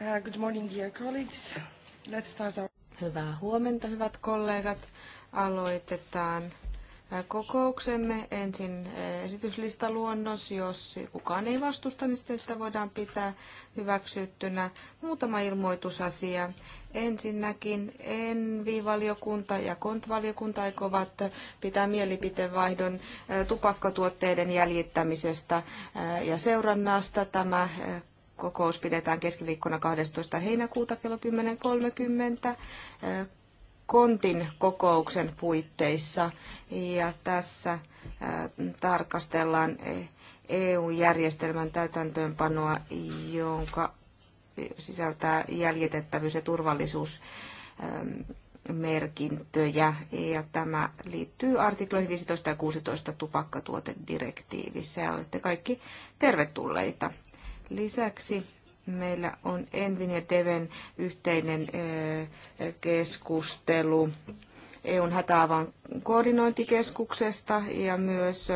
Uh, good morning, dear colleagues. Let's start our... Hyvää huomenta, hyvät kollegat. Aloitetaan uh, kokouksemme. Ensin uh, esityslistaluonnos, jos kukaan ei vastusta, niin sitten sitä voidaan pitää hyväksyttynä. Muutama ilmoitusasia. Ensinnäkin ENVI-valiokunta ja KONT-valiokunta aikovat pitää mielipiteenvaihdon tupakkatuotteiden jäljittämisestä ja seurannasta. Tämä kokous pidetään keskiviikkona 12. heinäkuuta kello 10.30 eh, Kontin kokouksen puitteissa. Ja tässä eh, tarkastellaan EU-järjestelmän eh, e täytäntöönpanoa, jonka sisältää jäljitettävyys- ja turvallisuusmerkintöjä. Ja tämä liittyy artikloihin 15 ja 16 tupakkatuotedirektiivissä. Ja olette kaikki tervetulleita. Lisäksi meillä on Envin ja Deven yhteinen keskustelu EUn hätäavan koordinointikeskuksesta ja myös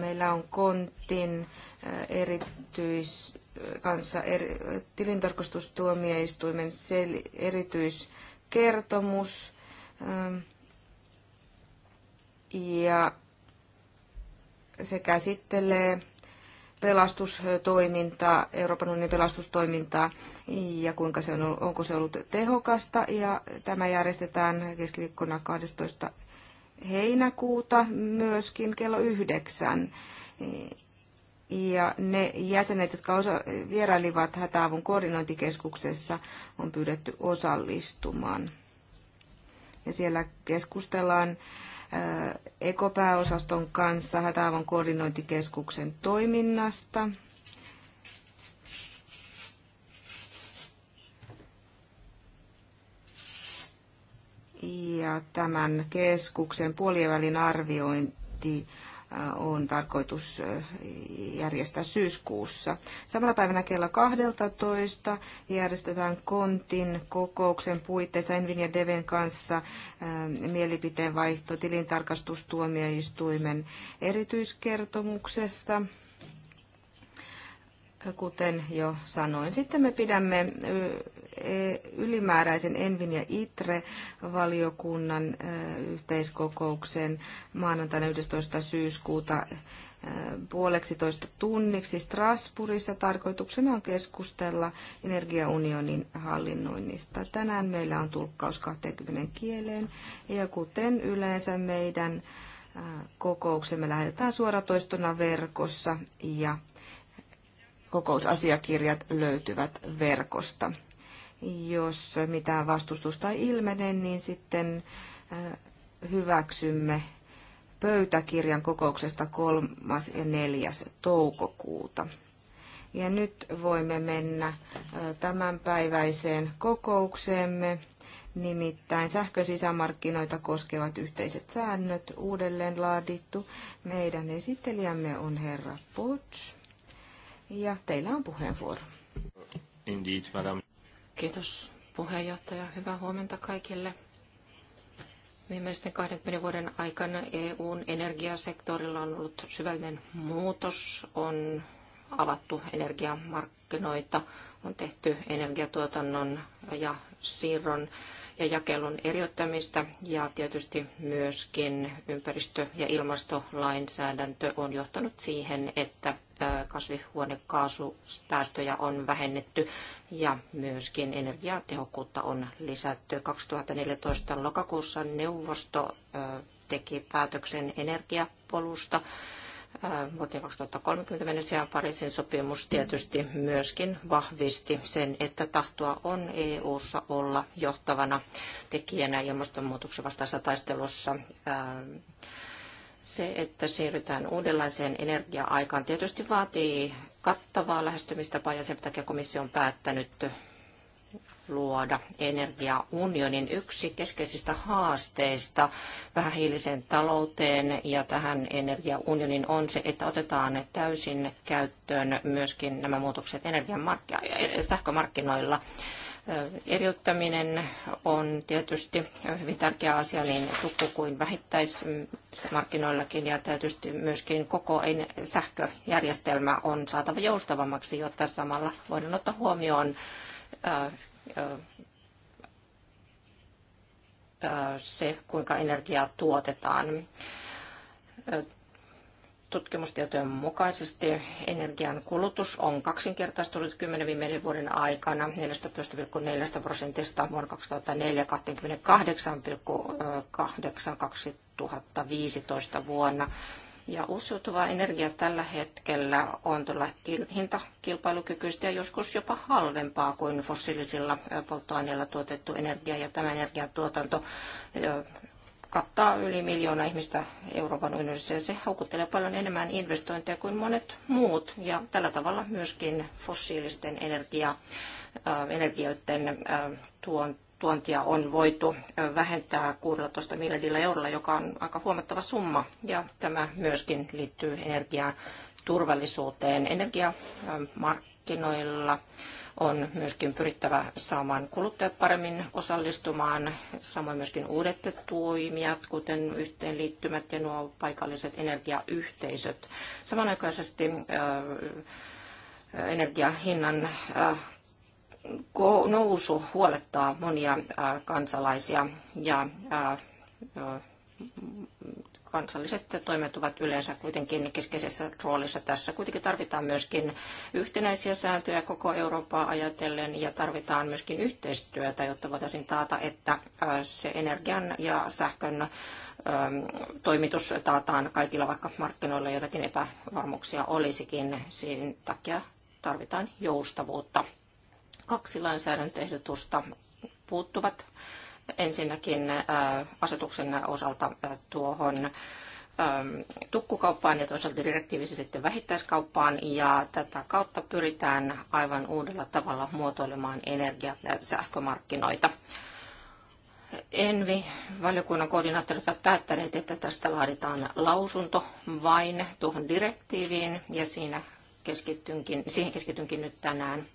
meillä on Kontin erityis, kanssa eri, tilintarkastustuomioistuimen sel, erityiskertomus ja se käsittelee pelastustoimintaa, Euroopan unionin pelastustoimintaa ja kuinka se on onko se ollut tehokasta. Ja tämä järjestetään keskiviikkona 12. heinäkuuta myöskin kello yhdeksän. Ja ne jäsenet, jotka osa- vierailivat hätäavun koordinointikeskuksessa, on pyydetty osallistumaan. Ja siellä keskustellaan äh, ekopääosaston kanssa hätäavun koordinointikeskuksen toiminnasta. Ja tämän keskuksen puolivälin arviointi on tarkoitus eh, järjestää syyskuussa. Samana päivänä kello 12 järjestetään Kontin kokouksen puitteissa Envin ja Deven kanssa eh, mielipiteen vaihto tilintarkastustuomioistuimen erityiskertomuksesta. Kuten jo sanoin, sitten me pidämme eh, E, ylimääräisen Envin ja ITRE-valiokunnan e, yhteiskokouksen maanantaina 11. syyskuuta e, puoleksi toista tunniksi Strasbourgissa. Tarkoituksena on keskustella energiaunionin hallinnoinnista. Tänään meillä on tulkkaus 20 kieleen ja kuten yleensä meidän kokouksemme lähetetään suoratoistona verkossa ja kokousasiakirjat löytyvät verkosta. Jos mitään vastustusta ei ilmene, niin sitten äh, hyväksymme pöytäkirjan kokouksesta 3. ja 4. toukokuuta. Ja nyt voimme mennä äh, tämänpäiväiseen kokoukseemme, nimittäin sähkösisämarkkinoita koskevat yhteiset säännöt uudelleen laadittu. Meidän esittelijämme on herra Potts ja teillä on puheenvuoro. Indeed, madam. Kiitos puheenjohtaja. Hyvää huomenta kaikille. Viimeisten 20 vuoden aikana EUn energiasektorilla on ollut syvällinen muutos, on avattu energiamarkkinoita, on tehty energiatuotannon ja siirron ja jakelun eriyttämistä ja tietysti myöskin ympäristö- ja ilmastolainsäädäntö on johtanut siihen, että kasvihuonekaasupäästöjä on vähennetty ja myöskin energiatehokkuutta on lisätty. 2014 lokakuussa neuvosto teki päätöksen energiapolusta Äh, vuoteen 2030 mennessä ja Pariisin sopimus tietysti myöskin vahvisti sen, että tahtoa on EU:ssa olla johtavana tekijänä ilmastonmuutoksen vastaisessa taistelussa äh, se, että siirrytään uudenlaiseen energia-aikaan, tietysti vaatii kattavaa lähestymistapaa ja sen takia komissio on päättänyt luoda energiaunionin yksi keskeisistä haasteista vähähiiliseen talouteen ja tähän energiaunionin on se, että otetaan täysin käyttöön myöskin nämä muutokset ja sähkömarkkinoilla eriyttäminen on tietysti hyvin tärkeä asia niin tukku- kuin vähittäismarkkinoillakin ja tietysti myöskin koko sähköjärjestelmä on saatava joustavammaksi, jotta samalla voidaan ottaa huomioon se, kuinka energiaa tuotetaan. Tutkimustietojen mukaisesti energian kulutus on kaksinkertaistunut 10 viimeisen vuoden aikana 14,4 prosentista vuonna 2004 28,8 2015 vuonna. Ja uusiutuva energia tällä hetkellä on tuolla hintakilpailukykyistä ja joskus jopa halvempaa kuin fossiilisilla polttoaineilla tuotettu energia. Ja tämä energiantuotanto kattaa yli miljoona ihmistä Euroopan unionissa ja se houkuttelee paljon enemmän investointeja kuin monet muut ja tällä tavalla myöskin fossiilisten energia, energioiden tuonti tuontia on voitu vähentää 16 miljardilla eurolla, joka on aika huomattava summa. Ja tämä myöskin liittyy energian turvallisuuteen. Energiamarkkinoilla on myöskin pyrittävä saamaan kuluttajat paremmin osallistumaan, samoin myöskin uudet toimijat, kuten yhteenliittymät ja nuo paikalliset energiayhteisöt. Samanaikaisesti energiahinnan nousu huolettaa monia kansalaisia ja kansalliset toimet ovat yleensä kuitenkin keskeisessä roolissa tässä. Kuitenkin tarvitaan myöskin yhtenäisiä sääntöjä koko Eurooppaa ajatellen ja tarvitaan myöskin yhteistyötä, jotta voitaisiin taata, että se energian ja sähkön toimitus taataan kaikilla, vaikka markkinoilla jotakin epävarmuuksia olisikin. Siinä takia tarvitaan joustavuutta. Kaksi lainsäädäntöehdotusta puuttuvat. Ensinnäkin äh, asetuksen osalta äh, tuohon ähm, tukkukauppaan ja toisaalta direktiivissä sitten vähittäiskauppaan ja tätä kautta pyritään aivan uudella tavalla muotoilemaan energia- ja sähkömarkkinoita. Envi-valiokunnan koordinaattorit ovat päättäneet, että tästä laaditaan lausunto vain tuohon direktiiviin ja siinä keskitynkin, siihen keskitynkin nyt tänään.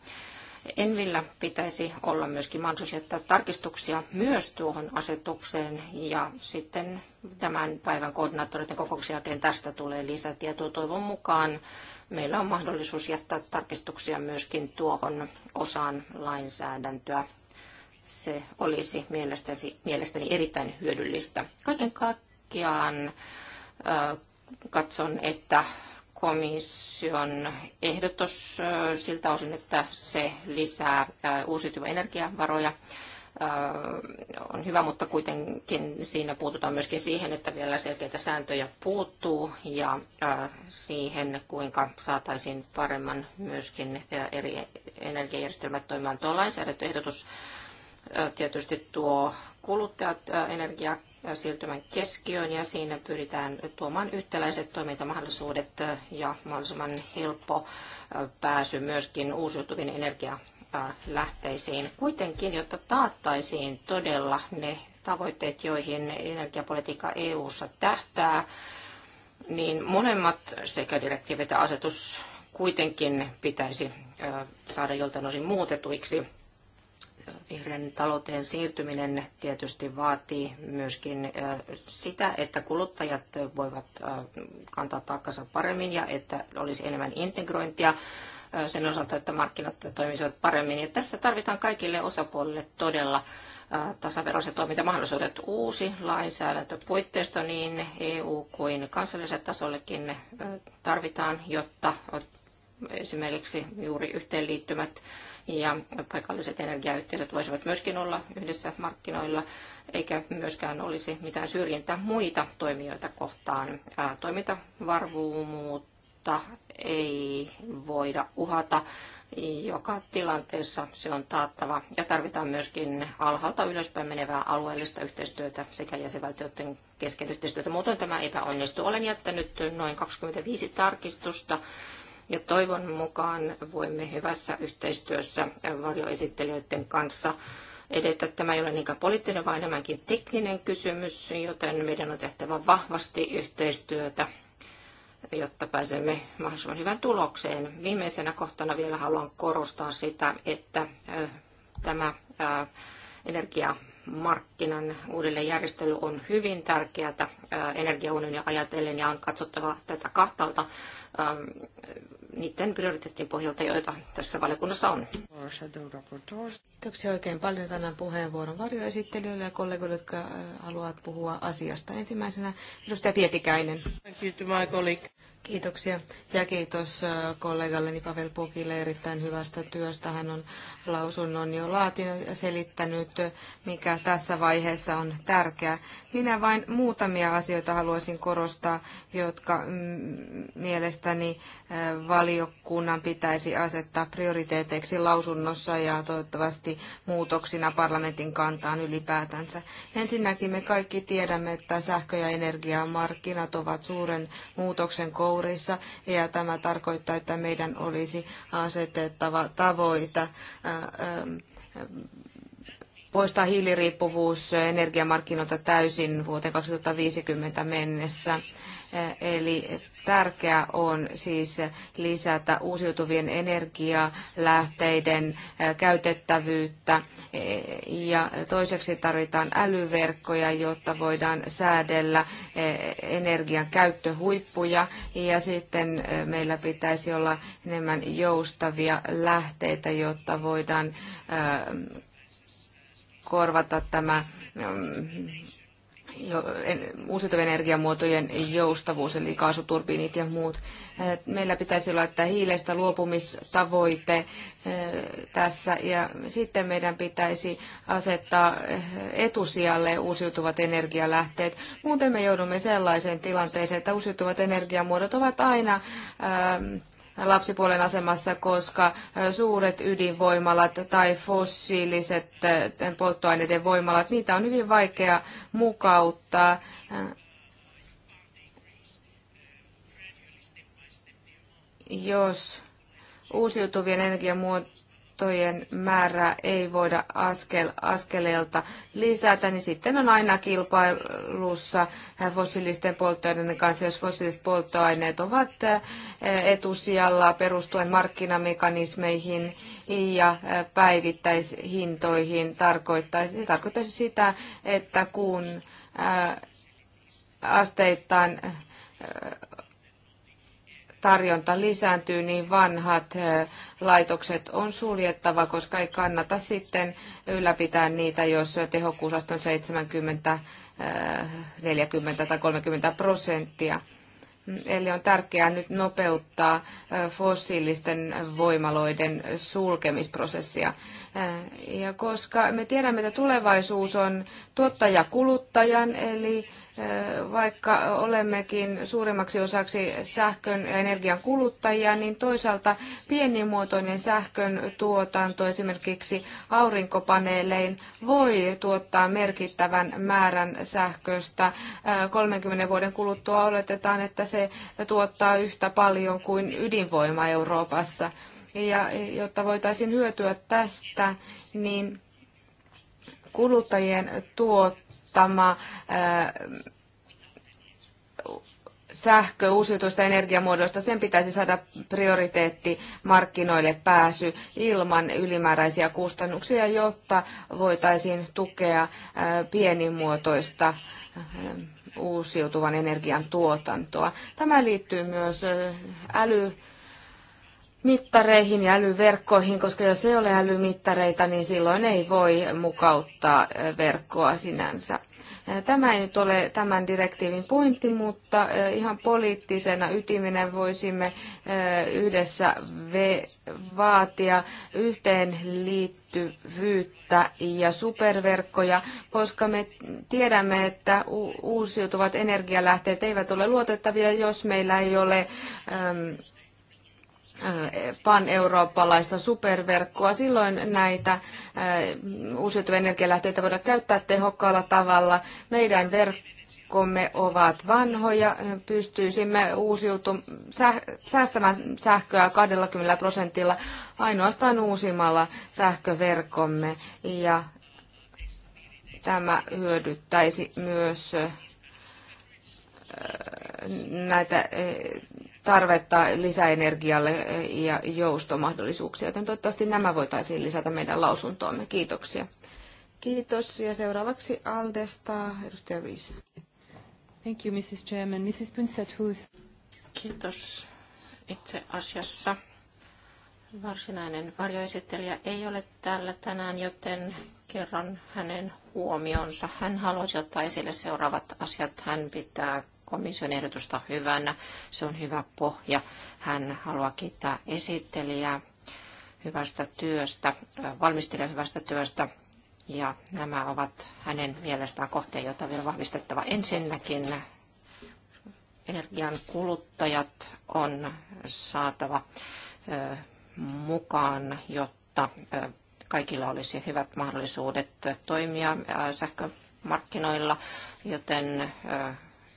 Envillä pitäisi olla myöskin mahdollisuus jättää tarkistuksia myös tuohon asetukseen ja sitten tämän päivän koordinaattoreiden kokouksen jälkeen tästä tulee lisätietoa. Toivon mukaan meillä on mahdollisuus jättää tarkistuksia myöskin tuohon osaan lainsäädäntöä. Se olisi mielestäni, mielestäni erittäin hyödyllistä. Kaiken kaikkiaan katson, että komission ehdotus siltä osin, että se lisää uusiutuvia energiavaroja on hyvä, mutta kuitenkin siinä puututaan myöskin siihen, että vielä selkeitä sääntöjä puuttuu ja siihen, kuinka saataisiin paremman myöskin eri energiajärjestelmät toimimaan. Tuo lainsäädäntöehdotus tietysti tuo kuluttajat energiasiirtymän keskiöön ja siinä pyritään tuomaan yhtäläiset toimintamahdollisuudet ja mahdollisimman helppo pääsy myöskin uusiutuviin energialähteisiin. Kuitenkin, jotta taattaisiin todella ne tavoitteet, joihin energiapolitiikka EU:ssa tähtää, niin monemmat sekä direktiivit että asetus kuitenkin pitäisi saada joltain osin muutetuiksi vihreän talouteen siirtyminen tietysti vaatii myöskin sitä, että kuluttajat voivat kantaa taakkansa paremmin ja että olisi enemmän integrointia sen osalta, että markkinat toimisivat paremmin. Ja tässä tarvitaan kaikille osapuolille todella tasaveroiset toimintamahdollisuudet. Uusi puitteisto niin EU- kuin kansalliselle tasollekin tarvitaan, jotta esimerkiksi juuri yhteenliittymät ja paikalliset energiayhtiöt voisivat myöskin olla yhdessä markkinoilla, eikä myöskään olisi mitään syrjintää muita toimijoita kohtaan. Toimintavarmuutta ei voida uhata joka tilanteessa se on taattava ja tarvitaan myöskin alhaalta ylöspäin menevää alueellista yhteistyötä sekä jäsenvaltioiden kesken yhteistyötä. Muutoin tämä epäonnistuu. Olen jättänyt noin 25 tarkistusta ja toivon mukaan voimme hyvässä yhteistyössä varjoesittelijöiden kanssa edetä. Tämä ei ole niinkään poliittinen, vaan enemmänkin tekninen kysymys, joten meidän on tehtävä vahvasti yhteistyötä jotta pääsemme mahdollisimman hyvän tulokseen. Viimeisenä kohtana vielä haluan korostaa sitä, että tämä energia markkinan uudelleenjärjestely on hyvin tärkeää energiaunionia ajatellen ja on katsottava tätä kahtaalta niiden prioriteettien pohjalta, joita tässä valiokunnassa on. Kiitoksia oikein paljon tänään puheenvuoron varjoesittelijöille ja kollegoille, jotka haluavat puhua asiasta. Ensimmäisenä edustaja Pietikäinen. Kiitoksia ja kiitos äh, kollegalleni Pavel Pukille erittäin hyvästä työstä. Hän on lausunnon jo laatinut ja selittänyt, äh, mikä tässä vaiheessa on tärkeää. Minä vain muutamia asioita haluaisin korostaa, jotka mm, mielestäni äh, valiokunnan pitäisi asettaa prioriteeteiksi lausunnossa ja toivottavasti muutoksina parlamentin kantaan ylipäätänsä. Ensinnäkin me kaikki tiedämme, että sähkö- ja energiamarkkinat ovat suuren muutoksen koulutuksen kourissa ja tämä tarkoittaa, että meidän olisi asetettava tavoita poistaa hiiliriippuvuus energiamarkkinoilta täysin vuoteen 2050 mennessä. Eli Tärkeää on siis lisätä uusiutuvien energialähteiden käytettävyyttä e, ja toiseksi tarvitaan älyverkkoja, jotta voidaan säädellä energian käyttöhuippuja ja sitten meillä pitäisi olla enemmän joustavia lähteitä, jotta voidaan korvata tämä uusiutuvien energiamuotojen joustavuus, eli kaasuturbiinit ja muut. Eh, meillä pitäisi olla että hiilestä luopumistavoite eh, tässä, ja sitten meidän pitäisi asettaa eh, etusijalle uusiutuvat energialähteet. Muuten me joudumme sellaiseen tilanteeseen, että uusiutuvat energiamuodot ovat aina ehm, lapsipuolen asemassa, koska suuret ydinvoimalat tai fossiiliset polttoaineiden voimalat, niitä on hyvin vaikea mukauttaa. Jos uusiutuvien energiamuotojen voittojen määrää ei voida askel, askeleelta lisätä, niin sitten on aina kilpailussa fossiilisten polttoaineiden kanssa, jos fossiiliset polttoaineet ovat eh, etusijalla perustuen markkinamekanismeihin ja eh, päivittäishintoihin. Tarkoittaisi, tarkoittaisi sitä, että kun eh, asteittain tarjonta lisääntyy, niin vanhat eh, laitokset on suljettava, koska ei kannata sitten ylläpitää niitä, jos tehokkuusaste on 70, 40 eh, tai 30 prosenttia. Eli on tärkeää nyt nopeuttaa eh, fossiilisten voimaloiden sulkemisprosessia. Ja koska me tiedämme, että tulevaisuus on tuottaja-kuluttajan, eli vaikka olemmekin suurimmaksi osaksi sähkön ja energian kuluttajia, niin toisaalta pienimuotoinen sähkön tuotanto esimerkiksi aurinkopaneelein voi tuottaa merkittävän määrän sähköstä. 30 vuoden kuluttua oletetaan, että se tuottaa yhtä paljon kuin ydinvoima Euroopassa. Ja jotta voitaisiin hyötyä tästä, niin kuluttajien tuot tämä sähkö uusiutuista energiamuodoista, sen pitäisi saada prioriteetti markkinoille pääsy ilman ylimääräisiä kustannuksia, jotta voitaisiin tukea pienimuotoista uusiutuvan energian tuotantoa. Tämä liittyy myös äly mittareihin ja älyverkkoihin, koska jos ei ole älymittareita, niin silloin ei voi mukauttaa verkkoa sinänsä. Tämä ei nyt ole tämän direktiivin pointti, mutta ihan poliittisena ytiminen voisimme yhdessä vaatia yhteenliittyvyyttä ja superverkkoja, koska me tiedämme, että uusiutuvat energialähteet eivät ole luotettavia, jos meillä ei ole Äh, pan-eurooppalaista superverkkoa. Silloin näitä äh, uusiutuvia energialähteitä voidaan käyttää tehokkaalla tavalla. Meidän verkkomme ovat vanhoja. Pystyisimme uusiutu, säästämään sähköä 20 prosentilla ainoastaan uusimalla sähköverkkomme. Ja tämä hyödyttäisi myös äh, näitä tarvetta lisäenergialle ja joustomahdollisuuksia, joten toivottavasti nämä voitaisiin lisätä meidän lausuntoomme. Kiitoksia. Kiitos. Ja seuraavaksi Aldesta, edustaja Riis. Thank you, Mrs. Chairman. Mrs. Princet, who's... Kiitos. Itse asiassa varsinainen varjoesittelijä ei ole täällä tänään, joten kerron hänen huomionsa. Hän haluaisi ottaa esille seuraavat asiat. Hän pitää komission ehdotusta hyvänä. Se on hyvä pohja. Hän haluaa kiittää esittelijää hyvästä työstä, valmistelijan hyvästä työstä. Ja nämä ovat hänen mielestään kohteita, joita on vielä vahvistettava. Ensinnäkin energian kuluttajat on saatava mukaan, jotta kaikilla olisi hyvät mahdollisuudet toimia sähkömarkkinoilla, joten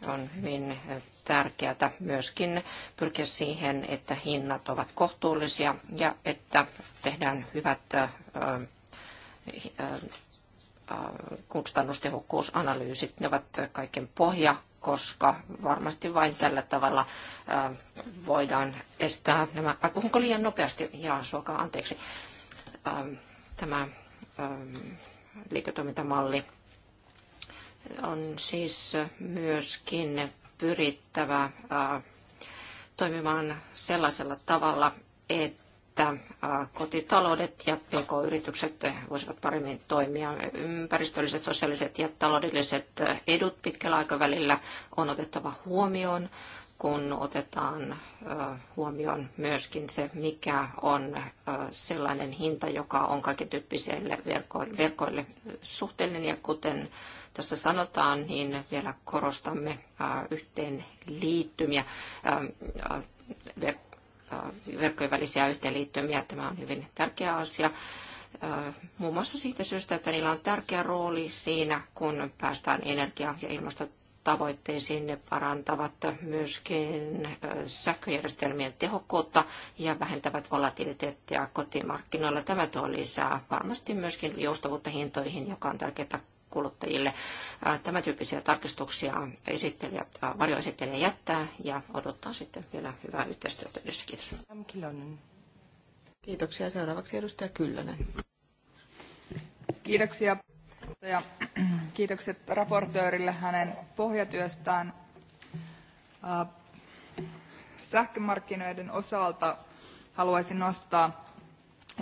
on hyvin tärkeää myöskin pyrkiä siihen, että hinnat ovat kohtuullisia ja että tehdään hyvät kustannustehokkuusanalyysit. Ne ovat kaiken pohja, koska varmasti vain tällä tavalla voidaan estää nämä... Ai, puhunko liian nopeasti? Jaa, suokaa anteeksi. Tämä liiketoimintamalli on siis myöskin pyrittävä toimimaan sellaisella tavalla, että kotitaloudet ja pk-yritykset voisivat paremmin toimia. Ympäristölliset, sosiaaliset ja taloudelliset edut pitkällä aikavälillä on otettava huomioon kun otetaan huomioon myöskin se, mikä on sellainen hinta, joka on kaiken tyyppiselle verkoille, suhteellinen. Ja kuten tässä sanotaan, niin vielä korostamme yhteen liittymiä, verkkojen välisiä yhteenliittymiä. Tämä on hyvin tärkeä asia muun muassa siitä syystä, että niillä on tärkeä rooli siinä, kun päästään energia- ja ilmastotavoitteisiin. Ne parantavat myöskin sähköjärjestelmien tehokkuutta ja vähentävät volatiliteettia kotimarkkinoilla. Tämä tuo lisää varmasti myöskin joustavuutta hintoihin, joka on tärkeää kuluttajille. Tämän tyyppisiä tarkistuksia esittelijä, varjoesittelijä jättää ja odottaa sitten vielä hyvää yhteistyötä yhdessä. Kiitos. Kiitoksia. Seuraavaksi edustaja Kyllönen. Kiitoksia ja kiitokset raportöörille hänen pohjatyöstään. Sähkömarkkinoiden osalta haluaisin nostaa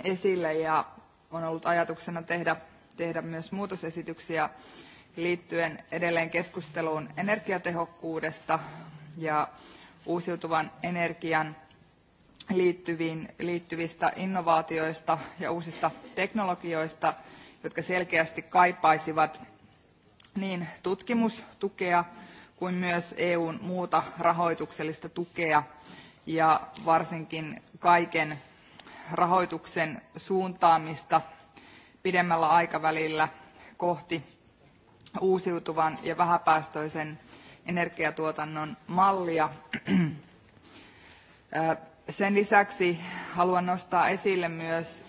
esille ja on ollut ajatuksena tehdä tehdä myös muutosesityksiä liittyen edelleen keskusteluun energiatehokkuudesta ja uusiutuvan energian liittyviin, liittyvistä innovaatioista ja uusista teknologioista, jotka selkeästi kaipaisivat niin tutkimustukea kuin myös EUn muuta rahoituksellista tukea ja varsinkin kaiken rahoituksen suuntaamista pidemmällä aikavälillä kohti uusiutuvan ja vähäpäästöisen energiatuotannon mallia. Sen lisäksi haluan nostaa esille myös,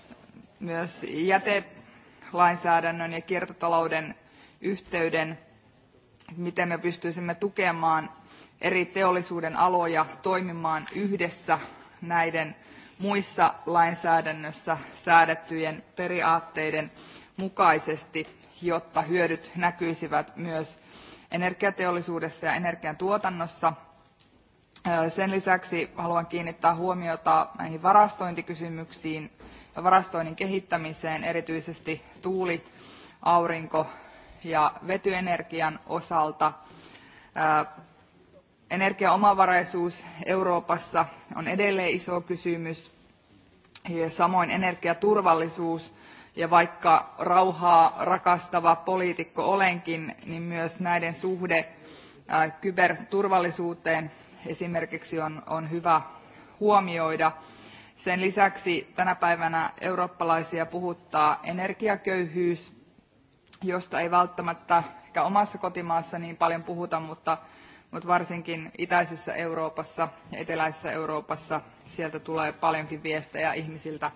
myös jätelainsäädännön ja kiertotalouden yhteyden, miten me pystyisimme tukemaan eri teollisuuden aloja toimimaan yhdessä näiden muissa lainsäädännössä säädettyjen periaatteiden mukaisesti, jotta hyödyt näkyisivät myös energiateollisuudessa ja energiantuotannossa. Sen lisäksi haluan kiinnittää huomiota näihin varastointikysymyksiin ja varastoinnin kehittämiseen erityisesti tuuli, aurinko ja vetyenergian osalta. Energiaomavaraisuus Euroopassa on edelleen iso kysymys, ja samoin energiaturvallisuus. Ja vaikka rauhaa rakastava poliitikko olenkin, niin myös näiden suhde kyberturvallisuuteen esimerkiksi on, on hyvä huomioida. Sen lisäksi tänä päivänä eurooppalaisia puhuttaa energiaköyhyys, josta ei välttämättä ehkä omassa kotimaassa niin paljon puhuta, mutta mutta varsinkin itäisessä Euroopassa ja eteläisessä Euroopassa sieltä tulee paljonkin viestejä ihmisiltä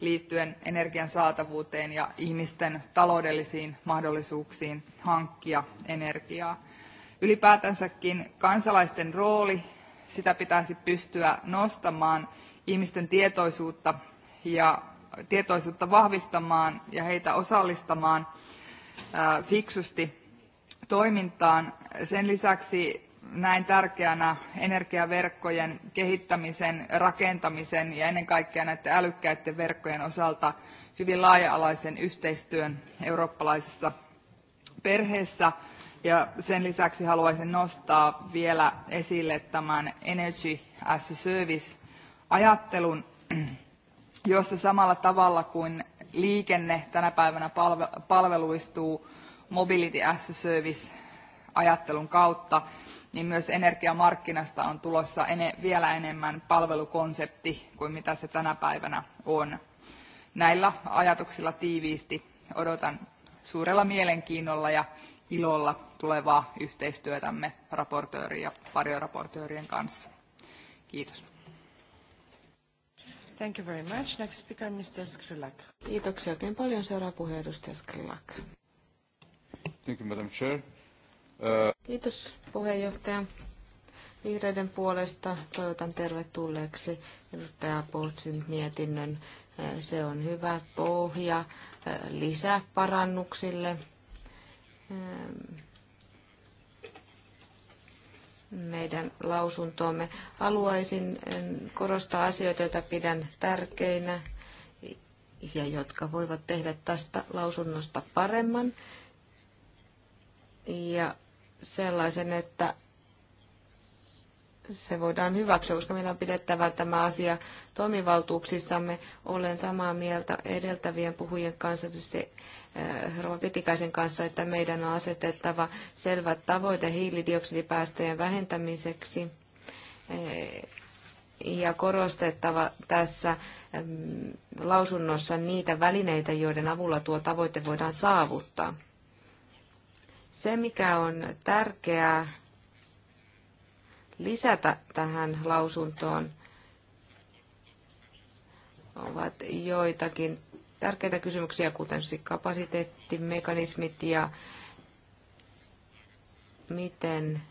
liittyen energian saatavuuteen ja ihmisten taloudellisiin mahdollisuuksiin hankkia energiaa. Ylipäätänsäkin kansalaisten rooli, sitä pitäisi pystyä nostamaan, ihmisten tietoisuutta ja tietoisuutta vahvistamaan ja heitä osallistamaan fiksusti toimintaan. Sen lisäksi näen tärkeänä energiaverkkojen kehittämisen, rakentamisen ja ennen kaikkea näiden älykkäiden verkkojen osalta hyvin laaja-alaisen yhteistyön eurooppalaisessa perheessä. Ja sen lisäksi haluaisin nostaa vielä esille tämän Energy as a Service-ajattelun, jossa samalla tavalla kuin liikenne tänä päivänä palveluistuu Mobility as a Service-ajattelun kautta, niin myös energiamarkkinasta on tulossa ene, vielä enemmän palvelukonsepti kuin mitä se tänä päivänä on. Näillä ajatuksilla tiiviisti odotan suurella mielenkiinnolla ja ilolla tulevaa yhteistyötämme raportöörin ja varjoraportöörien kanssa. Kiitos. Thank you very much. Next speaker, Mr. Skrilak. Kiitoksia oikein paljon. Seuraava puheenjohtaja Skrilak. Thank you, Madam Chair. Kiitos puheenjohtaja. Vihreiden puolesta toivotan tervetulleeksi edustaja Poltsin mietinnön. Se on hyvä pohja lisäparannuksille. Meidän lausuntoomme haluaisin korostaa asioita, joita pidän tärkeinä ja jotka voivat tehdä tästä lausunnosta paremman. Ja sellaisen, että se voidaan hyväksyä, koska meidän on pidettävä tämä asia toimivaltuuksissamme. Olen samaa mieltä edeltävien puhujien kanssa, tietysti eh, Rova Pitikäisen kanssa, että meidän on asetettava selvät tavoite hiilidioksidipäästöjen vähentämiseksi eh, ja korostettava tässä lausunnossa niitä välineitä, joiden avulla tuo tavoite voidaan saavuttaa. Se, mikä on tärkeää lisätä tähän lausuntoon, ovat joitakin tärkeitä kysymyksiä, kuten siis kapasiteettimekanismit ja miten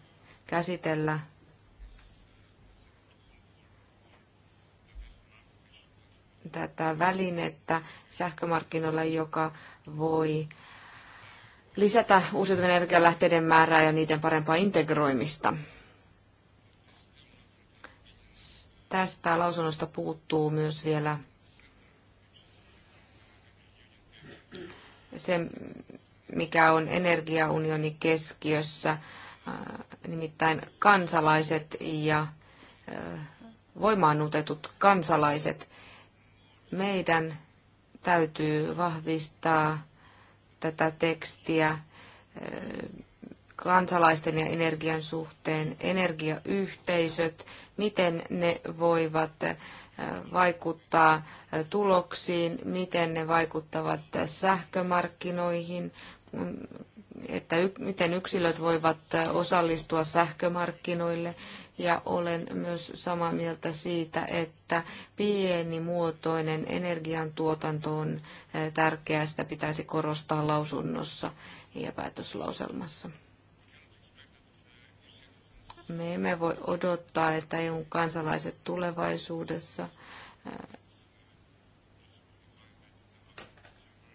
käsitellä tätä välinettä sähkömarkkinoilla, joka voi lisätä uusiutuvien energialähteiden määrää ja niiden parempaa integroimista. Tästä lausunnosta puuttuu myös vielä se, mikä on energiaunioni keskiössä, äh, nimittäin kansalaiset ja äh, voimaanutetut kansalaiset. Meidän täytyy vahvistaa tätä tekstiä kansalaisten ja energian suhteen, energiayhteisöt, miten ne voivat vaikuttaa tuloksiin, miten ne vaikuttavat sähkömarkkinoihin, että miten yksilöt voivat osallistua sähkömarkkinoille, ja olen myös samaa mieltä siitä, että pienimuotoinen energiantuotanto on eh, tärkeää, sitä pitäisi korostaa lausunnossa ja päätöslauselmassa. Me emme voi odottaa, että eu kansalaiset tulevaisuudessa eh,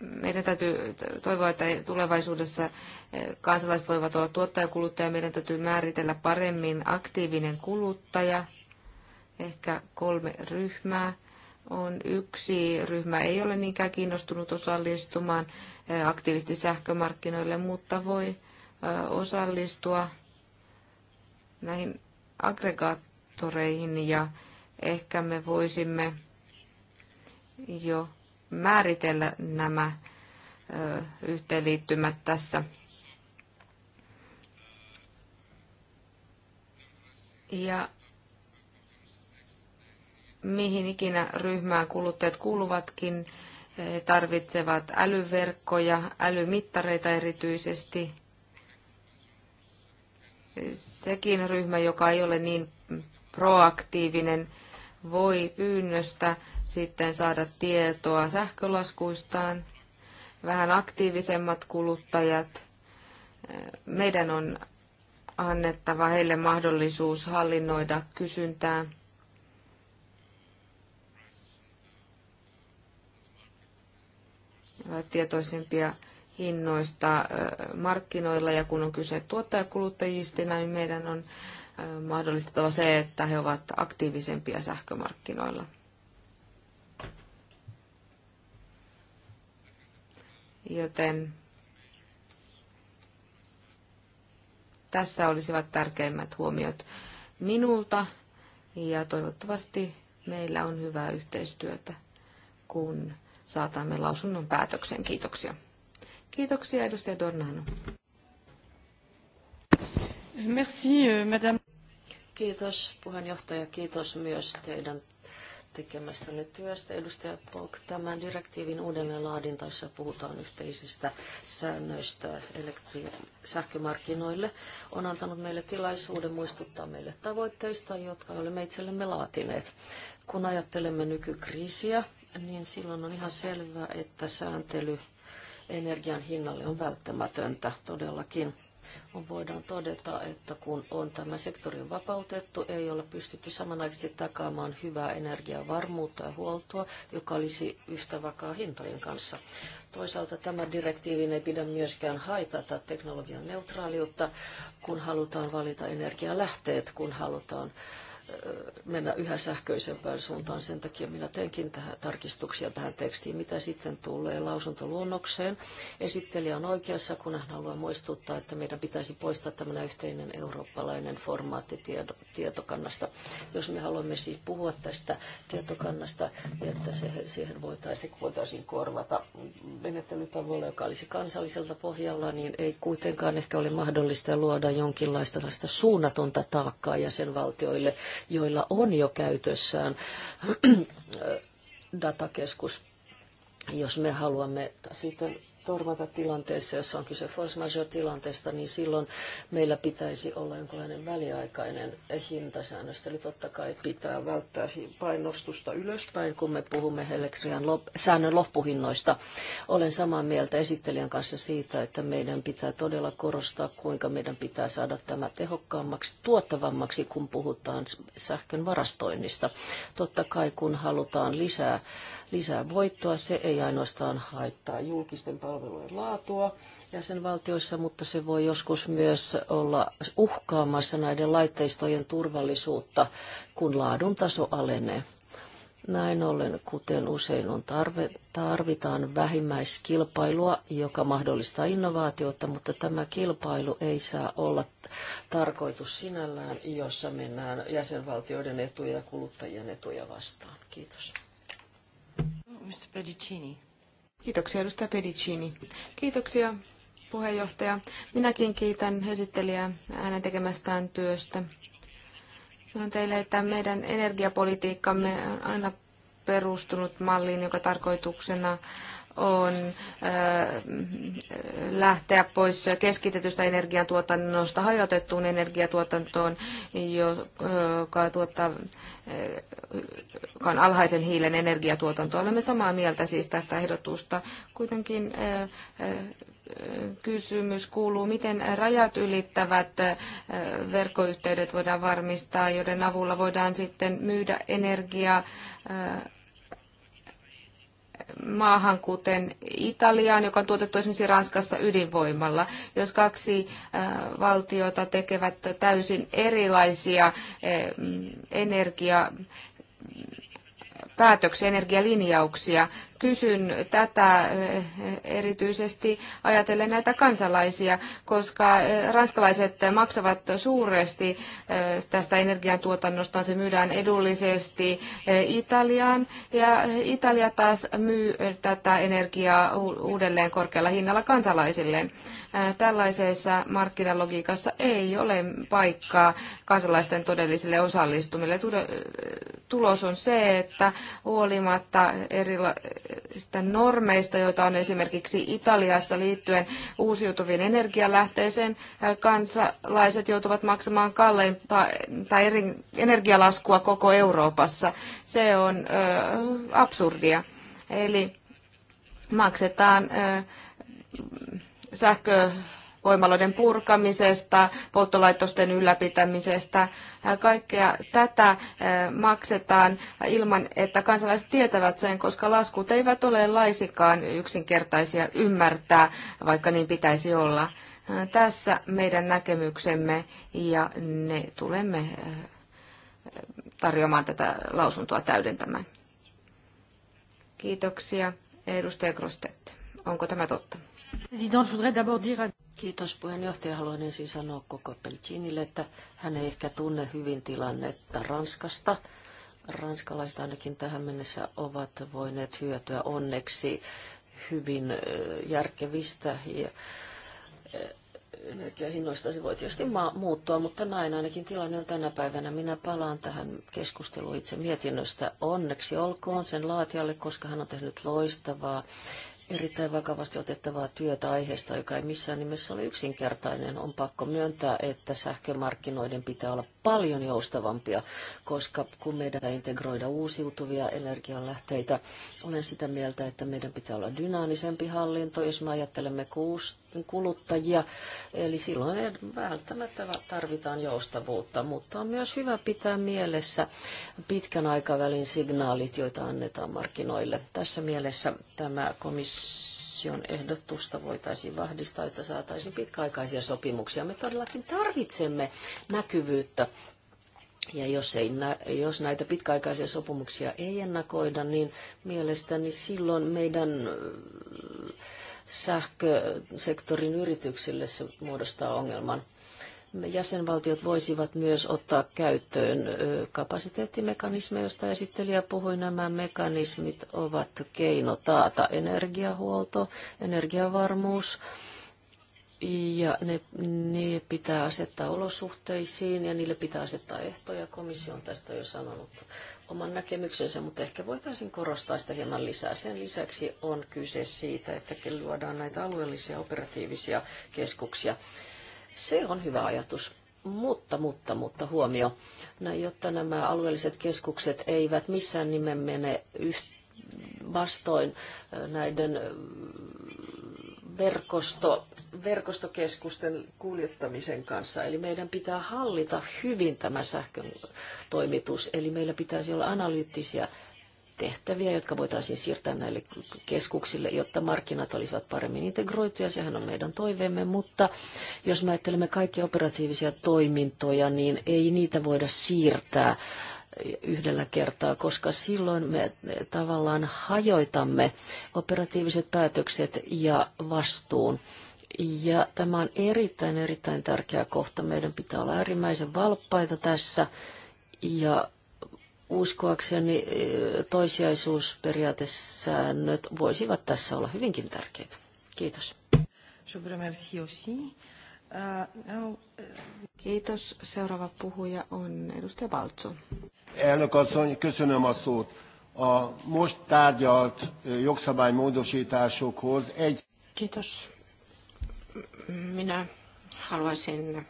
meidän täytyy toivoa, että tulevaisuudessa eh, kansalaiset voivat olla tuottajakuluttaja. Meidän täytyy määritellä paremmin aktiivinen kuluttaja, ehkä kolme ryhmää. On yksi ryhmä ei ole niinkään kiinnostunut osallistumaan eh, aktiivisesti sähkömarkkinoille, mutta voi eh, osallistua näihin aggregaattoreihin ja ehkä me voisimme jo määritellä nämä yhteenliittymät tässä. Ja mihin ikinä ryhmään kuluttajat kuuluvatkin, he tarvitsevat älyverkkoja, älymittareita erityisesti. Sekin ryhmä, joka ei ole niin proaktiivinen, voi pyynnöstä sitten saada tietoa sähkölaskuistaan, vähän aktiivisemmat kuluttajat. Meidän on annettava heille mahdollisuus hallinnoida kysyntää. tietoisempia hinnoista markkinoilla ja kun on kyse tuottajakuluttajista, niin meidän on mahdollistettava se, että he ovat aktiivisempia sähkömarkkinoilla. Joten tässä olisivat tärkeimmät huomiot minulta ja toivottavasti meillä on hyvää yhteistyötä, kun saatamme lausunnon päätöksen. Kiitoksia. Kiitoksia edustaja Dornano. Merci, euh, madame. Kiitos puheenjohtaja, kiitos myös teidän tekemästänne työstä. Edustaja Polk, tämän direktiivin laadintaissa puhutaan yhteisistä säännöistä elektri- sähkömarkkinoille. On antanut meille tilaisuuden muistuttaa meille tavoitteista, jotka olemme itsellemme laatineet. Kun ajattelemme nykykriisiä, niin silloin on ihan selvää, että sääntely energian hinnalle on välttämätöntä todellakin on voidaan todeta, että kun on tämä sektori vapautettu, ei ole pystytty samanaikaisesti takaamaan hyvää energiavarmuutta ja huoltoa, joka olisi yhtä vakaa hintojen kanssa. Toisaalta tämä direktiivi ei pidä myöskään haitata teknologian neutraaliutta, kun halutaan valita energialähteet, kun halutaan mennä yhä sähköisempään suuntaan. Sen takia minä teenkin tähän tarkistuksia tähän tekstiin, mitä sitten tulee lausuntoluonnokseen. Esittelijä on oikeassa, kun hän haluaa muistuttaa, että meidän pitäisi poistaa tämmöinen yhteinen eurooppalainen formaatti tietokannasta. Jos me haluamme siis puhua tästä tietokannasta, niin että se, siihen voitaisiin, voitaisiin korvata menettelytavoilla, joka olisi kansalliselta pohjalla, niin ei kuitenkaan ehkä ole mahdollista luoda jonkinlaista tästä suunnatonta taakkaa jäsenvaltioille joilla on jo käytössään datakeskus. Jos me haluamme sitten torvata tilanteessa, jossa on kyse force majeure-tilanteesta, niin silloin meillä pitäisi olla jonkinlainen väliaikainen Eli Totta kai pitää välttää painostusta ylöspäin, kun me puhumme elektrian lop- säännön loppuhinnoista. Olen samaa mieltä esittelijän kanssa siitä, että meidän pitää todella korostaa, kuinka meidän pitää saada tämä tehokkaammaksi, tuottavammaksi, kun puhutaan sähkön varastoinnista. Totta kai, kun halutaan lisää lisää voittoa. Se ei ainoastaan haittaa julkisten palvelujen laatua jäsenvaltioissa, mutta se voi joskus myös olla uhkaamassa näiden laitteistojen turvallisuutta, kun laadun taso alenee. Näin ollen, kuten usein on tarve, tarvitaan vähimmäiskilpailua, joka mahdollistaa innovaatiota, mutta tämä kilpailu ei saa olla tarkoitus sinällään, jossa mennään jäsenvaltioiden etuja ja kuluttajien etuja vastaan. Kiitos. Mr. Pedicini. Kiitoksia, edustaja Pedicini. Kiitoksia, puheenjohtaja. Minäkin kiitän esittelijää hänen tekemästään työstä. Sanon teille, että meidän energiapolitiikkamme on aina perustunut malliin, joka tarkoituksena on lähteä pois keskitetystä energiantuotannosta hajotettuun energiatuotantoon, joka, tuottaa, on alhaisen hiilen energiatuotantoa. Olemme samaa mieltä siis tästä ehdotusta. Kuitenkin kysymys kuuluu, miten rajat ylittävät verkkoyhteydet voidaan varmistaa, joiden avulla voidaan sitten myydä energiaa maahan, kuten Italiaan, joka on tuotettu esimerkiksi Ranskassa ydinvoimalla. Jos kaksi äh, valtiota tekevät täysin erilaisia äh, mm, energia päätöksiä, energialinjauksia. Kysyn tätä eh, erityisesti ajatellen näitä kansalaisia, koska eh, ranskalaiset maksavat suuresti eh, tästä energiantuotannosta. Se myydään edullisesti Italiaan ja Italia taas myy tätä energiaa uudelleen korkealla hinnalla kansalaisilleen. Tällaisessa markkinalogiikassa ei ole paikkaa kansalaisten todellisille osallistumille. Tulos on se, että huolimatta erilaisista normeista, joita on esimerkiksi Italiassa liittyen uusiutuviin energialähteeseen, kansalaiset joutuvat maksamaan kalleimpaa tai energialaskua koko Euroopassa. Se on absurdia. Eli maksetaan sähkö voimaloiden purkamisesta, polttolaitosten ylläpitämisestä. Kaikkea tätä maksetaan ilman, että kansalaiset tietävät sen, koska laskut eivät ole laisikaan yksinkertaisia ymmärtää, vaikka niin pitäisi olla. Tässä meidän näkemyksemme ja ne tulemme tarjoamaan tätä lausuntoa täydentämään. Kiitoksia. Edustaja Krostet, onko tämä totta? Kiitos puheenjohtaja. Haluan ensin sanoa koko Pelcinille, että hän ei ehkä tunne hyvin tilannetta Ranskasta. Ranskalaiset ainakin tähän mennessä ovat voineet hyötyä onneksi hyvin järkevistä ja energiahinnoista se voi tietysti muuttua, mutta näin ainakin tilanne on tänä päivänä. Minä palaan tähän keskusteluun itse mietinnöstä. Onneksi olkoon sen laatijalle, koska hän on tehnyt loistavaa erittäin vakavasti otettavaa työtä aiheesta, joka ei missään nimessä ole yksinkertainen. On pakko myöntää, että sähkömarkkinoiden pitää olla paljon joustavampia, koska kun meidän pitää integroida uusiutuvia energianlähteitä, olen sitä mieltä, että meidän pitää olla dynaamisempi hallinto. Jos me ajattelemme kuusi kuluttajia. Eli silloin välttämättä tarvitaan joustavuutta, mutta on myös hyvä pitää mielessä pitkän aikavälin signaalit, joita annetaan markkinoille. Tässä mielessä tämä komissio komission ehdotusta voitaisiin vahvistaa, että saataisiin pitkäaikaisia sopimuksia. Me todellakin tarvitsemme näkyvyyttä. Ja jos, ei, jos näitä pitkäaikaisia sopimuksia ei ennakoida, niin mielestäni silloin meidän sähkösektorin yrityksille se muodostaa ongelman. Jäsenvaltiot voisivat myös ottaa käyttöön kapasiteettimekanismeja, joista esittelijä puhui. Nämä mekanismit ovat keino taata energiahuolto, energiavarmuus, ja ne, ne pitää asettaa olosuhteisiin ja niille pitää asettaa ehtoja. Komissio on tästä jo sanonut oman näkemyksensä, mutta ehkä voitaisiin korostaa sitä hieman lisää. Sen lisäksi on kyse siitä, että luodaan näitä alueellisia operatiivisia keskuksia. Se on hyvä ajatus. Mutta, mutta, mutta huomio, jotta nämä alueelliset keskukset eivät missään nimen mene yhteen vastoin näiden verkosto, verkostokeskusten kuljettamisen kanssa. Eli meidän pitää hallita hyvin tämä sähkön toimitus. Eli meillä pitäisi olla analyyttisiä tehtäviä, jotka voitaisiin siirtää näille keskuksille, jotta markkinat olisivat paremmin integroituja. Sehän on meidän toiveemme, mutta jos me ajattelemme kaikkia operatiivisia toimintoja, niin ei niitä voida siirtää yhdellä kertaa, koska silloin me tavallaan hajoitamme operatiiviset päätökset ja vastuun. Ja tämä on erittäin, erittäin tärkeä kohta. Meidän pitää olla äärimmäisen valppaita tässä ja uskoakseni eh, toisiaisuusperiaatesäännöt voisivat tässä olla hyvinkin tärkeitä. Kiitos. Je vous remercie aussi. Kiitos. Seuraava puhuja on edustaja Baltso. Elnök asszony, köszönöm a szót. A most tárgyalt jogszabálymódosításokhoz egy... Kiitos. Minä haluaisin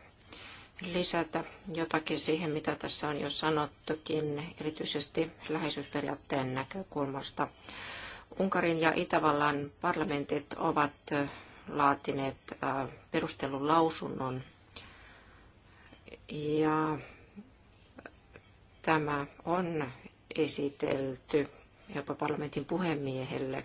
lisätä jotakin siihen, mitä tässä on jo sanottukin, erityisesti läheisyysperiaatteen näkökulmasta. Unkarin ja Itävallan parlamentit ovat laatineet äh, perustelun lausunnon. Ja tämä on esitelty jopa parlamentin puhemiehelle,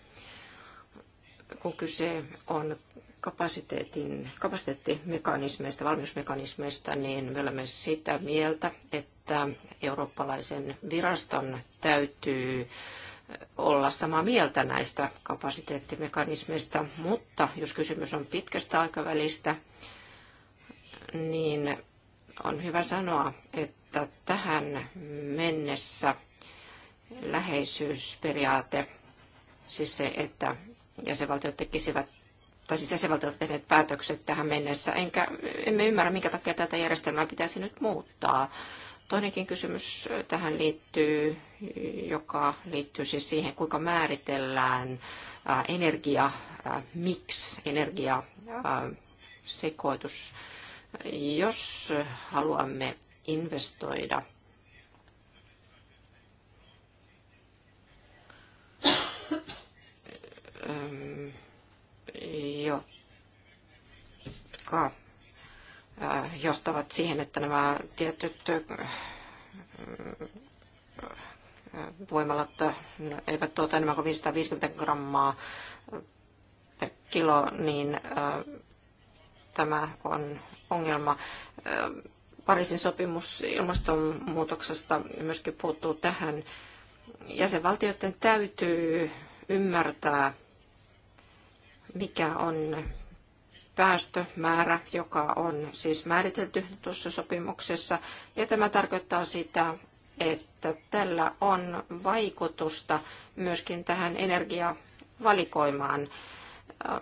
kun kyse on kapasiteetin, kapasiteettimekanismeista, valmiusmekanismeista, niin me olemme sitä mieltä, että eurooppalaisen viraston täytyy olla samaa mieltä näistä kapasiteettimekanismeista, mutta jos kysymys on pitkästä aikavälistä, niin on hyvä sanoa, että tähän mennessä läheisyysperiaate, siis se, että jäsenvaltiot tekisivät tai siis jäsenvaltiot tehneet päätökset tähän mennessä, enkä, emme ymmärrä, minkä takia tätä järjestelmää pitäisi nyt muuttaa. Toinenkin kysymys tähän liittyy, joka liittyy siis siihen, kuinka määritellään energia, miksi energia sekoitus. Jos haluamme investoida jotka Äh, johtavat siihen, että nämä tietyt äh, äh, voimalat eivät tuota enemmän kuin 550 grammaa per kilo, niin tämä on ongelma. Pariisin sopimus ilmastonmuutoksesta myöskin puuttuu tähän. Jäsenvaltioiden täytyy ymmärtää, mikä on päästömäärä, joka on siis määritelty tuossa sopimuksessa. Ja tämä tarkoittaa sitä, että tällä on vaikutusta myöskin tähän energiavalikoimaan, ähm,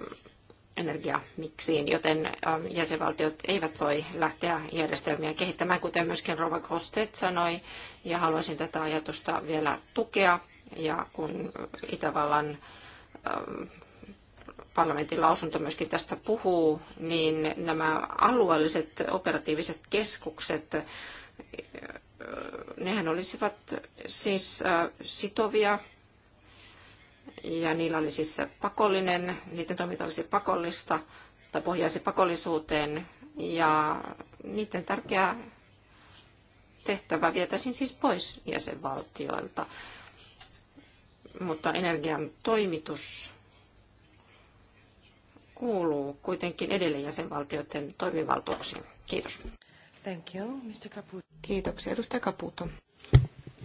energiamiksiin, joten ähm, jäsenvaltiot eivät voi lähteä järjestelmiä kehittämään, kuten myöskin Rova Kostet sanoi, ja haluaisin tätä ajatusta vielä tukea. Ja kun Itävallan ähm, parlamentin lausunto myöskin tästä puhuu, niin nämä alueelliset operatiiviset keskukset, nehän olisivat siis sitovia ja niillä oli siis pakollinen, niiden toiminta olisi pakollista tai pohjaisi pakollisuuteen ja niiden tärkeä tehtävä vietäisiin siis pois jäsenvaltioilta. Mutta energian toimitus kuuluu kuitenkin edelleen jäsenvaltioiden toimivaltuuksiin. Kiitos. Thank you, Mr. Caputo. Kiitoksia, edustaja Caputo.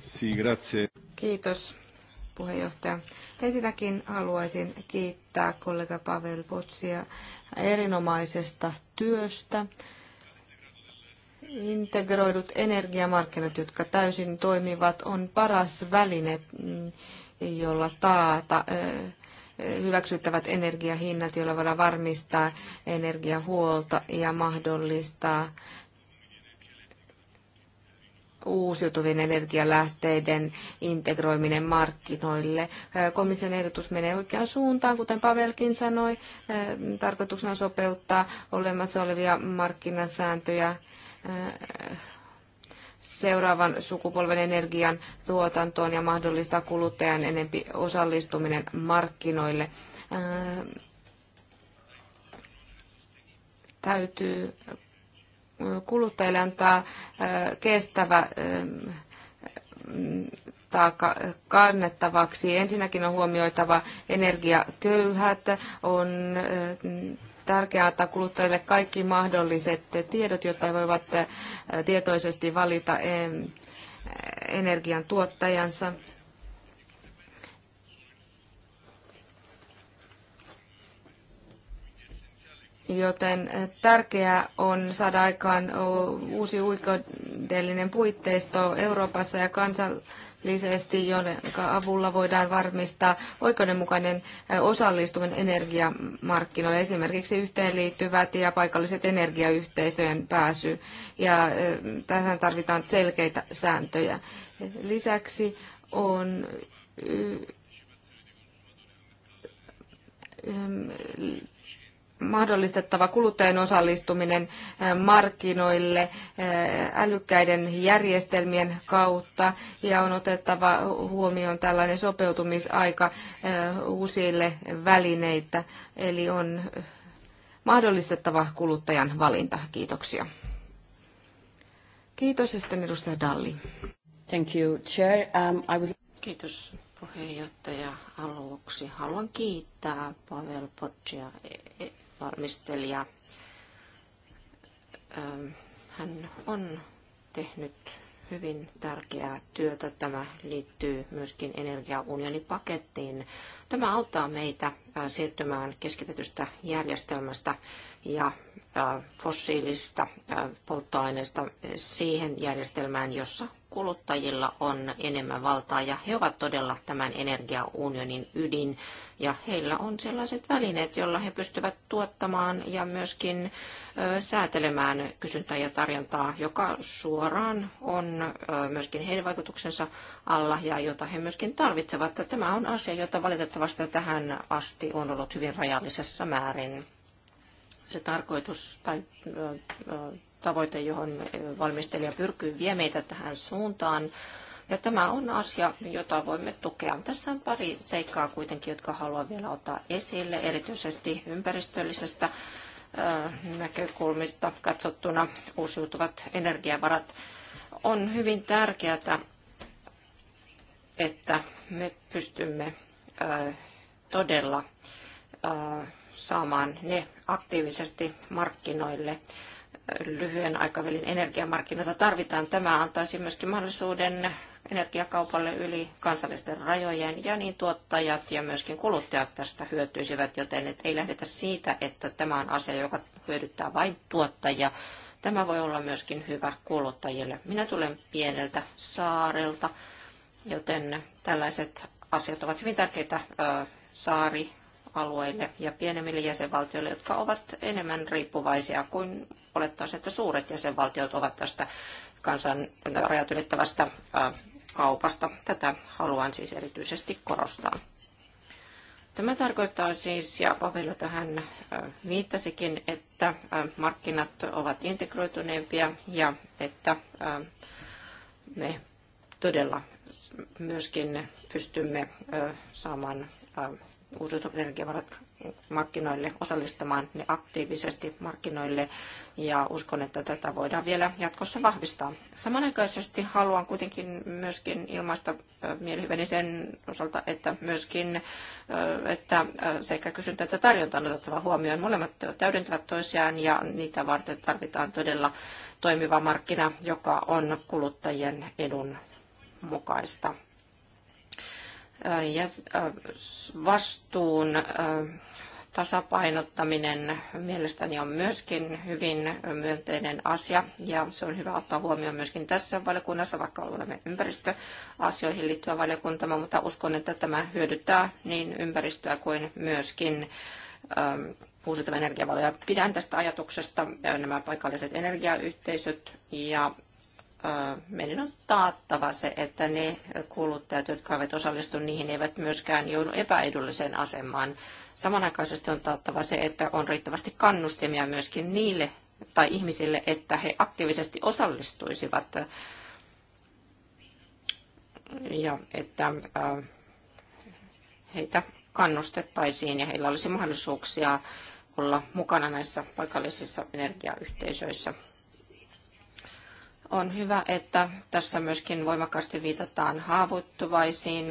Si, grazie. Kiitos, puheenjohtaja. Ensinnäkin haluaisin kiittää kollega Pavel Potsia erinomaisesta työstä. Integroidut energiamarkkinat, jotka täysin toimivat, on paras väline, mm, jolla taata hyväksyttävät energiahinnat, joilla voidaan varmistaa energiahuolto ja mahdollistaa uusiutuvien energialähteiden integroiminen markkinoille. Komission ehdotus menee oikeaan suuntaan, kuten Pavelkin sanoi. Tarkoituksena on sopeuttaa olemassa olevia markkinasääntöjä seuraavan sukupolven energian tuotantoon ja mahdollistaa kuluttajan enempi osallistuminen markkinoille. Ää, täytyy kuluttajille antaa ää, kestävä taakka kannettavaksi. Ensinnäkin on huomioitava energiaköyhät, on tärkeää antaa kuluttajille kaikki mahdolliset tiedot, jotta he voivat tietoisesti valita energian tuottajansa. joten tärkeää on saada aikaan uusi oikeudellinen puitteisto Euroopassa ja kansallisesti, jonka avulla voidaan varmistaa oikeudenmukainen osallistuminen energiamarkkinoille, esimerkiksi yhteenliittyvät ja paikalliset energiayhteisöjen pääsy. Ja tähän tarvitaan selkeitä sääntöjä. Lisäksi on mahdollistettava kuluttajien osallistuminen eh, markkinoille eh, älykkäiden järjestelmien kautta ja on otettava huomioon tällainen sopeutumisaika eh, uusille välineitä. Eli on mahdollistettava kuluttajan valinta. Kiitoksia. Kiitos ja sitten edustaja Dalli. Thank you, Chair. Um, I will... Kiitos puheenjohtaja aluksi. Haluan kiittää Pavel Potsia valmistelija. Ähm, hän on tehnyt hyvin tärkeää työtä. Tämä liittyy myöskin energiaunionipakettiin. Tämä auttaa meitä äh, siirtymään keskitetystä järjestelmästä ja äh, fossiilista äh, polttoaineista siihen järjestelmään, jossa kuluttajilla on enemmän valtaa ja he ovat todella tämän energiaunionin ydin ja heillä on sellaiset välineet, joilla he pystyvät tuottamaan ja myöskin säätelemään kysyntää ja tarjontaa, joka suoraan on myöskin heidän vaikutuksensa alla ja jota he myöskin tarvitsevat. Tämä on asia, jota valitettavasti tähän asti on ollut hyvin rajallisessa määrin. Se tarkoitus tai tavoite, johon eh, valmistelija pyrkii vie meitä tähän suuntaan. Ja tämä on asia, jota voimme tukea. Tässä on pari seikkaa kuitenkin, jotka haluan vielä ottaa esille, erityisesti ympäristöllisestä eh, näkökulmista katsottuna uusiutuvat energiavarat. On hyvin tärkeää, että me pystymme eh, todella saamaan ne aktiivisesti markkinoille lyhyen aikavälin energiamarkkinoita tarvitaan. Tämä antaisi myöskin mahdollisuuden energiakaupalle yli kansallisten rajojen ja niin tuottajat ja myöskin kuluttajat tästä hyötyisivät, joten et ei lähdetä siitä, että tämä on asia, joka hyödyttää vain tuottajia. Tämä voi olla myöskin hyvä kuluttajille. Minä tulen pieneltä saarelta, joten tällaiset asiat ovat hyvin tärkeitä saarialueille ja pienemmille jäsenvaltioille, jotka ovat enemmän riippuvaisia kuin olettaa se, että suuret jäsenvaltiot ovat tästä kansan rajat ylittävästä kaupasta. Tätä haluan siis erityisesti korostaa. Tämä tarkoittaa siis, ja Pavelo tähän viittasikin, että markkinat ovat integroituneempia ja että me todella myöskin pystymme saamaan uusiutuvat energiavarat markkinoille, osallistamaan ne aktiivisesti markkinoille ja uskon, että tätä voidaan vielä jatkossa vahvistaa. Samanaikaisesti haluan kuitenkin myöskin ilmaista mielihyväni sen osalta, että myöskin että sekä kysyntä että tarjonta on otettava huomioon. Molemmat täydentävät toisiaan ja niitä varten tarvitaan todella toimiva markkina, joka on kuluttajien edun mukaista. Äh, äh, vastuun äh, tasapainottaminen mielestäni on myöskin hyvin myönteinen asia ja se on hyvä ottaa huomioon myöskin tässä valiokunnassa, vaikka olemme ympäristöasioihin liittyvä valiokunta, mutta uskon, että tämä hyödyttää niin ympäristöä kuin myöskin ähm, uusiutuvan energiavaloja. Pidän tästä ajatuksesta nämä paikalliset energiayhteisöt ja meidän on taattava se, että ne kuluttajat, jotka eivät osallistu niihin, eivät myöskään joudu epäedulliseen asemaan. Samanaikaisesti on taattava se, että on riittävästi kannustimia myöskin niille tai ihmisille, että he aktiivisesti osallistuisivat ja että heitä kannustettaisiin ja heillä olisi mahdollisuuksia olla mukana näissä paikallisissa energiayhteisöissä. On hyvä, että tässä myöskin voimakkaasti viitataan haavoittuvaisiin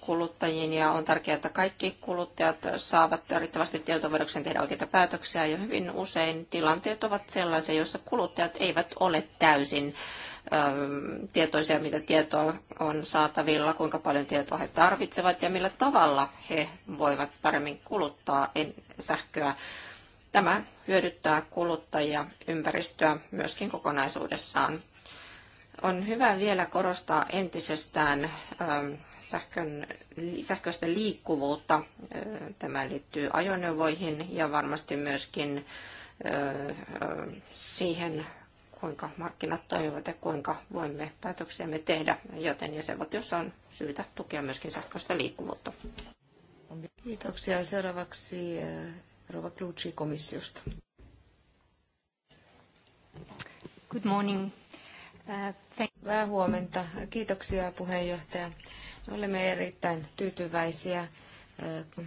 kuluttajiin ja on tärkeää, että kaikki kuluttajat saavat riittävästi tietoverksen tehdä oikeita päätöksiä ja hyvin usein tilanteet ovat sellaisia, joissa kuluttajat eivät ole täysin tietoisia, mitä tietoa on saatavilla, kuinka paljon tietoa he tarvitsevat ja millä tavalla he voivat paremmin kuluttaa sähköä. Tämä hyödyttää kuluttajia, ympäristöä myöskin kokonaisuudessaan. On hyvä vielä korostaa entisestään ähm, sähkön, sähköistä liikkuvuutta. Äh, tämä liittyy ajoneuvoihin ja varmasti myöskin äh, äh, siihen, kuinka markkinat toimivat ja kuinka voimme päätöksiämme tehdä, joten jäsenvaltiossa on syytä tukea myöskin sähköistä liikkuvuutta. Kiitoksia. Seuraavaksi Rova Klucci komissiosta. Good morning. Hyvää huomenta. Kiitoksia puheenjohtaja. Me olemme erittäin tyytyväisiä eh,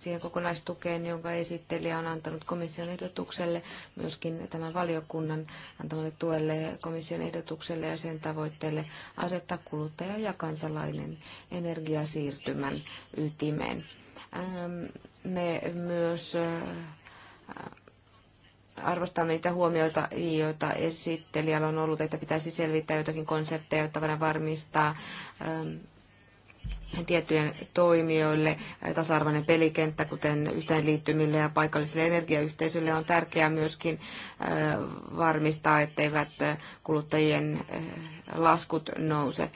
siihen kokonaistukeen, jonka esittelijä on antanut komission ehdotukselle, myöskin tämän valiokunnan antamalle tuelle komission ehdotukselle ja sen tavoitteelle asettaa kuluttaja ja kansalainen energiasiirtymän ytimeen. Me myös eh, arvostamme niitä huomioita, joita esittelijällä on ollut, että pitäisi selvittää jotakin konsepteja, jotta voidaan varmistaa ähm, tiettyjen toimijoille tasa-arvoinen pelikenttä, kuten yhteenliittymille ja paikallisille energiayhteisöille, on tärkeää myöskin äh, varmistaa, etteivät äh, kuluttajien äh, laskut nouse.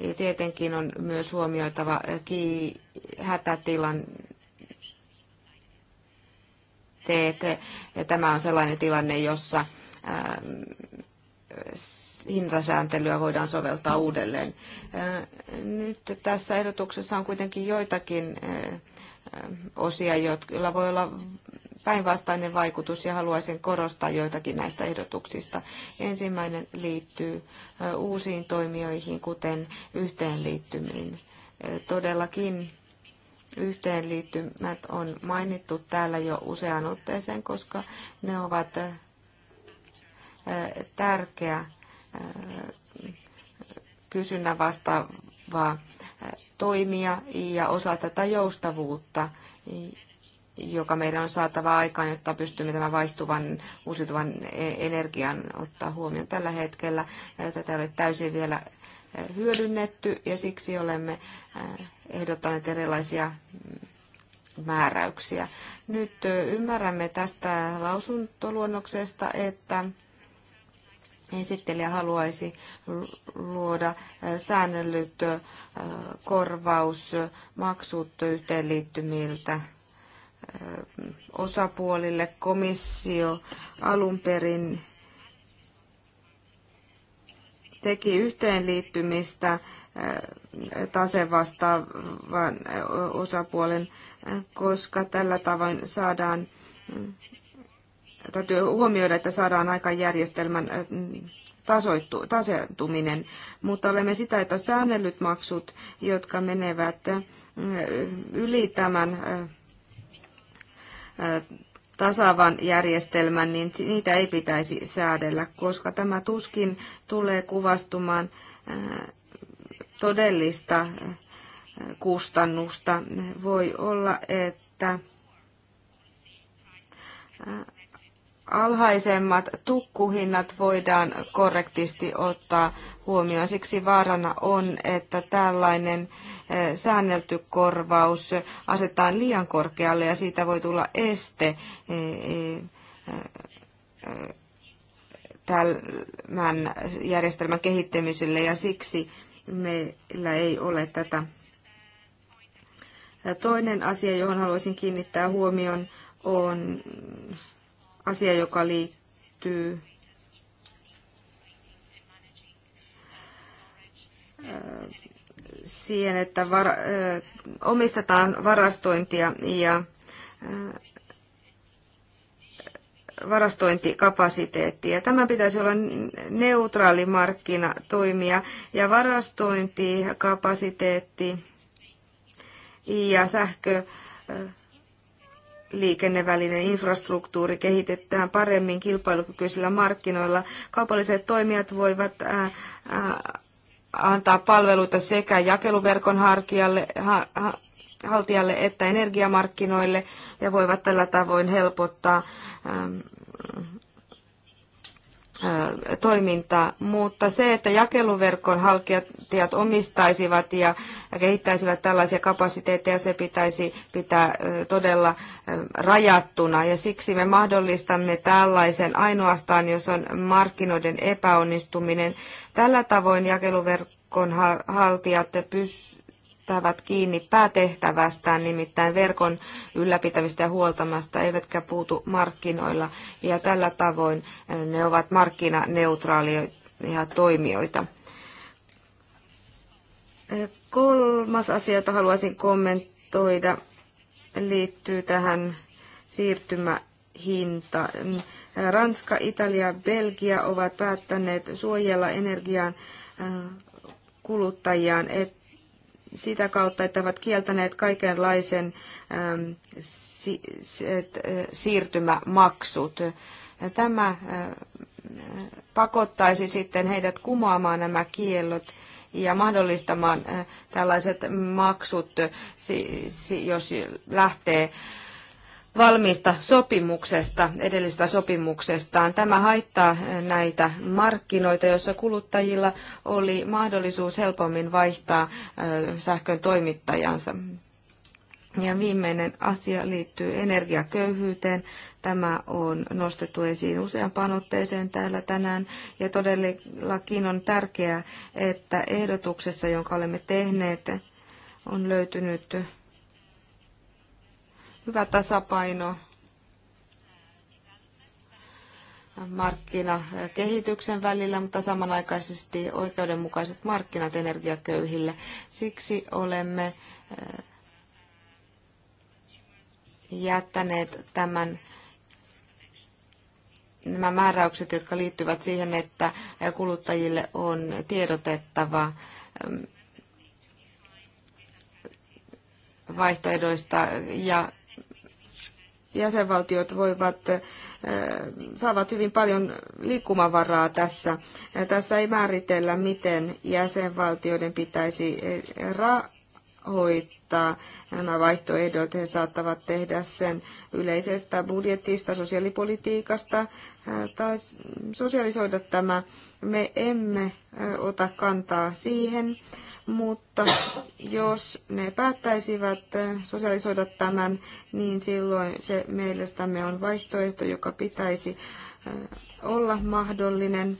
Ja tietenkin on myös huomioitava hätätilan teet. Ja tämä on sellainen tilanne, jossa ähm, hintasääntelyä voidaan soveltaa uudelleen. Äh, nyt tässä ehdotuksessa on kuitenkin joitakin äh, osia, joilla voi olla päinvastainen vaikutus ja haluaisin korostaa joitakin näistä ehdotuksista. Ensimmäinen liittyy äh, uusiin toimijoihin, kuten yhteenliittymiin. Todellakin yhteenliittymät on mainittu täällä jo useaan otteeseen, koska ne ovat äh, tärkeä äh, kysynnän vastaavaa äh, toimia ja osa tätä joustavuutta, joka meidän on saatava aikaan, jotta pystymme tämän vaihtuvan uusiutuvan e-, energian ottaa huomioon tällä hetkellä. Tätä ei ole täysin vielä hyödynnetty ja siksi olemme äh, ehdottaneet erilaisia määräyksiä. Nyt ymmärrämme tästä lausuntoluonnoksesta, että esittelijä haluaisi luoda äh, säännellyt korvausmaksut yhteenliittymiltä äh, osapuolille. Komissio alun perin teki yhteenliittymistä tasevastaavan osapuolen, koska tällä tavoin saadaan täytyy huomioida, että saadaan aika järjestelmän tasoittu, tasentuminen, mutta olemme sitä, että säännellyt maksut, jotka menevät yli tämän tasavan järjestelmän, niin niitä ei pitäisi säädellä, koska tämä tuskin tulee kuvastumaan äh, todellista äh, kustannusta. Voi olla, että äh, alhaisemmat tukkuhinnat voidaan korrektisti ottaa huomioon. Siksi vaarana on, että tällainen säännelty korvaus asetetaan liian korkealle ja siitä voi tulla este tämän järjestelmän kehittämiselle ja siksi meillä ei ole tätä. Toinen asia, johon haluaisin kiinnittää huomion, on asia, joka liittyy siihen, että var, omistetaan varastointia ja varastointikapasiteettia. Tämä pitäisi olla neutraali markkina toimia ja varastointikapasiteetti ja sähkö liikennevälinen infrastruktuuri kehitetään paremmin kilpailukykyisillä markkinoilla. Kaupalliset toimijat voivat antaa palveluita sekä jakeluverkon harkijalle, ha, ha, haltijalle että energiamarkkinoille ja voivat tällä tavoin helpottaa ähm, toimintaa, mutta se, että jakeluverkon haltijat omistaisivat ja kehittäisivät tällaisia kapasiteetteja, se pitäisi pitää todella rajattuna. Ja siksi me mahdollistamme tällaisen ainoastaan, jos on markkinoiden epäonnistuminen. Tällä tavoin jakeluverkon haltijat pystyvät pitävät kiinni päätehtävästään, nimittäin verkon ylläpitävistä ja huoltamasta, eivätkä puutu markkinoilla. Ja tällä tavoin eh, ne ovat markkinaneutraalia toimijoita. Eh, kolmas asia, jota haluaisin kommentoida, liittyy tähän siirtymähintaan. Eh, Ranska, Italia ja Belgia ovat päättäneet suojella energian kuluttajiaan, että sitä kautta, että ovat kieltäneet kaikenlaisen ähm, äh, siirtymämaksut. Tämä äh, pakottaisi sitten heidät kumoamaan nämä kiellot ja mahdollistamaan äh, tällaiset maksut, jos lähtee valmiista sopimuksesta, edellisestä sopimuksestaan. Tämä haittaa näitä markkinoita, joissa kuluttajilla oli mahdollisuus helpommin vaihtaa sähkön toimittajansa. Ja viimeinen asia liittyy energiaköyhyyteen. Tämä on nostettu esiin useampaan otteeseen täällä tänään. Ja todellakin on tärkeää, että ehdotuksessa, jonka olemme tehneet, on löytynyt hyvä tasapaino markkinakehityksen välillä, mutta samanaikaisesti oikeudenmukaiset markkinat energiaköyhille. Siksi olemme eh, jättäneet tämän nämä määräykset, jotka liittyvät siihen, että kuluttajille on tiedotettava eh, vaihtoehdoista ja jäsenvaltiot voivat, saavat hyvin paljon liikkumavaraa tässä. Tässä ei määritellä, miten jäsenvaltioiden pitäisi rahoittaa nämä vaihtoehdot. He saattavat tehdä sen yleisestä budjetista, sosiaalipolitiikasta tai sosialisoida tämä. Me emme ota kantaa siihen mutta jos ne päättäisivät sosialisoida tämän, niin silloin se mielestämme on vaihtoehto, joka pitäisi olla mahdollinen,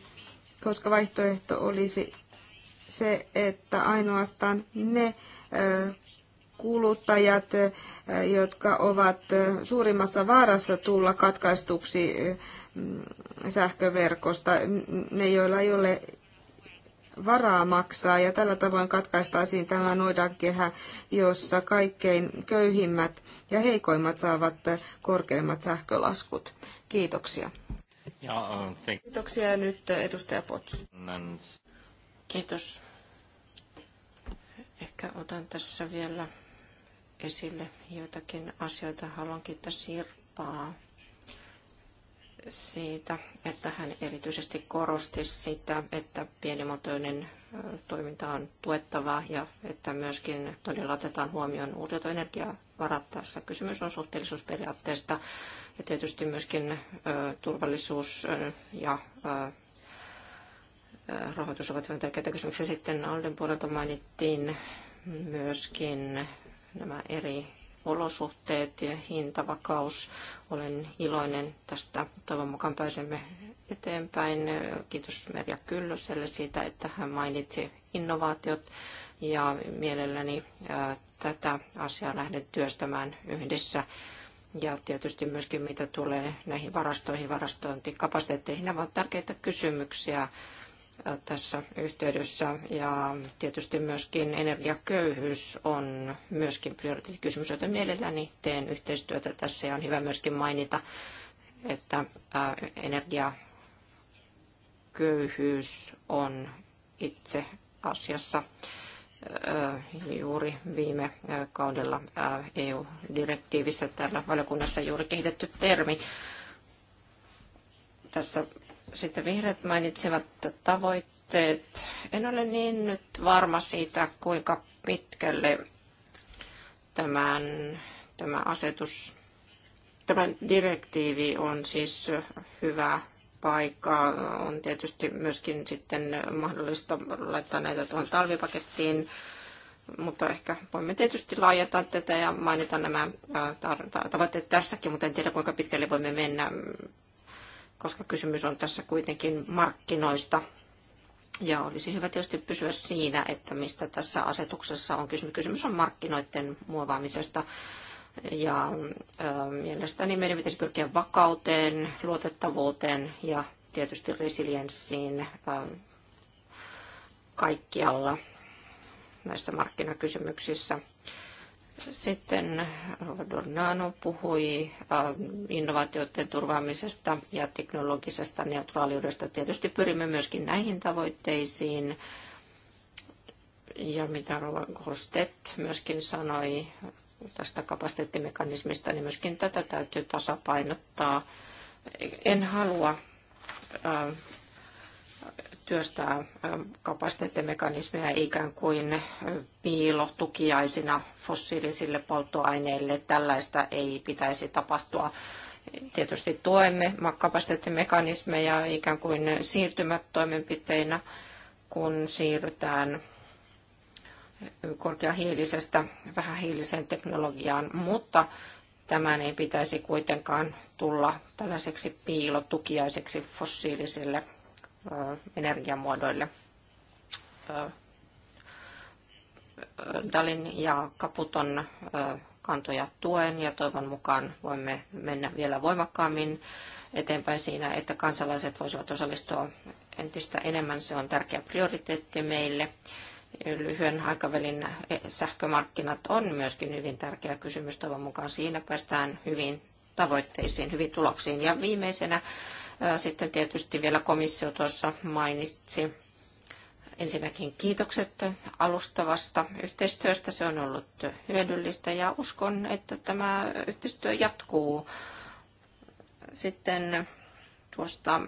koska vaihtoehto olisi se, että ainoastaan ne kuluttajat, jotka ovat suurimmassa vaarassa tulla katkaistuksi mm, sähköverkosta, ne joilla ei ole varaa maksaa ja tällä tavoin katkaistaisiin tämä noidankehä, jossa kaikkein köyhimmät ja heikoimmat saavat korkeimmat sähkölaskut. Kiitoksia. Uh, Kiitoksia ja nyt edustaja Pots. Kiitos. Ehkä otan tässä vielä esille joitakin asioita. Haluan kiittää Sirpaa siitä, että hän erityisesti korosti sitä, että pienimuotoinen toiminta on tuettavaa ja että myöskin todella otetaan huomioon uusiutuvat energiavarat tässä. Kysymys on suhteellisuusperiaatteesta ja tietysti myöskin turvallisuus ja rahoitus ovat hyvin tärkeitä kysymyksiä. Sitten Alden puolelta mainittiin myöskin nämä eri olosuhteet ja hintavakaus. Olen iloinen tästä. Toivon mukaan pääsemme eteenpäin. Kiitos Merja Kyllöselle siitä, että hän mainitsi innovaatiot ja mielelläni tätä asiaa lähden työstämään yhdessä. Ja tietysti myöskin mitä tulee näihin varastoihin, varastointikapasiteetteihin. Nämä ovat tärkeitä kysymyksiä tässä yhteydessä. Ja tietysti myöskin energiaköyhyys on myöskin prioriteettikysymys, joten mielelläni teen yhteistyötä tässä ja on hyvä myöskin mainita, että äh, energiaköyhyys on itse asiassa äh, juuri viime äh, kaudella EU-direktiivissä täällä valiokunnassa juuri kehitetty termi. Tässä sitten vihreät mainitsivat tavoitteet. En ole niin nyt varma siitä, kuinka pitkälle tämän, tämä asetus, tämä direktiivi on siis hyvä paikka. On tietysti myöskin sitten mahdollista laittaa näitä tuohon talvipakettiin, mutta ehkä voimme tietysti laajata tätä ja mainita nämä äh, tavoitteet tässäkin, mutta en tiedä kuinka pitkälle voimme mennä koska kysymys on tässä kuitenkin markkinoista. Ja olisi hyvä tietysti pysyä siinä, että mistä tässä asetuksessa on kysymys. Kysymys on markkinoiden muovaamisesta. Ja ö, mielestäni meidän pitäisi pyrkiä vakauteen, luotettavuuteen ja tietysti resilienssiin ö, kaikkialla näissä markkinakysymyksissä. Sitten Dornano puhui äh, innovaatioiden turvaamisesta ja teknologisesta neutraaliudesta. Tietysti pyrimme myöskin näihin tavoitteisiin. Ja mitä Rova Grostet myöskin sanoi tästä kapasiteettimekanismista, niin myöskin tätä täytyy tasapainottaa. En halua äh, työstää kapasiteettimekanismeja ikään kuin piilotukiaisina fossiilisille polttoaineille. Tällaista ei pitäisi tapahtua. Tietysti tuemme kapasiteettimekanismeja ikään kuin siirtymätoimenpiteinä, kun siirrytään korkeahiilisestä vähähiiliseen teknologiaan, mutta tämän ei pitäisi kuitenkaan tulla tällaiseksi piilotukiaiseksi fossiilisille Äh, energiamuodoille. Äh, äh, Dalin ja Kaputon kantoja tuen ja toivon mukaan voimme mennä vielä voimakkaammin eteenpäin siinä, että kansalaiset voisivat osallistua entistä enemmän. Se on tärkeä prioriteetti meille. Lyhyen aikavälin sähkömarkkinat on myöskin hyvin tärkeä kysymys. Toivon mukaan siinä päästään hyvin tavoitteisiin, hyvin tuloksiin. Ja viimeisenä sitten tietysti vielä komissio tuossa mainitsi. Ensinnäkin kiitokset alustavasta yhteistyöstä. Se on ollut hyödyllistä ja uskon, että tämä yhteistyö jatkuu. Sitten tuosta,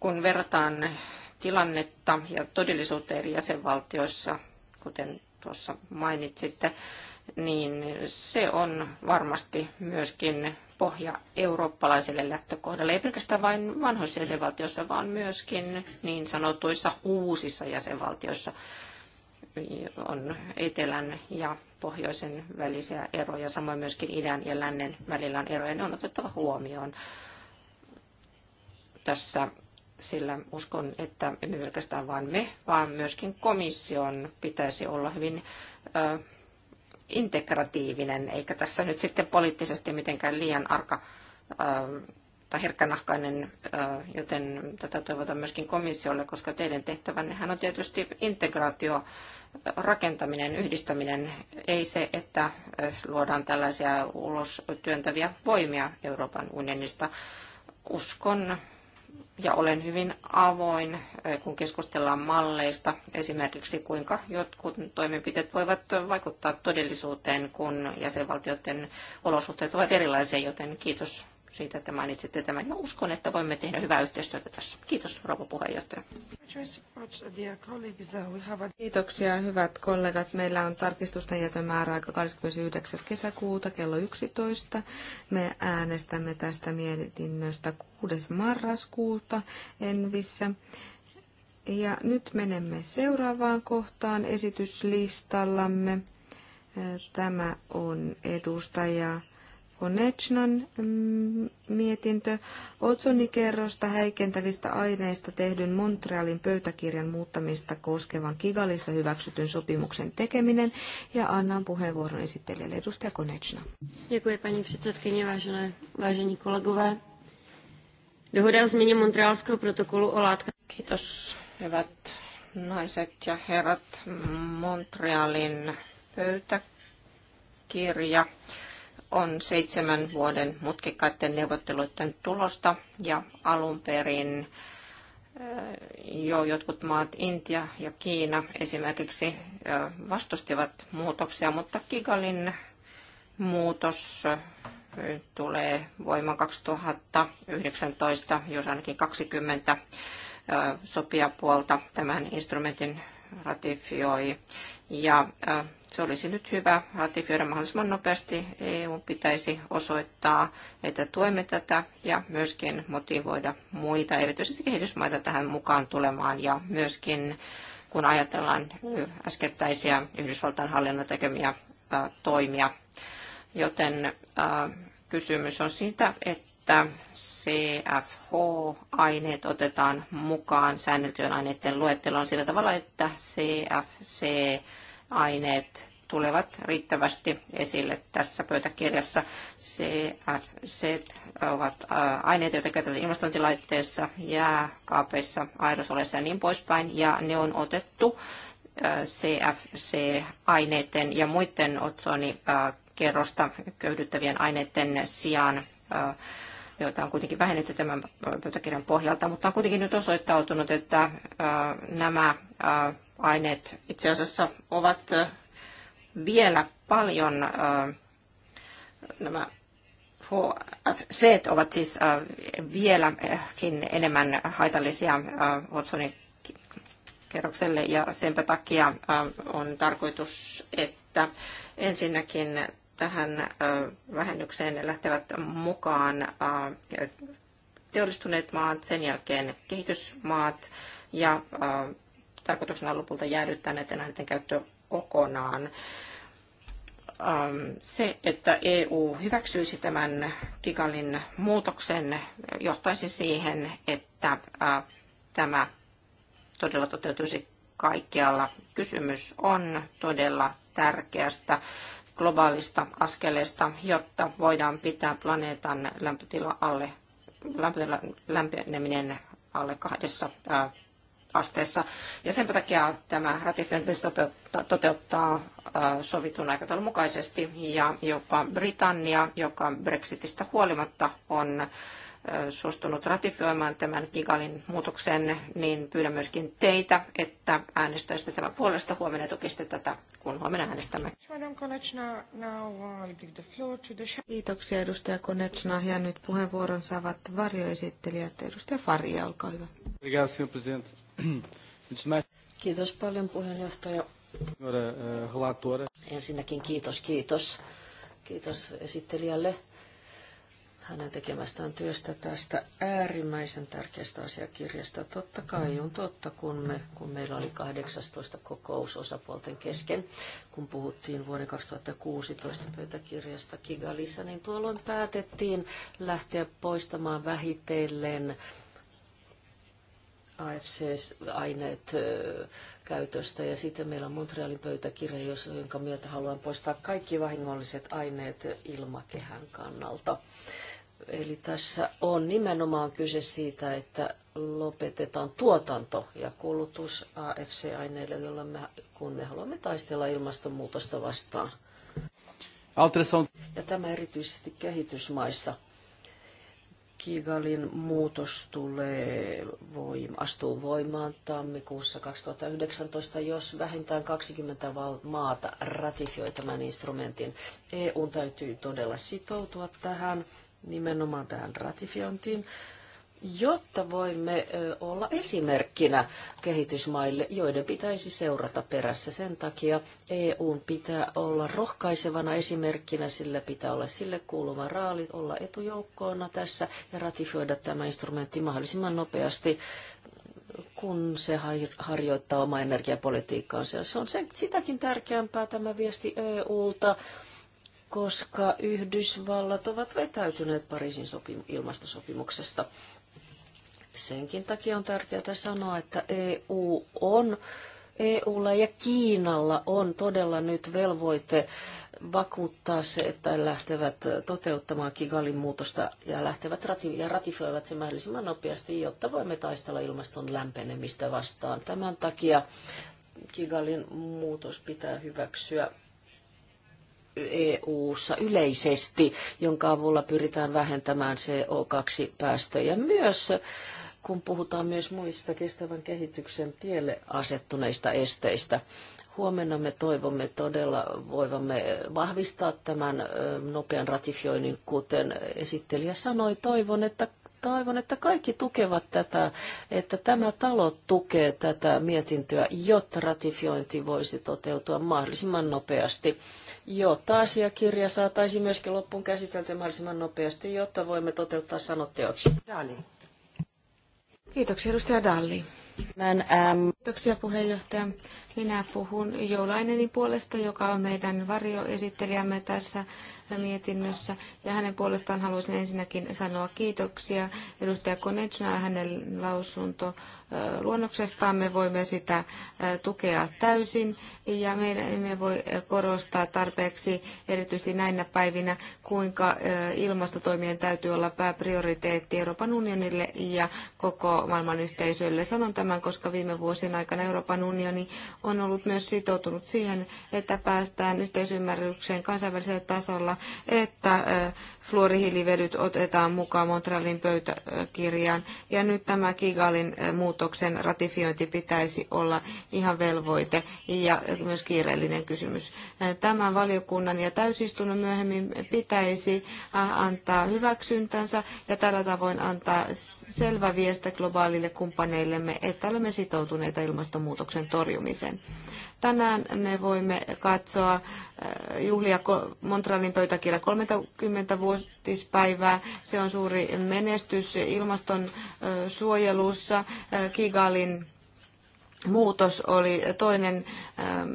kun verrataan tilannetta ja todellisuutta eri jäsenvaltioissa, kuten tuossa mainitsitte, niin se on varmasti myöskin pohja eurooppalaiselle lähtökohdalle, ei pelkästään vain vanhoissa jäsenvaltioissa, vaan myöskin niin sanotuissa uusissa jäsenvaltioissa on etelän ja pohjoisen välisiä eroja, samoin myöskin idän ja lännen välillä on eroja, ne on otettava huomioon tässä, sillä uskon, että emme pelkästään vain me, vaan myöskin komission pitäisi olla hyvin integratiivinen, eikä tässä nyt sitten poliittisesti mitenkään liian arka ähm, tai herkkänahkainen, äh, joten tätä toivotan myöskin komissiolle, koska teidän tehtävännehän on tietysti integraatio, äh, rakentaminen, yhdistäminen, ei se, että äh, luodaan tällaisia ulos työntäviä voimia Euroopan unionista. Uskon ja olen hyvin avoin, eh, kun keskustellaan malleista, esimerkiksi kuinka jotkut toimenpiteet voivat vaikuttaa todellisuuteen, kun jäsenvaltioiden olosuhteet ovat erilaisia, joten kiitos siitä, että mainitsitte tämän. Ja uskon, että voimme tehdä hyvää yhteistyötä tässä. Kiitos, rouva puheenjohtaja. Kiitoksia, hyvät kollegat. Meillä on tarkistusten jätömääräaika 29. kesäkuuta kello 11. Me äänestämme tästä mietinnöstä 6. marraskuuta Envissä. Ja nyt menemme seuraavaan kohtaan esityslistallamme. Tämä on edustaja Konechnan mm, mietintö otsonikerrosta heikentävistä aineista tehdyn Montrealin pöytäkirjan muuttamista koskevan Kigalissa hyväksytyn sopimuksen tekeminen ja annan puheenvuoron esittelijälle edustaja Konechna. Děkuji paní předsedkyně, vážené, vážení kolegové. Dohoda o změně Montrealského protokolu o látkách. Kiitos, hyvät naiset ja herrat. Montrealin pöytäkirja on seitsemän vuoden mutkikkaiden neuvotteluiden tulosta ja alun perin jo jotkut maat, Intia ja Kiina esimerkiksi, vastustivat muutoksia, mutta Kigalin muutos tulee voimaan 2019, jos ainakin 20 sopijapuolta tämän instrumentin ratifioi. Ja se olisi nyt hyvä ratifioida mahdollisimman nopeasti. EU pitäisi osoittaa, että tuemme tätä ja myöskin motivoida muita, erityisesti kehitysmaita tähän mukaan tulemaan ja myöskin kun ajatellaan äskettäisiä Yhdysvaltain hallinnon tekemiä toimia. Joten kysymys on siitä, että CFH-aineet otetaan mukaan säänneltyjen aineiden luetteloon sillä tavalla, että CFC aineet tulevat riittävästi esille tässä pöytäkirjassa. CFC ovat äh, aineita, joita käytetään ilmastointilaitteissa, jääkaapeissa, aerosoleissa ja niin poispäin, ja ne on otettu äh, CFC-aineiden ja muiden otsonikerrosta äh, köyhdyttävien aineiden sijaan joita on kuitenkin vähennetty tämän pöytäkirjan pohjalta, mutta on kuitenkin nyt osoittautunut, että nämä aineet itse asiassa ovat vielä paljon, nämä HFC ovat siis vieläkin enemmän haitallisia Watsonin kerrokselle ja senpä takia on tarkoitus, että ensinnäkin tähän vähennykseen lähtevät mukaan teollistuneet maat, sen jälkeen kehitysmaat ja tarkoituksena lopulta jäädyttää näiden aineiden käyttö kokonaan. Ähm, se, että EU hyväksyisi tämän Kigalin muutoksen, johtaisi siihen, että äh, tämä todella toteutuisi kaikkialla. Kysymys on todella tärkeästä globaalista askeleesta, jotta voidaan pitää planeetan lämpötila alle, lämpeneminen alle kahdessa äh, asteessa. Ja sen takia tämä ratifiointi toteuttaa sovitun aikataulun mukaisesti ja jopa Britannia, joka Brexitistä huolimatta on suostunut ratifioimaan tämän Kigalin muutoksen, niin pyydän myöskin teitä, että äänestäisitte tämän puolesta huomenna ja tukisitte tätä, kun huomenna äänestämme. Uh, Kiitoksia edustaja Konechna ja nyt puheenvuoron saavat varjoesittelijät. Edustaja Faria, olkaa hyvä. Kiitos paljon puheenjohtaja. Eh, Ensinnäkin kiitos, kiitos. Kiitos esittelijälle hänen tekemästään työstä tästä äärimmäisen tärkeästä asiakirjasta. Totta kai on totta, kun, me, kun meillä oli 18 kokous osapuolten kesken, kun puhuttiin vuoden 2016 pöytäkirjasta Kigalissa, niin tuolloin päätettiin lähteä poistamaan vähitellen AFC-aineet käytöstä ja sitten meillä on Montrealin pöytäkirja, jonka myötä haluan poistaa kaikki vahingolliset aineet ilmakehän kannalta. Eli tässä on nimenomaan kyse siitä, että lopetetaan tuotanto ja kulutus AFC-aineille, me, kun me haluamme taistella ilmastonmuutosta vastaan. Ja tämä erityisesti kehitysmaissa – Kigalin muutos tulee voim, astuu voimaan tammikuussa 2019, jos vähintään 20 maata ratifioi tämän instrumentin. EU täytyy todella sitoutua tähän, nimenomaan tähän ratifiointiin jotta voimme olla esimerkkinä kehitysmaille, joiden pitäisi seurata perässä. Sen takia EUn pitää olla rohkaisevana esimerkkinä, sillä pitää olla sille kuuluva raali, olla etujoukkoona tässä ja ratifioida tämä instrumentti mahdollisimman nopeasti kun se harjoittaa omaa energiapolitiikkaansa. Se on sen, sitäkin tärkeämpää tämä viesti EUlta, koska Yhdysvallat ovat vetäytyneet Pariisin sopim- ilmastosopimuksesta. Senkin takia on tärkeää sanoa, että EU on, EUlla ja Kiinalla on todella nyt velvoite vakuuttaa se, että lähtevät toteuttamaan Kigalin muutosta ja lähtevät rati- ja ratifioivat se mahdollisimman nopeasti, jotta voimme taistella ilmaston lämpenemistä vastaan. Tämän takia Kigalin muutos pitää hyväksyä EU-ssa yleisesti, jonka avulla pyritään vähentämään CO2-päästöjä. Myös kun puhutaan myös muista kestävän kehityksen tielle asettuneista esteistä. Huomenna me toivomme todella voivamme vahvistaa tämän nopean ratifioinnin, kuten esittelijä sanoi. Toivon, että Toivon, että kaikki tukevat tätä, että tämä talo tukee tätä mietintöä, jotta ratifiointi voisi toteutua mahdollisimman nopeasti, jotta asiakirja saataisiin myöskin loppuun käsiteltyä mahdollisimman nopeasti, jotta voimme toteuttaa sanot teoksi. Dali. Kiitoksia edustaja Dalli. Ähm, kiitoksia puheenjohtaja. Minä puhun Joulainenin puolesta, joka on meidän varjoesittelijämme tässä mietinnössä. Ja hänen puolestaan haluaisin ensinnäkin sanoa kiitoksia edustaja ja Hänen lausunto luonnoksestaan. Me voimme sitä tukea täysin ja me emme voi korostaa tarpeeksi erityisesti näinä päivinä, kuinka ilmastotoimien täytyy olla pääprioriteetti Euroopan unionille ja koko maailman yhteisölle. Sanon tämän, koska viime vuosien aikana Euroopan unioni on ollut myös sitoutunut siihen, että päästään yhteisymmärrykseen kansainvälisellä tasolla, että fluorihiilivedyt otetaan mukaan Montrealin pöytäkirjaan. Ja nyt tämä Kigalin muut muutoksen ratifiointi pitäisi olla ihan velvoite ja myös kiireellinen kysymys. Tämän valiokunnan ja täysistunnon myöhemmin pitäisi antaa hyväksyntänsä ja tällä tavoin antaa selvä viesti globaalille kumppaneillemme, että olemme sitoutuneita ilmastonmuutoksen torjumiseen. Tänään me voimme katsoa äh, juhlia Montrealin pöytäkirja 30-vuotispäivää. Se on suuri menestys ilmaston äh, suojelussa. Äh, Kigalin muutos oli toinen ähm,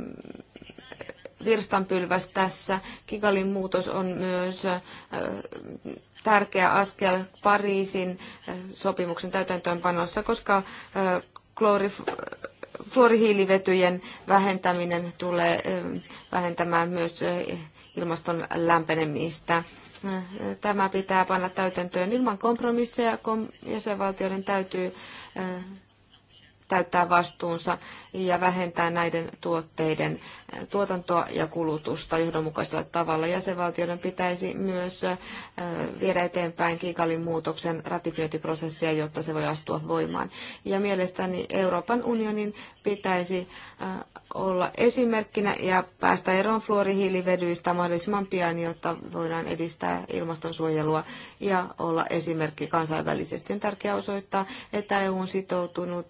virstanpylväs tässä. Kigalin muutos on myös tärkeä askel Pariisin sopimuksen täytäntöönpanossa, koska fluorihiilivetyjen vähentäminen tulee vähentämään myös ilmaston lämpenemistä. Tämä pitää panna täytäntöön ilman kompromisseja. Jäsenvaltioiden täytyy täyttää vastuunsa ja vähentää näiden tuotteiden tuotantoa ja kulutusta johdonmukaisella tavalla. Jäsenvaltioiden pitäisi myös viedä eteenpäin Kigalin muutoksen ratifiointiprosessia, jotta se voi astua voimaan. Ja mielestäni Euroopan unionin pitäisi olla esimerkkinä ja päästä eroon fluorihiilivedyistä mahdollisimman pian, jotta voidaan edistää ilmastonsuojelua ja olla esimerkki kansainvälisesti. On tärkeää osoittaa, että EU on sitoutunut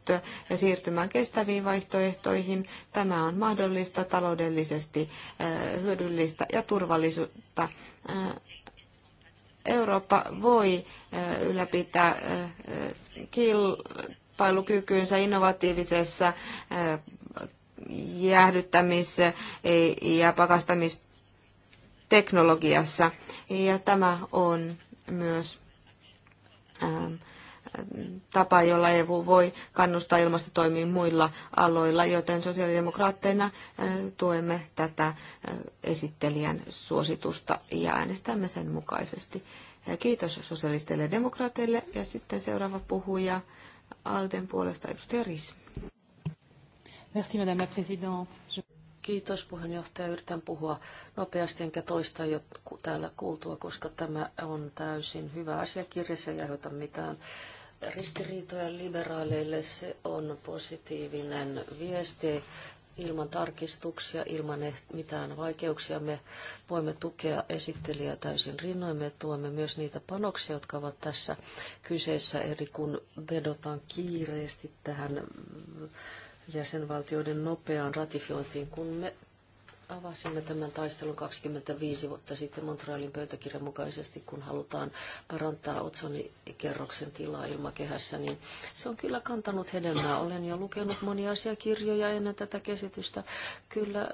ja siirtymään kestäviin vaihtoehtoihin. Tämä on mahdollista talouden taloudellisesti äh, hyödyllistä ja turvallisuutta. Äh, Eurooppa voi äh, ylläpitää kilpailukykynsä innovatiivisessa jäähdyttämis- ja pakastamisteknologiassa. Ja tämä on myös ähm, tapa, jolla EU voi kannustaa ilmastotoimiin muilla aloilla, joten sosiaalidemokraatteina tuemme tätä esittelijän suositusta ja äänestämme sen mukaisesti. Kiitos sosialisteille demokraateille ja sitten seuraava puhuja Alden puolesta edustaja Ris. Merci, madame la présidente. Kiitos puheenjohtaja. Yritän puhua nopeasti enkä toista jo täällä kuultua, koska tämä on täysin hyvä asiakirja. Se ei aiheuta mitään ristiriitoja liberaaleille. Se on positiivinen viesti ilman tarkistuksia, ilman eh, mitään vaikeuksia. Me voimme tukea esittelijää täysin rinnoin. Me tuemme myös niitä panoksia, jotka ovat tässä kyseessä, eri kun vedotaan kiireesti tähän jäsenvaltioiden nopeaan ratifiointiin, kun me avasimme tämän taistelun 25 vuotta sitten Montrealin pöytäkirjan mukaisesti, kun halutaan parantaa otsonikerroksen tilaa ilmakehässä, niin se on kyllä kantanut hedelmää. Olen jo lukenut monia asiakirjoja ennen tätä kesitystä. Kyllä,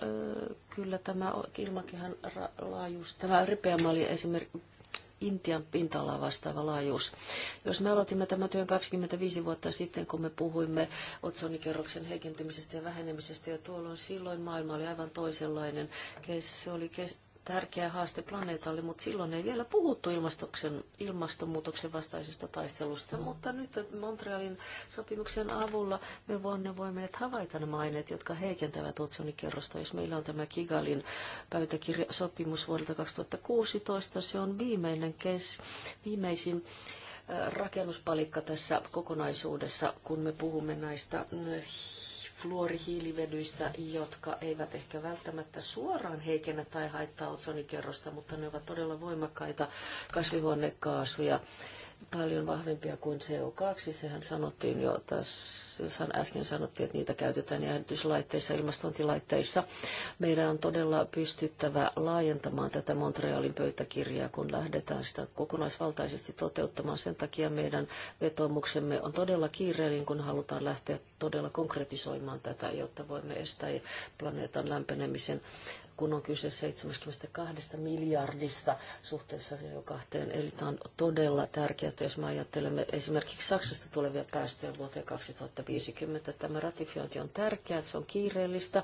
kyllä tämä ilmakehän laajuus, tämä ripeämä oli esimerkiksi Intian pinta-alaa vastaava laajuus. Jos me aloitimme tämän työn 25 vuotta sitten, kun me puhuimme otsonikerroksen heikentymisestä ja vähenemisestä, ja tuolloin silloin maailma oli aivan toisenlainen. Se oli kes- tärkeä haaste planeetalle, mutta silloin ei vielä puhuttu ilmastonmuutoksen vastaisesta taistelusta. Mutta nyt Montrealin sopimuksen avulla me voimme, voimme havaita nämä aineet, jotka heikentävät otsonikerrosta. Jos meillä on tämä Kigalin pöytäkirjasopimus vuodelta 2016, se on viimeinen kes, viimeisin äh, rakennuspalikka tässä kokonaisuudessa, kun me puhumme näistä fluorihiilivedyistä, jotka eivät ehkä välttämättä suoraan heikennä tai haittaa otsonikerrosta, mutta ne ovat todella voimakkaita kasvihuonekaasuja paljon vahvempia kuin CO2. Sehän sanottiin jo tässä, äsken sanottiin, että niitä käytetään jäähdytyslaitteissa, ilmastointilaitteissa. Meidän on todella pystyttävä laajentamaan tätä Montrealin pöytäkirjaa, kun lähdetään sitä kokonaisvaltaisesti toteuttamaan. Sen takia meidän vetomuksemme on todella kiireellinen, kun halutaan lähteä todella konkretisoimaan tätä, jotta voimme estää planeetan lämpenemisen kun on kyse 72 miljardista suhteessa CO2. Eli tämä on todella tärkeää, jos me ajattelemme esimerkiksi Saksasta tulevia päästöjä vuoteen 2050. Tämä ratifiointi on tärkeää, se on kiireellistä.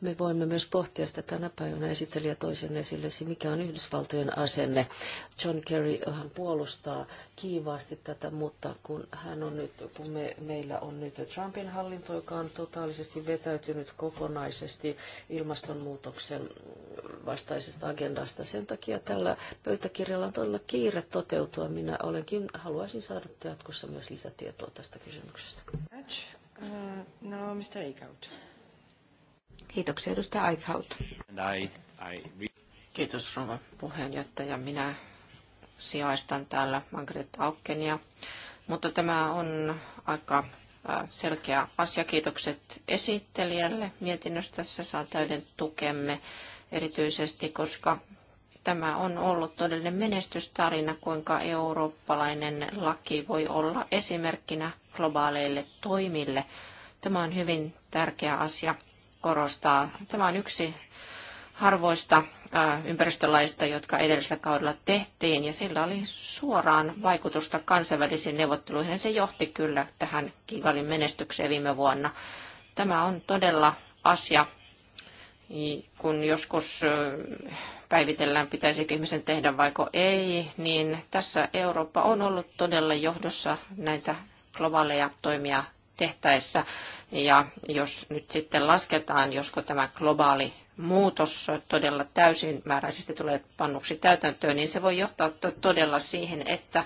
Me voimme myös pohtia sitä tänä päivänä esittelijä toisen esille, mikä on Yhdysvaltojen asenne. John Kerry hän puolustaa kiivaasti tätä, mutta kun hän on nyt, kun me, meillä on nyt Trumpin hallinto, joka on totaalisesti vetäytynyt kokonaisesti ilmastonmuutoksen kehityksen vastaisesta agendasta. Sen takia tällä pöytäkirjalla on todella kiire toteutua. Minä olenkin, haluaisin saada jatkossa myös lisätietoa tästä kysymyksestä. Äh, no, Kiitoksia, edustaja Eichhout. Kiitos, rouva puheenjohtaja. Minä sijaistan täällä Margaret Aukkenia, mutta tämä on aika selkeä asia. Kiitokset esittelijälle mietinnöstä. Tässä saa täyden tukemme erityisesti, koska tämä on ollut todellinen menestystarina, kuinka eurooppalainen laki voi olla esimerkkinä globaaleille toimille. Tämä on hyvin tärkeä asia korostaa. Tämä on yksi harvoista ympäristölaista, jotka edellisellä kaudella tehtiin, ja sillä oli suoraan vaikutusta kansainvälisiin neuvotteluihin. Se johti kyllä tähän Kigalin menestykseen viime vuonna. Tämä on todella asia, kun joskus päivitellään, pitäisikö ihmisen tehdä vaiko ei, niin tässä Eurooppa on ollut todella johdossa näitä globaaleja toimia tehtäessä. Ja jos nyt sitten lasketaan, josko tämä globaali muutos todella täysimääräisesti tulee pannuksi täytäntöön, niin se voi johtaa todella siihen, että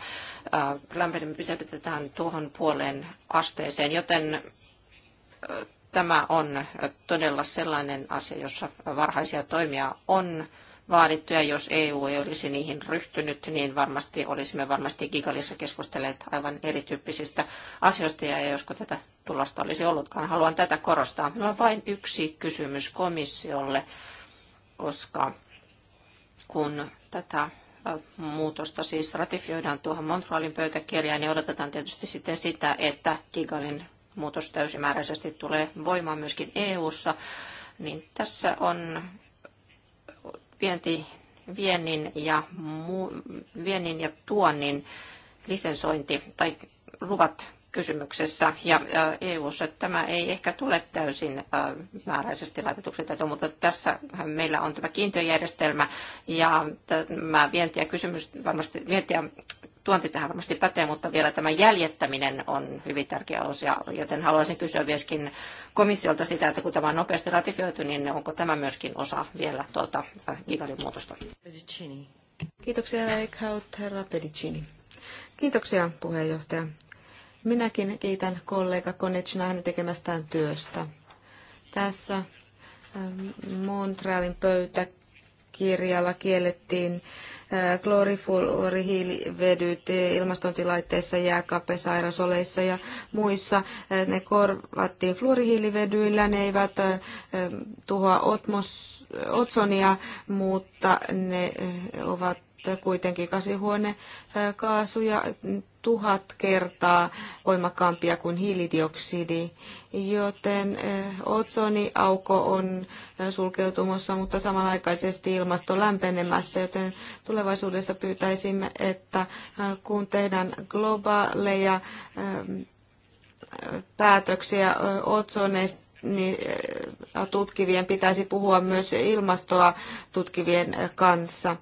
lämpenemä pysäytetään tuohon puoleen asteeseen, joten tämä on todella sellainen asia, jossa varhaisia toimia on vaadittu, ja jos EU ei olisi niihin ryhtynyt, niin varmasti olisimme varmasti Gigalissa keskustelleet aivan erityyppisistä asioista, ja josko tätä tulosta olisi ollutkaan. Haluan tätä korostaa. Minulla on vain yksi kysymys komissiolle, koska kun tätä muutosta siis ratifioidaan tuohon Montrealin pöytäkirjaan, niin odotetaan tietysti sitten sitä, että Gigalin muutos täysimääräisesti tulee voimaan myöskin EU-ssa, niin tässä on vienti, viennin, ja mu, viennin ja tuonnin lisensointi tai luvat kysymyksessä ja EU-ssa tämä ei ehkä tule täysin äh, määräisesti laitetuksi mutta tässä meillä on tämä kiintiöjärjestelmä ja tämä vienti ja kysymys varmasti vienti ja tuonti tähän varmasti pätee, mutta vielä tämä jäljettäminen on hyvin tärkeä osa, joten haluaisin kysyä myöskin komissiolta sitä, että kun tämä on nopeasti ratifioitu, niin onko tämä myöskin osa vielä tuolta äh, Gigalin muutosta? Kiitoksia Eichhout, herra Pedicini. Kiitoksia puheenjohtaja. Minäkin kiitän kollega Konechina hänen tekemästään työstä. Tässä ähm, Montrealin pöytäkirjalla kiellettiin klorifulorihiilivedyt ilmastointilaitteissa, jääkapesairasoleissa ja muissa. Ne korvattiin fluorihiilivedyillä, ne eivät tuhoa otmos, otsonia, mutta ne ovat kuitenkin kaasuja tuhat kertaa voimakkaampia kuin hiilidioksidi, joten eh, otsoniauko on eh, sulkeutumassa, mutta samanaikaisesti ilmasto lämpenemässä, joten tulevaisuudessa pyytäisimme, että eh, kun tehdään globaaleja päätöksiä otsoneista, niin tutkivien pitäisi puhua myös ilmastoa tutkivien kanssa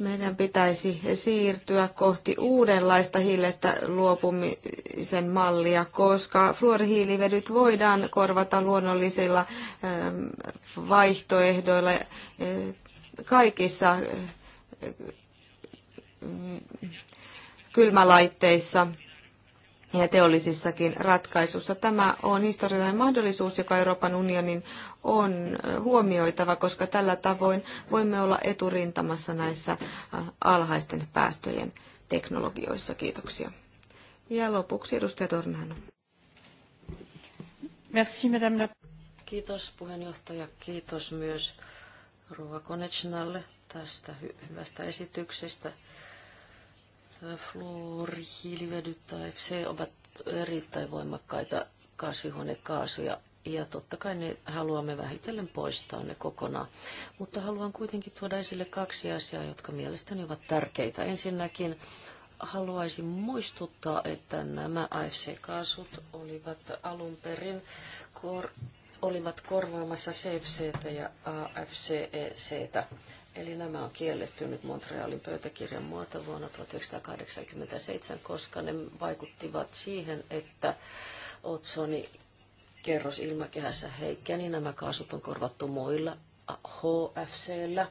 meidän pitäisi siirtyä kohti uudenlaista hiilestä luopumisen mallia, koska fluorihiilivedyt voidaan korvata luonnollisilla ähm, vaihtoehdoilla äh, kaikissa äh, kylmälaitteissa ja teollisissakin ratkaisussa. Tämä on historiallinen mahdollisuus, joka Euroopan unionin on huomioitava, koska tällä tavoin voimme olla eturintamassa näissä alhaisten päästöjen teknologioissa. Kiitoksia. Ja lopuksi edustaja Tornano. Merci, madame Kiitos puheenjohtaja. Kiitos myös Ruva Konechnalle tästä hyvästä esityksestä fluorihiilivedyt tai se ovat erittäin voimakkaita kasvihuonekaasuja. Ja totta kai ne haluamme vähitellen poistaa ne kokonaan. Mutta haluan kuitenkin tuoda esille kaksi asiaa, jotka mielestäni ovat tärkeitä. Ensinnäkin haluaisin muistuttaa, että nämä AFC-kaasut olivat alun perin kor- olivat korvaamassa CFC ja AFCEC. E Eli nämä on kielletty nyt Montrealin pöytäkirjan muoto vuonna 1987, koska ne vaikuttivat siihen, että otsoni kerros ilmakehässä heikkeni. Nämä kaasut on korvattu muilla HFCllä,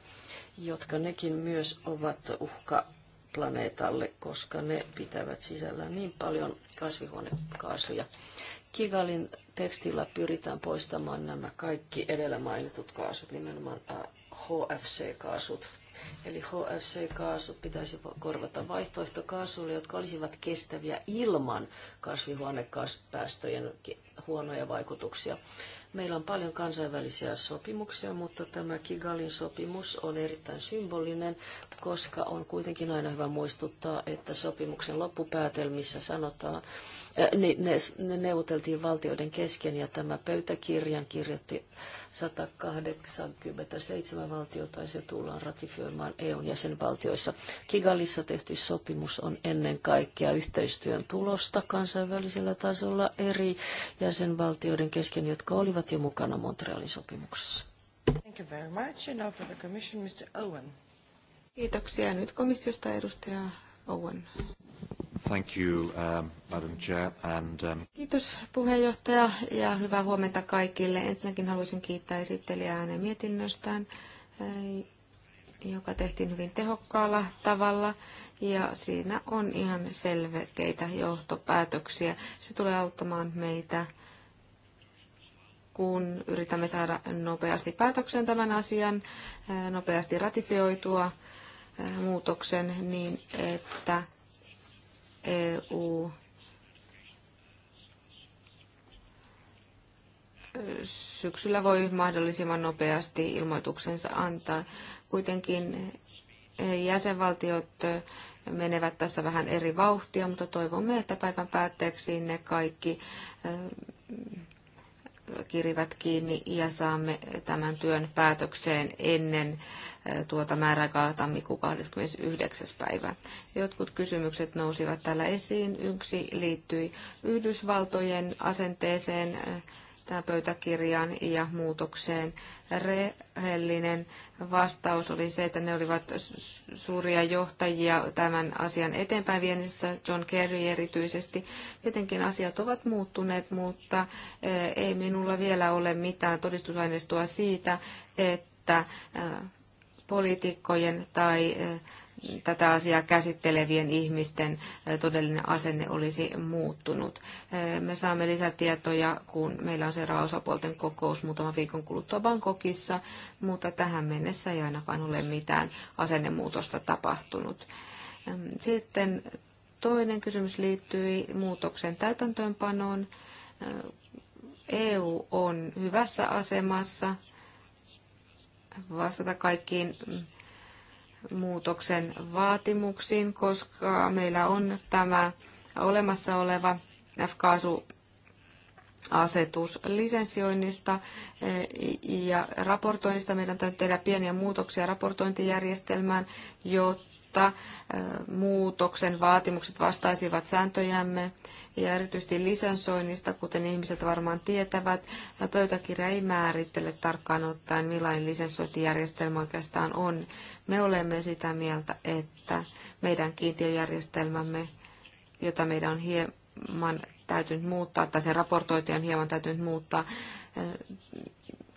jotka nekin myös ovat uhka planeetalle, koska ne pitävät sisällään niin paljon kasvihuonekaasuja. Kigalin tekstillä pyritään poistamaan nämä kaikki edellä mainitut kaasut, nimenomaan HFC-kaasut. Eli HFC-kaasut pitäisi korvata vaihtoehtokaasuilla, jotka olisivat kestäviä ilman kasvihuonekaasupäästöjen huonoja vaikutuksia. Meillä on paljon kansainvälisiä sopimuksia, mutta tämä Kigalin sopimus on erittäin symbolinen, koska on kuitenkin aina hyvä muistuttaa, että sopimuksen loppupäätelmissä sanotaan, niin ne, ne neuvoteltiin valtioiden kesken ja tämä pöytäkirjan kirjoitti 187 valtiota ja se tullaan ratifioimaan EUn jäsenvaltioissa. Kigalissa tehty sopimus on ennen kaikkea yhteistyön tulosta kansainvälisellä tasolla eri jäsenvaltioiden kesken, jotka olivat jo mukana Montrealin sopimuksessa. Thank you very much. And now for the commission, Mr. Owen. Kiitoksia. Nyt komissiosta edustaja Owen. Thank you, um, Madam Chair, and, um... Kiitos puheenjohtaja ja hyvää huomenta kaikille. Ensinnäkin haluaisin kiittää esittelijää hänen mietinnöstään, eh, joka tehtiin hyvin tehokkaalla tavalla ja siinä on ihan selkeitä johtopäätöksiä. Se tulee auttamaan meitä kun yritämme saada nopeasti päätöksen tämän asian, eh, nopeasti ratifioitua eh, muutoksen niin, että EU syksyllä voi mahdollisimman nopeasti ilmoituksensa antaa. Kuitenkin jäsenvaltiot menevät tässä vähän eri vauhtia, mutta toivomme, että päivän päätteeksi ne kaikki kirivät kiinni ja saamme tämän työn päätökseen ennen tuota määräaikaa tammikuu 29. päivä. Jotkut kysymykset nousivat täällä esiin. Yksi liittyi Yhdysvaltojen asenteeseen tähän pöytäkirjaan ja muutokseen. Rehellinen vastaus oli se, että ne olivat suuria johtajia tämän asian eteenpäin viennissä, John Kerry erityisesti. Tietenkin asiat ovat muuttuneet, mutta ei minulla vielä ole mitään todistusaineistoa siitä, että että poliitikkojen tai tätä asiaa käsittelevien ihmisten todellinen asenne olisi muuttunut. Me saamme lisätietoja, kun meillä on seuraava osapuolten kokous muutaman viikon kuluttua Bangkokissa, mutta tähän mennessä ei ainakaan ole mitään asennemuutosta tapahtunut. Sitten toinen kysymys liittyi muutoksen täytäntöönpanoon. EU on hyvässä asemassa vastata kaikkiin muutoksen vaatimuksiin, koska meillä on tämä olemassa oleva F-kaasu asetus lisensioinnista eh, ja raportoinnista. Meidän täytyy tehdä pieniä muutoksia raportointijärjestelmään, jotta eh, muutoksen vaatimukset vastaisivat sääntöjämme ja erityisesti lisensoinnista, kuten ihmiset varmaan tietävät, pöytäkirja ei määrittele tarkkaan ottaen, millainen lisensointijärjestelmä oikeastaan on. Me olemme sitä mieltä, että meidän kiintiöjärjestelmämme, jota meidän on hieman täytynyt muuttaa, tai sen raportointi on hieman täytynyt muuttaa,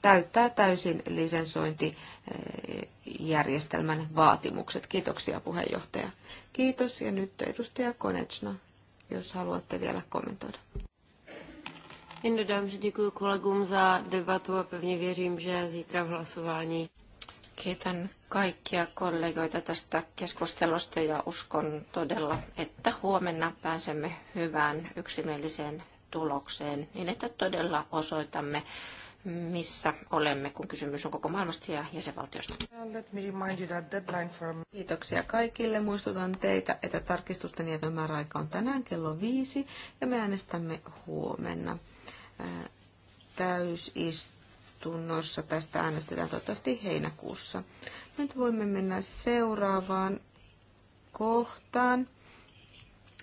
täyttää täysin lisensointijärjestelmän vaatimukset. Kiitoksia puheenjohtaja. Kiitos ja nyt edustaja Konechna jos haluatte vielä kommentoida. Jen dodám, že děkuji kolegům za debatu a pevně věřím, že zítra v hlasování. Kiitän kaikkia kollegoita tästä keskustelusta ja uskon todella, että huomenna pääsemme hyvään yksimieliseen tulokseen niin, että todella osoitamme missä olemme, kun kysymys on koko maailmasta ja jäsenvaltiosta. Kiitoksia kaikille. Muistutan teitä, että tarkistusten jätömääräaika on tänään kello viisi ja me äänestämme huomenna täysistunnossa. Tästä äänestetään toivottavasti heinäkuussa. Nyt voimme mennä seuraavaan kohtaan.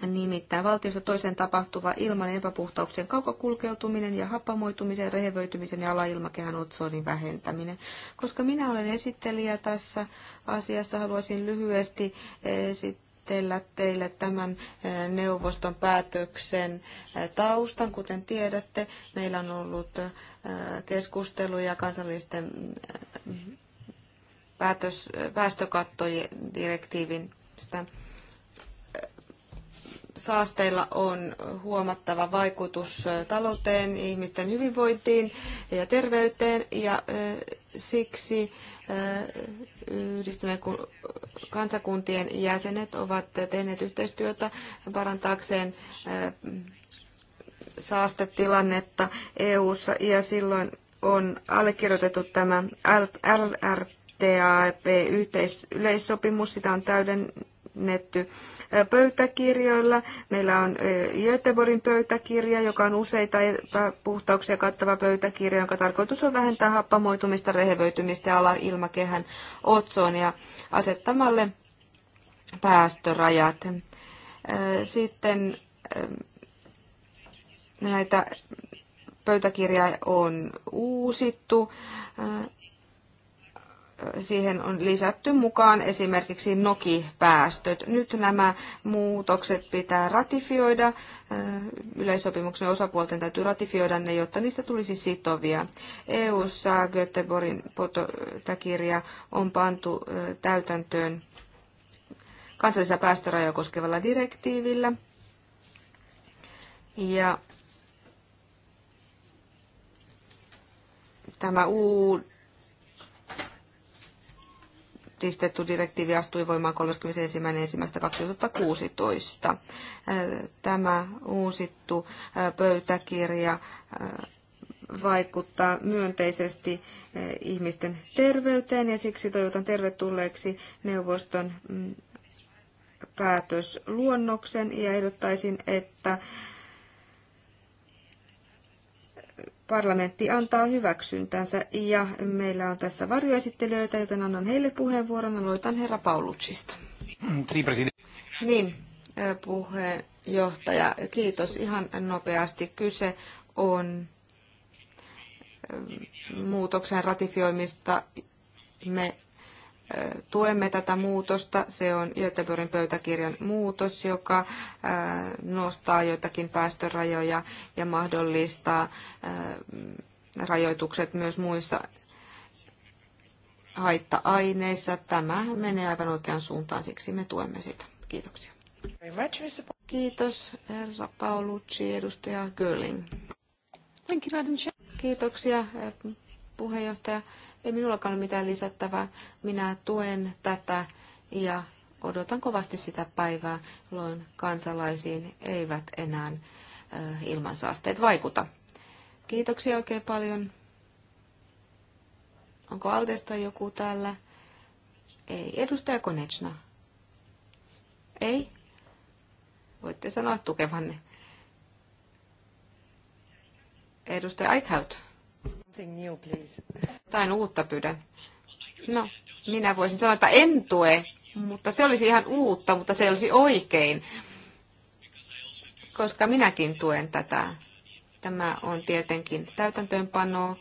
Nimittäin valtiosta toiseen tapahtuva ilman epäpuhtauksien kaukokulkeutuminen ja happamoitumisen, rehevöitymisen ja alailmakehän otsonin vähentäminen. Koska minä olen esittelijä tässä asiassa, haluaisin lyhyesti esittää teille tämän eh, neuvoston päätöksen eh, taustan. Kuten tiedätte, meillä on ollut eh, keskusteluja kansallisten päätös, päästökattodirektiivin saasteilla on huomattava vaikutus talouteen, ihmisten hyvinvointiin ja terveyteen ja siksi yhdistyneen kansakuntien jäsenet ovat tehneet yhteistyötä parantaakseen saastetilannetta EU:ssa ja silloin on allekirjoitettu tämä lrtap yhteisyleissopimus Sitä on täyden täydennetty pöytäkirjoilla. Meillä on Göteborgin pöytäkirja, joka on useita puhtauksia kattava pöytäkirja, jonka tarkoitus on vähentää happamoitumista, rehevöitymistä ja ilmakehän otsoon ja asettamalle päästörajat. Sitten näitä pöytäkirjaa on uusittu siihen on lisätty mukaan esimerkiksi nokipäästöt. Nyt nämä muutokset pitää ratifioida. Yleissopimuksen osapuolten täytyy ratifioida ne, jotta niistä tulisi sitovia. EU-ssa Göteborgin potakirja on pantu täytäntöön kansallisia päästörajoja koskevalla direktiivillä. Ja tämä uusi uudistettu direktiivi astui voimaan 31.1.2016. Tämä uusittu pöytäkirja vaikuttaa myönteisesti ihmisten terveyteen ja siksi toivotan tervetulleeksi neuvoston mm, päätösluonnoksen ja ehdottaisin, että parlamentti antaa hyväksyntänsä ja meillä on tässä varjoesittelijöitä, joten annan heille puheenvuoron. Aloitan herra Paulucista. Niin, puheenjohtaja, kiitos. Ihan nopeasti kyse on muutoksen ratifioimista me tuemme tätä muutosta. Se on Göteborgin pöytäkirjan muutos, joka nostaa joitakin päästörajoja ja mahdollistaa rajoitukset myös muissa haitta-aineissa. Tämä menee aivan oikeaan suuntaan, siksi me tuemme sitä. Kiitoksia. Kiitos, herra Paulucci, edustaja Görling. Kiitoksia, puheenjohtaja. Ei minullakaan ole mitään lisättävää. Minä tuen tätä ja odotan kovasti sitä päivää, jolloin kansalaisiin eivät enää eh, ilmansaasteet vaikuta. Kiitoksia oikein paljon. Onko Aldesta joku täällä? Ei. Edustaja Konechna. Ei? Voitte sanoa tukevanne. Edustaja Eichhout something new, please. Jotain uutta pyydän. No, minä voisin sanoa, että en tue, mutta se olisi ihan uutta, mutta se olisi oikein, koska minäkin tuen tätä. Tämä on tietenkin täytäntöönpano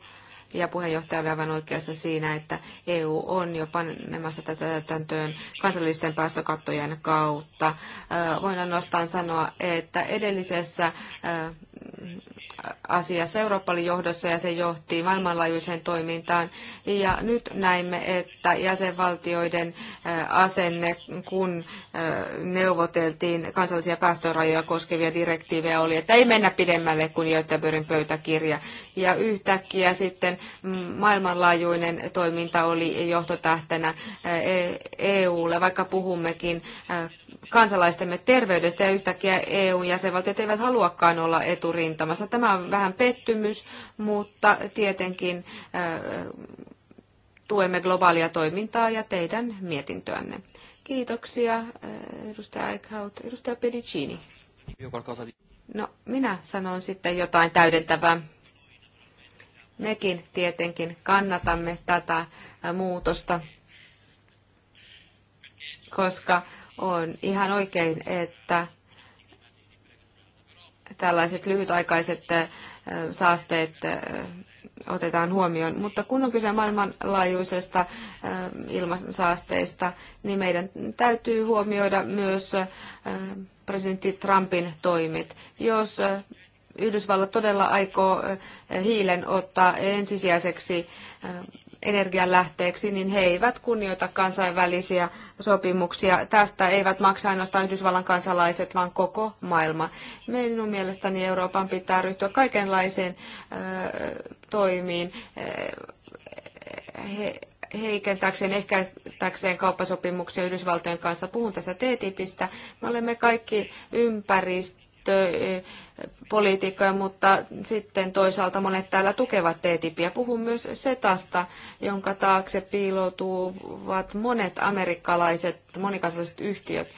ja puheenjohtaja oli aivan oikeassa siinä, että EU on jo panemassa tätä täytäntöön kansallisten päästökattojen kautta. Voin ainoastaan sanoa, että edellisessä asiassa Eurooppa oli johdossa ja se johti maailmanlaajuiseen toimintaan. Ja nyt näimme, että jäsenvaltioiden asenne, kun neuvoteltiin kansallisia päästörajoja koskevia direktiivejä, oli, että ei mennä pidemmälle kuin Göteborgin pöytäkirja. Ja yhtäkkiä sitten maailmanlaajuinen toiminta oli johtotähtenä EUlle, e vaikka puhummekin kansalaistemme terveydestä ja yhtäkkiä EU-jäsenvaltiot eivät haluakaan olla eturintamassa. Tämä on vähän pettymys, mutta tietenkin äh, tuemme globaalia toimintaa ja teidän mietintöänne. Kiitoksia, äh, edustaja Eichhout. Edustaja Pedicini. No, minä sanon sitten jotain täydentävää. Mekin tietenkin kannatamme tätä äh, muutosta, koska on ihan oikein, että tällaiset lyhytaikaiset saasteet otetaan huomioon. Mutta kun on kyse maailmanlaajuisesta ilmansaasteista, niin meidän täytyy huomioida myös presidentti Trumpin toimit. Jos Yhdysvallat todella aikoo hiilen ottaa ensisijaiseksi energianlähteeksi, niin he eivät kunnioita kansainvälisiä sopimuksia. Tästä eivät maksa ainoastaan Yhdysvallan kansalaiset, vaan koko maailma. Minun mielestäni Euroopan pitää ryhtyä kaikenlaiseen toimiin he, heikentääkseen, ehkäistäkseen kauppasopimuksia Yhdysvaltojen kanssa. Puhun tässä TTIPistä. Me olemme kaikki ympäristö ympäristöpolitiikkoja, mutta sitten toisaalta monet täällä tukevat TTIPiä. Puhun myös SETasta, jonka taakse piiloutuvat monet amerikkalaiset monikansalliset yhtiöt.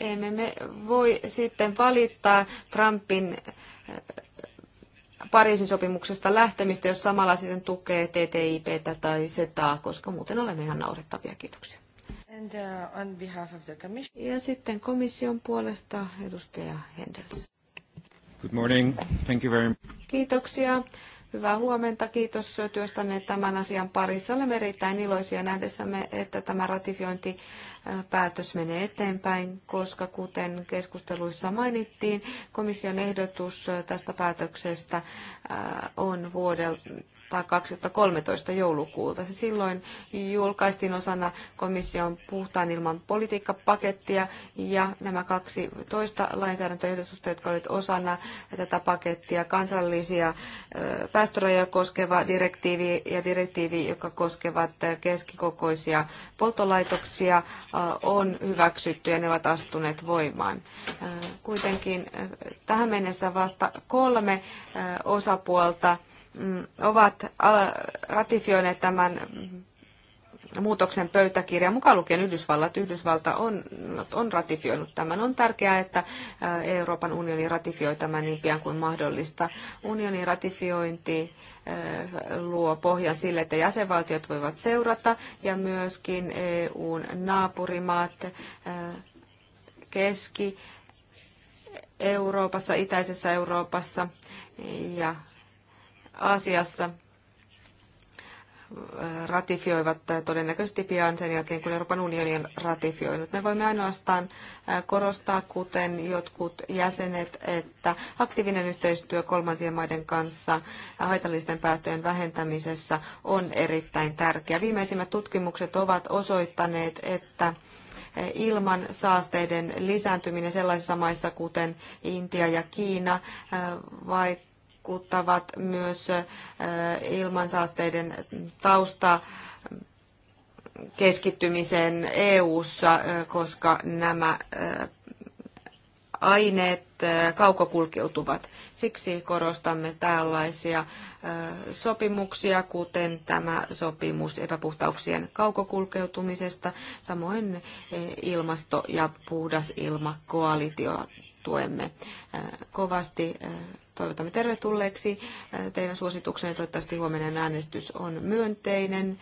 Emme me voi sitten valittaa Trumpin Pariisin sopimuksesta lähtemistä, jos samalla sitten tukee TTIPtä tai SETAa, koska muuten olemme ihan naurettavia. Kiitoksia. Uh, ja sitten komission puolesta edustaja Hendels. Good morning. Thank you very much. Kiitoksia. Hyvää huomenta. Kiitos työstänne tämän asian parissa. Olemme erittäin iloisia nähdessämme, että tämä ratifiointi päätös menee eteenpäin, koska kuten keskusteluissa mainittiin, komission ehdotus tästä päätöksestä on vuodelta tai 2013 joulukuulta. Se silloin julkaistiin osana komission puhtaan ilman politiikkapakettia ja nämä kaksi toista lainsäädäntöehdotusta, jotka olivat osana tätä pakettia, kansallisia päästörajoja koskeva direktiivi ja direktiivi, joka koskevat keskikokoisia polttolaitoksia, on hyväksytty ja ne ovat astuneet voimaan. Kuitenkin tähän mennessä vasta kolme osapuolta Mm, ovat ratifioineet tämän muutoksen pöytäkirja, mukaan lukien Yhdysvallat. Yhdysvalta on, on ratifioinut tämän. On tärkeää, että Euroopan unioni ratifioi tämän niin pian kuin mahdollista. Unionin ratifiointi luo pohjan sille, että jäsenvaltiot voivat seurata ja myöskin EUn naapurimaat keski Euroopassa, itäisessä Euroopassa ja asiassa ratifioivat todennäköisesti pian sen jälkeen, kun Euroopan unioni on ratifioinut. Me voimme ainoastaan korostaa, kuten jotkut jäsenet, että aktiivinen yhteistyö kolmansien maiden kanssa haitallisten päästöjen vähentämisessä on erittäin tärkeä. Viimeisimmät tutkimukset ovat osoittaneet, että ilman saasteiden lisääntyminen sellaisissa maissa kuten Intia ja Kiina, vaikka vaikuttavat myös ilmansaasteiden tausta keskittymiseen EU:ssa, koska nämä aineet kaukokulkeutuvat. Siksi korostamme tällaisia sopimuksia, kuten tämä sopimus epäpuhtauksien kaukokulkeutumisesta, samoin ilmasto- ja puhdas ilmakoalitio tuemme kovasti toivotamme tervetulleeksi äh, teidän suosituksenne. Toivottavasti huomenna äänestys on myönteinen.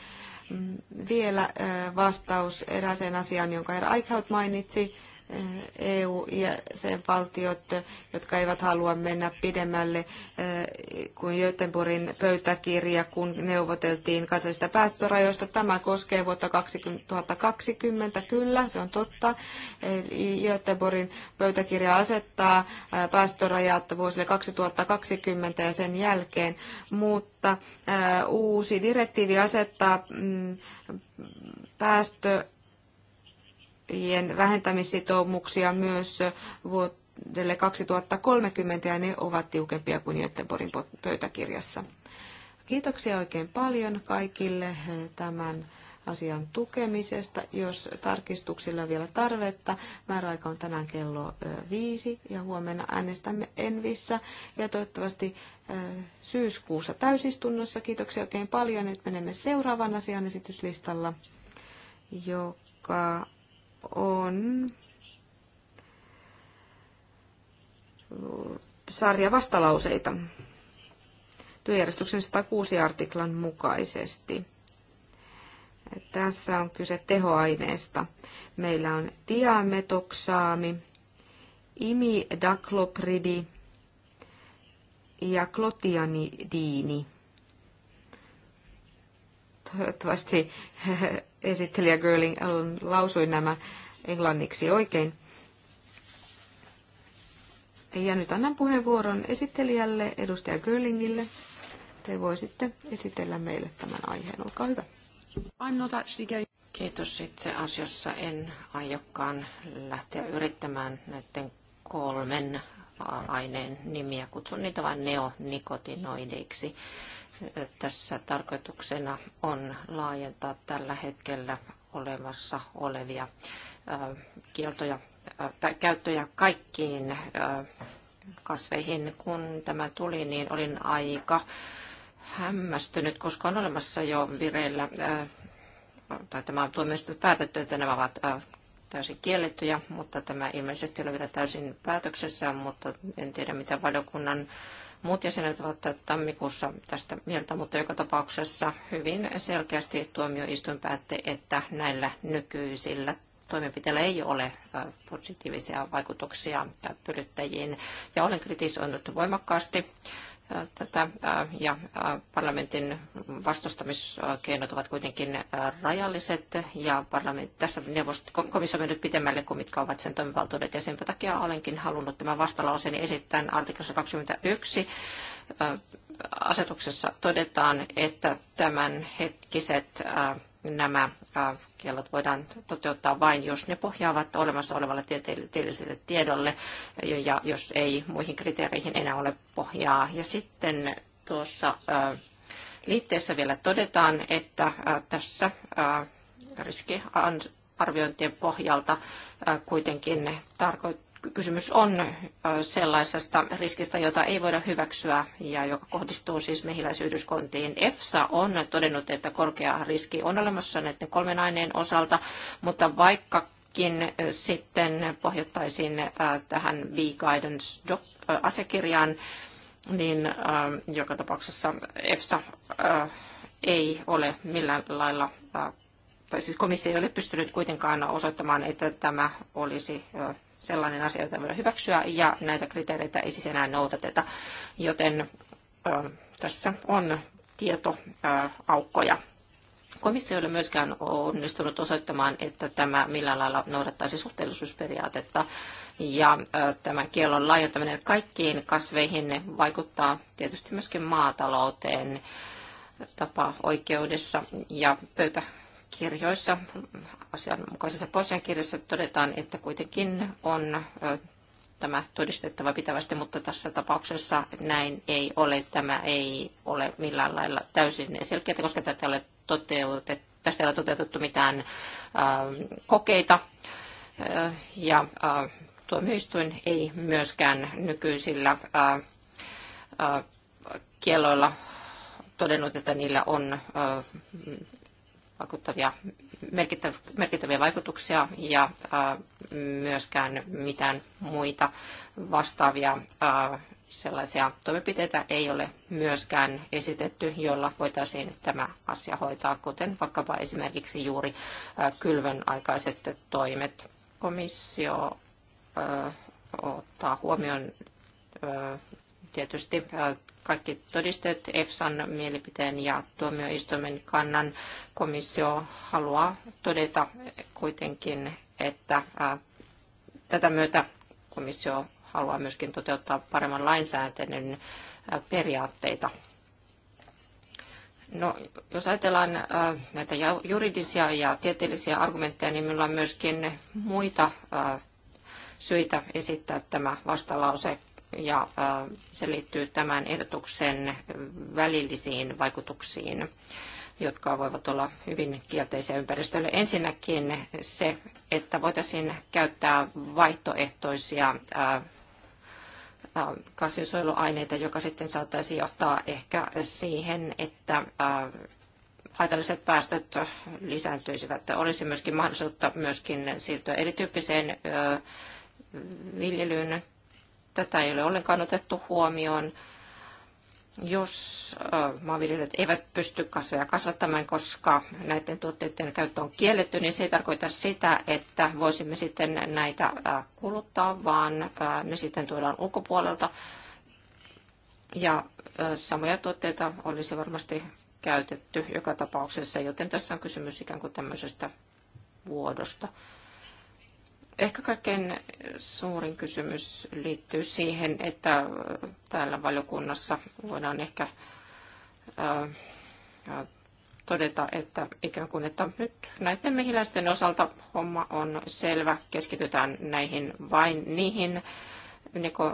Mm, vielä äh, vastaus erääseen asiaan, jonka herra Eichhout mainitsi EU ja sen valtiot, jotka eivät halua mennä pidemmälle eh, kuin Göteborgin pöytäkirja, kun neuvoteltiin kansallisista päästörajoista. Tämä koskee vuotta 2020, kyllä, se on totta. Göteborgin pöytäkirja asettaa eh, päästörajat vuosille 2020 ja sen jälkeen, mutta eh, uusi direktiivi asettaa mm, päästö vähentämissitoumuksia myös vuodelle 2030 ja ne ovat tiukempia kuin Göteborgin pöytäkirjassa. Kiitoksia oikein paljon kaikille tämän asian tukemisesta. Jos tarkistuksilla on vielä tarvetta, määräaika on tänään kello viisi ja huomenna äänestämme Envissä ja toivottavasti syyskuussa täysistunnossa. Kiitoksia oikein paljon. Nyt menemme seuraavan asian esityslistalla, joka on sarja vastalauseita työjärjestyksen 106 artiklan mukaisesti. Tässä on kyse tehoaineesta. Meillä on diametoksaami, imidaklopridi ja klotianidiini. Toivottavasti esittelijä Girling lausui nämä englanniksi oikein. Ja nyt annan puheenvuoron esittelijälle, edustaja Girlingille. Te voisitte esitellä meille tämän aiheen. Olkaa hyvä. Kiitos. Itse asiassa en aiokaan lähteä yrittämään näiden kolmen aineen nimiä. Kutsun niitä vain neonikotinoideiksi. Tässä tarkoituksena on laajentaa tällä hetkellä olemassa olevia kieltoja tai käyttöjä kaikkiin kasveihin. Kun tämä tuli, niin olin aika hämmästynyt, koska on olemassa jo vireillä, tai tämä on tuomioistuin päätetty, että nämä ovat täysin kiellettyjä, mutta tämä ilmeisesti ole vielä täysin päätöksessä, mutta en tiedä mitä valiokunnan Muut jäsenet ovat tammikuussa tästä mieltä, mutta joka tapauksessa hyvin selkeästi tuomioistuin päätti, että näillä nykyisillä toimenpiteillä ei ole äh, positiivisia vaikutuksia äh, pölyttäjiin. Ja olen kritisoinut voimakkaasti tätä ja parlamentin vastustamiskeinot ovat kuitenkin rajalliset ja parlament, tässä neuvosto, komissio mennyt pitemmälle kuin mitkä ovat sen toimivaltuudet ja sen takia olenkin halunnut tämän vastalauseen esittää artiklassa 21 asetuksessa todetaan, että tämänhetkiset nämä kiellot voidaan toteuttaa vain, jos ne pohjaavat olemassa olevalle tieteelliselle tiedolle ja jos ei muihin kriteereihin enää ole pohjaa. Ja sitten tuossa liitteessä vielä todetaan, että tässä riskiarviointien pohjalta kuitenkin tarkoittaa, kysymys on sellaisesta riskistä, jota ei voida hyväksyä ja joka kohdistuu siis mehiläisyhdyskuntiin. EFSA on todennut, että korkea riski on olemassa näiden kolmen aineen osalta, mutta vaikka sitten pohjattaisiin tähän B Guidance asekirjaan, niin joka tapauksessa EFSA ei ole millään lailla tai siis komissio ei ole pystynyt kuitenkaan osoittamaan, että tämä olisi sellainen asia, jota voidaan hyväksyä, ja näitä kriteereitä ei siis enää noudateta. Joten ö, tässä on tietoaukkoja. Komissio ei ole myöskään onnistunut osoittamaan, että tämä millään lailla noudattaisi suhteellisuusperiaatetta. Ja tämä kiellon laajentaminen kaikkiin kasveihin vaikuttaa tietysti myöskin maatalouteen tapa oikeudessa ja pöytä kirjoissa, asianmukaisessa posian kirjoissa todetaan, että kuitenkin on tämä todistettava pitävästi, mutta tässä tapauksessa näin ei ole. Tämä ei ole millään lailla täysin selkeää, koska tätä ei ole tästä ei ole toteutettu mitään äh, kokeita. Äh, ja äh, tuomioistuin ei myöskään nykyisillä äh, äh, kieloilla todennut, että niillä on äh, vaikuttavia, merkittäviä vaikutuksia ja myöskään mitään muita vastaavia sellaisia toimenpiteitä ei ole myöskään esitetty, jolla voitaisiin tämä asia hoitaa, kuten vaikkapa esimerkiksi juuri kylvön aikaiset toimet. Komissio ottaa huomioon tietysti kaikki todisteet, EFSAn mielipiteen ja tuomioistuimen kannan. Komissio haluaa todeta kuitenkin, että tätä myötä komissio haluaa myöskin toteuttaa paremman lainsäädännön periaatteita. No, jos ajatellaan näitä juridisia ja tieteellisiä argumentteja, niin meillä on myöskin muita syitä esittää tämä vastalause ja se liittyy tämän ehdotuksen välillisiin vaikutuksiin jotka voivat olla hyvin kielteisiä ympäristölle. Ensinnäkin se, että voitaisiin käyttää vaihtoehtoisia kasvinsuojeluaineita, joka sitten saattaisi johtaa ehkä siihen, että haitalliset päästöt lisääntyisivät. Olisi myöskin mahdollisuutta myöskin siirtyä erityyppiseen viljelyyn Tätä ei ole ollenkaan otettu huomioon. Jos maanviljelijät eivät pysty kasveja kasvattamaan, koska näiden tuotteiden käyttö on kielletty, niin se ei tarkoita sitä, että voisimme sitten näitä kuluttaa, vaan ne sitten tuodaan ulkopuolelta. Ja samoja tuotteita olisi varmasti käytetty joka tapauksessa, joten tässä on kysymys ikään kuin tämmöisestä vuodosta. Ehkä kaikkein suurin kysymys liittyy siihen, että äh, täällä valiokunnassa voidaan ehkä äh, äh, todeta, että ikään kuin, että nyt näiden mehiläisten osalta homma on selvä, keskitytään näihin vain niihin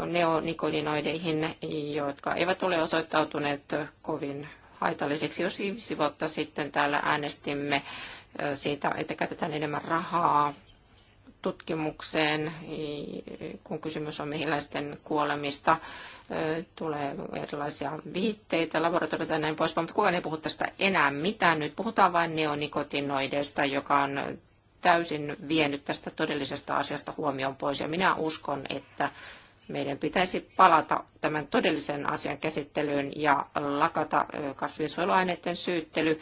neonikolinoideihin, jotka eivät ole osoittautuneet kovin haitalliseksi. Jos viisi vuotta sitten täällä äänestimme siitä, että käytetään enemmän rahaa tutkimukseen, kun kysymys on mehiläisten kuolemista. Tulee erilaisia viitteitä, laboratorioita ja näin pois, mutta kukaan ei puhu tästä enää mitään. Nyt puhutaan vain neonikotinoideista, joka on täysin vienyt tästä todellisesta asiasta huomioon pois. Ja minä uskon, että meidän pitäisi palata tämän todellisen asian käsittelyyn ja lakata kasvinsuojeluaineiden syyttely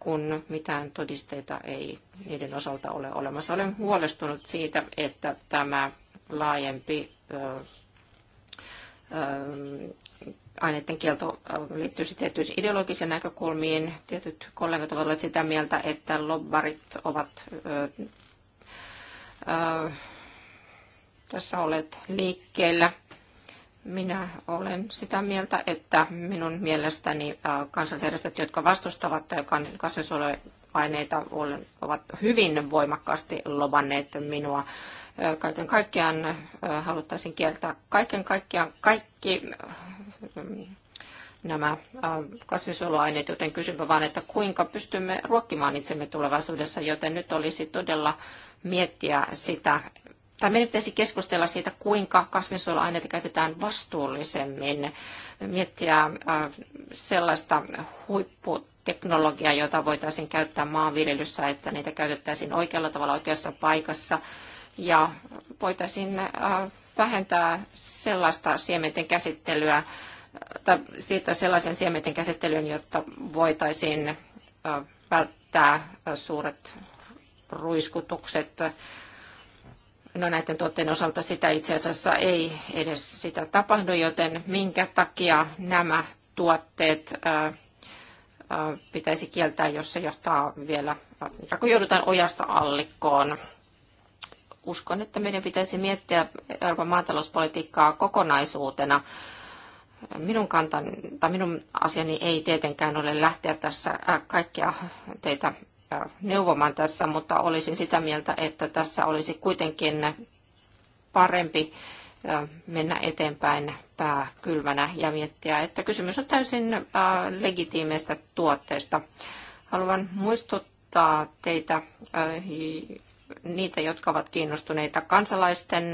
kun mitään todisteita ei niiden osalta ole olemassa. Olen huolestunut siitä, että tämä laajempi ö, aineiden kielto liittyy tiettyihin ideologisiin näkökulmiin. Tietyt kollegat ovat olleet sitä mieltä, että lobbarit ovat ö, ö, tässä olleet liikkeellä minä olen sitä mieltä, että minun mielestäni äh, kansallisjärjestöt, jotka vastustavat äh, kasvinsuojeluaineita, ovat hyvin voimakkaasti lobanneet minua. Äh, kaiken kaikkiaan haluttaisin kieltää kaiken kaikkiaan kaikki nämä kasvinsuojeluaineet, joten kysymme vain, että kuinka pystymme ruokkimaan itsemme tulevaisuudessa, joten nyt olisi todella miettiä sitä, tai meidän pitäisi keskustella siitä, kuinka kasvinsuojeluaineita käytetään vastuullisemmin, miettiä äh, sellaista huipputeknologiaa, jota voitaisiin käyttää maanviljelyssä, että niitä käytettäisiin oikealla tavalla oikeassa paikassa ja voitaisiin äh, vähentää sellaista siementen käsittelyä äh, tai siirtää sellaisen siementen käsittelyyn, jotta voitaisiin välttää suuret ruiskutukset No näiden tuotteiden osalta sitä itse asiassa ei edes sitä tapahdu, joten minkä takia nämä tuotteet pitäisi kieltää, jos se johtaa vielä, kun joudutaan ojasta allikkoon. Uskon, että meidän pitäisi miettiä Euroopan maatalouspolitiikkaa kokonaisuutena. Minun, kantan, tai minun asiani ei tietenkään ole lähteä tässä kaikkia teitä neuvomaan tässä, mutta olisin sitä mieltä, että tässä olisi kuitenkin parempi mennä eteenpäin pää kylvänä ja miettiä, että kysymys on täysin legitiimeistä tuotteesta. Haluan muistuttaa teitä niitä, jotka ovat kiinnostuneita kansalaisten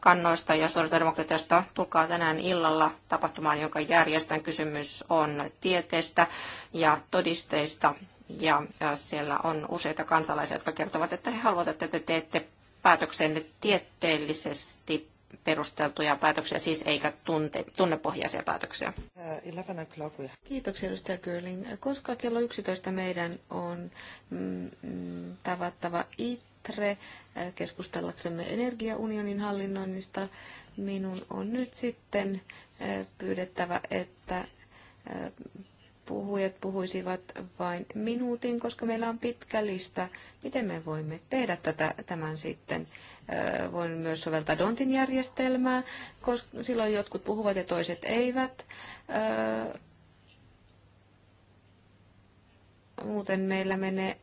kannoista ja suorasta demokratiasta. Tulkaa tänään illalla tapahtumaan, jonka järjestän. Kysymys on tieteestä ja todisteista ja siellä on useita kansalaisia, jotka kertovat, että he haluavat, että te teette päätöksenne tieteellisesti perusteltuja päätöksiä, siis eikä tunte, tunnepohjaisia päätöksiä. Kiitoksia edustaja Körling. Koska kello 11 meidän on mm, tavattava ITRE keskustellaksemme energiaunionin hallinnoinnista, minun on nyt sitten pyydettävä, että puhujat puhuisivat vain minuutin, koska meillä on pitkä lista. Miten me voimme tehdä tätä, tämän sitten? Voin myös soveltaa Dontin järjestelmää, koska silloin jotkut puhuvat ja toiset eivät. Muuten meillä menee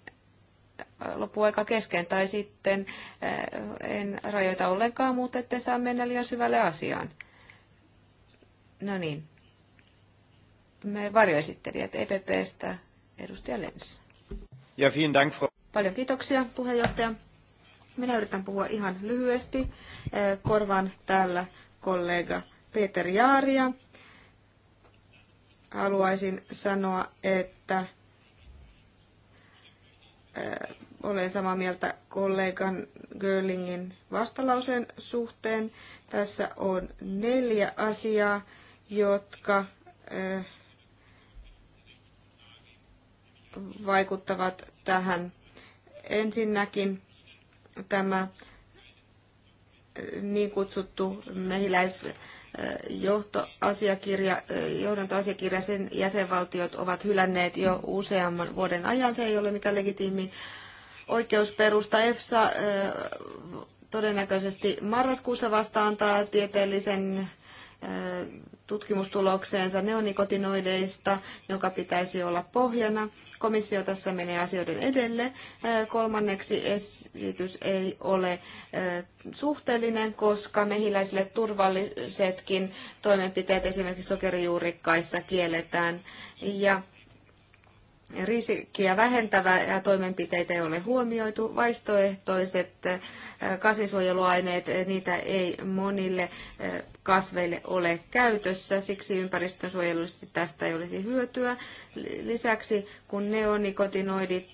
loppuaika kesken tai sitten en rajoita ollenkaan, mutta ette saa mennä liian syvälle asiaan. No niin, me varjoesittelijät EPPstä, edustaja Lens. Ja dank, Frau. Paljon kiitoksia, puheenjohtaja. Minä yritän puhua ihan lyhyesti. Eh, Korvan täällä kollega Peter Jaaria. Haluaisin sanoa, että eh, olen samaa mieltä kollegan Görlingin vastalauseen suhteen. Tässä on neljä asiaa, jotka äh, vaikuttavat tähän. Ensinnäkin tämä niin kutsuttu mehiläisjohtoasiakirja, johdantoasiakirja, sen jäsenvaltiot ovat hylänneet jo useamman vuoden ajan. Se ei ole mikään legitiimi oikeusperusta. EFSA todennäköisesti marraskuussa vastaan antaa tieteellisen tutkimustulokseensa neonikotinoideista, jonka pitäisi olla pohjana. Komissio tässä menee asioiden edelle. Kolmanneksi esitys ei ole suhteellinen, koska mehiläisille turvallisetkin toimenpiteet esimerkiksi sokerijuurikkaissa kielletään. Ja riskiä ja toimenpiteitä ei ole huomioitu. Vaihtoehtoiset äh, kasvinsuojeluaineet, äh, niitä ei monille äh, kasveille ole käytössä, siksi ympäristönsuojelullisesti tästä ei olisi hyötyä. Lisäksi kun neonikotinoidit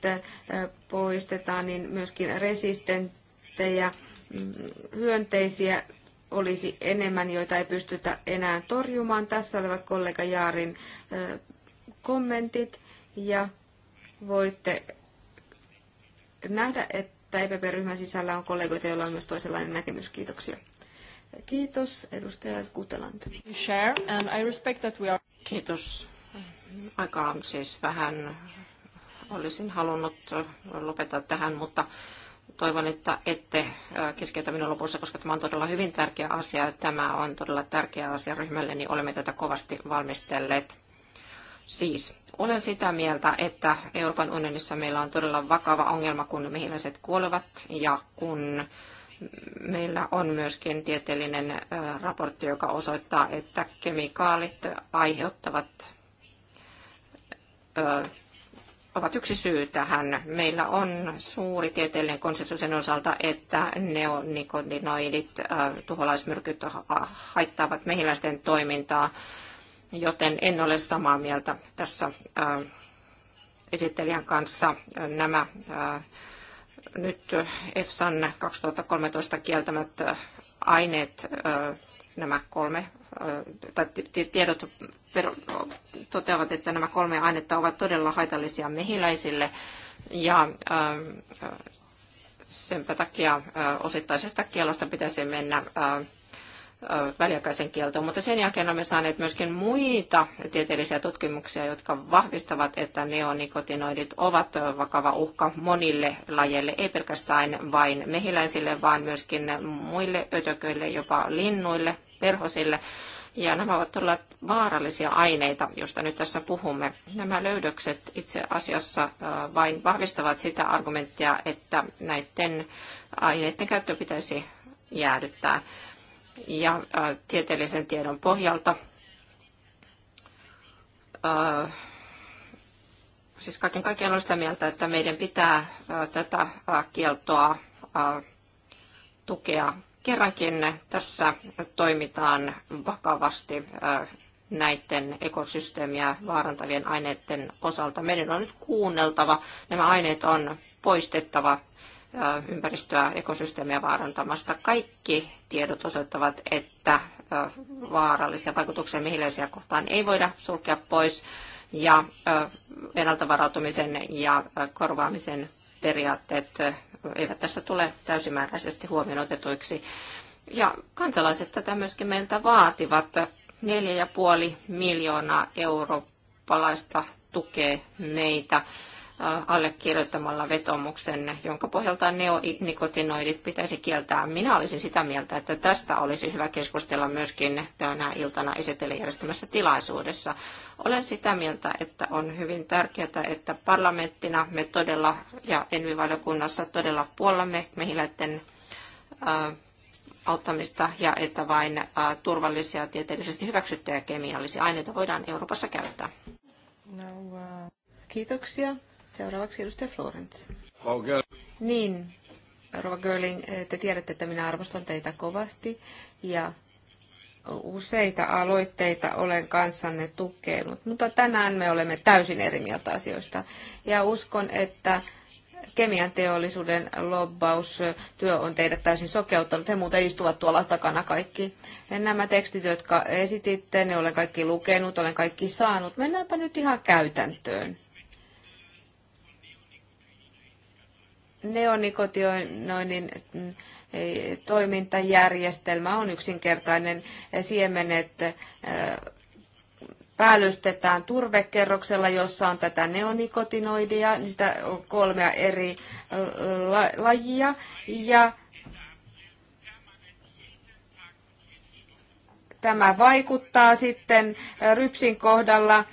poistetaan, niin myöskin resistenttejä mm, hyönteisiä olisi enemmän, joita ei pystytä enää torjumaan. Tässä olivat kollega Jaarin kommentit. Ja voitte nähdä, että EPP-ryhmän sisällä on kollegoita, joilla on myös toisenlainen näkemys. Kiitoksia. Kiitos, edustaja Kuteland. Share, and I respect that we are... Kiitos. Aika on siis vähän. Olisin halunnut lopettaa tähän, mutta toivon, että ette äh, keskeytä minun lopussa, koska tämä on todella hyvin tärkeä asia. Tämä on todella tärkeä asia ryhmälle, niin olemme tätä kovasti valmistelleet. Siis olen sitä mieltä, että Euroopan unionissa meillä on todella vakava ongelma, kun mehiläiset kuolevat ja kun meillä on myöskin tieteellinen raportti, joka osoittaa, että kemikaalit aiheuttavat ovat yksi syy tähän. Meillä on suuri tieteellinen konsensus sen osalta, että neonikotinoidit, tuholaismyrkyt haittaavat mehiläisten toimintaa joten en ole samaa mieltä tässä äh, esittelijän kanssa. Nämä äh, nyt EFSAn 2013 kieltämät äh, aineet, nämä kolme tai tiedot toteavat, että nämä kolme ainetta ovat todella haitallisia mehiläisille ja senpä takia osittaisesta kielosta pitäisi mennä väliaikaisen kieltoon, mutta sen jälkeen olemme saaneet myöskin muita tieteellisiä tutkimuksia, jotka vahvistavat, että neonikotinoidit ovat vakava uhka monille lajeille, ei pelkästään vain mehiläisille, vaan myöskin muille ötököille, jopa linnuille, perhosille. Ja nämä ovat todella vaarallisia aineita, joista nyt tässä puhumme. Nämä löydökset itse asiassa vain vahvistavat sitä argumenttia, että näiden aineiden käyttö pitäisi jäädyttää ja tieteellisen tiedon pohjalta. Siis kaiken kaikkiaan on sitä mieltä, että meidän pitää tätä kieltoa tukea kerrankin. Tässä toimitaan vakavasti näiden ekosysteemiä vaarantavien aineiden osalta. Meidän on nyt kuunneltava. Nämä aineet on poistettava ympäristöä, ekosysteemiä vaarantamasta. Kaikki tiedot osoittavat, että vaarallisia vaikutuksia mehiläisiä kohtaan ei voida sulkea pois ja ennalta varautumisen ja korvaamisen periaatteet eivät tässä tule täysimääräisesti huomioon otetuiksi. Ja kansalaiset tätä myöskin meiltä vaativat. 4,5 miljoonaa eurooppalaista tukee meitä allekirjoittamalla vetomuksen, jonka pohjalta neonikotinoidit pitäisi kieltää. Minä olisin sitä mieltä, että tästä olisi hyvä keskustella myöskin tänä iltana esitelijärjestämässä tilaisuudessa. Olen sitä mieltä, että on hyvin tärkeää, että parlamenttina me todella ja envivaliokunnassa todella puolamme mehiläiden auttamista ja että vain turvallisia, tieteellisesti hyväksyttyjä kemiallisia aineita voidaan Euroopassa käyttää. No, uh... Kiitoksia. Seuraavaksi edustaja Florence. Okay. Niin, Görling, eh, te tiedätte, että minä arvostan teitä kovasti ja useita aloitteita olen kanssanne tukenut, mutta tänään me olemme täysin eri mieltä asioista. Ja uskon, että kemian teollisuuden lobbaustyö on teidät täysin sokeuttanut. He muuten istuvat tuolla takana kaikki. Nämä tekstit, jotka esititte, ne olen kaikki lukenut, olen kaikki saanut. Mennäänpä nyt ihan käytäntöön. neonikotinoinnin eh, toimintajärjestelmä on yksinkertainen. Siemenet eh, päällystetään turvekerroksella, jossa on tätä neonikotinoidia, niin sitä on kolmea eri eh, la- lajia. Ja tämä vaikuttaa sitten rypsin kohdalla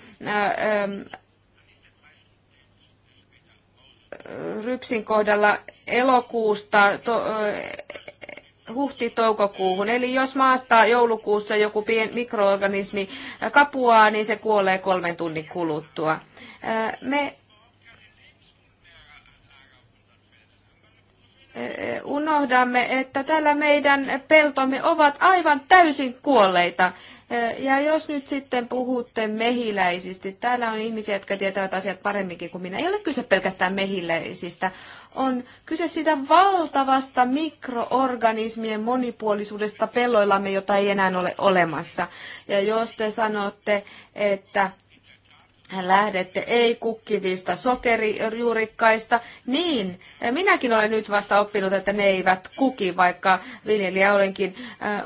rypsin kohdalla elokuusta to, huhti-toukokuuhun. Eli jos maasta joulukuussa joku pien mikroorganismi kapuaa, niin se kuolee kolmen tunnin kuluttua. Me unohdamme, että täällä meidän peltomme ovat aivan täysin kuolleita. Ja jos nyt sitten puhutte mehiläisistä, täällä on ihmisiä, jotka tietävät asiat paremminkin kuin minä. Ei ole kyse pelkästään mehiläisistä. On kyse sitä valtavasta mikroorganismien monipuolisuudesta pelloillamme, jota ei enää ole olemassa. Ja jos te sanotte, että lähdette ei kukkivista sokerijuurikkaista, niin e, minäkin olen nyt vasta oppinut, että ne eivät kuki, vaikka viljelijä olenkin,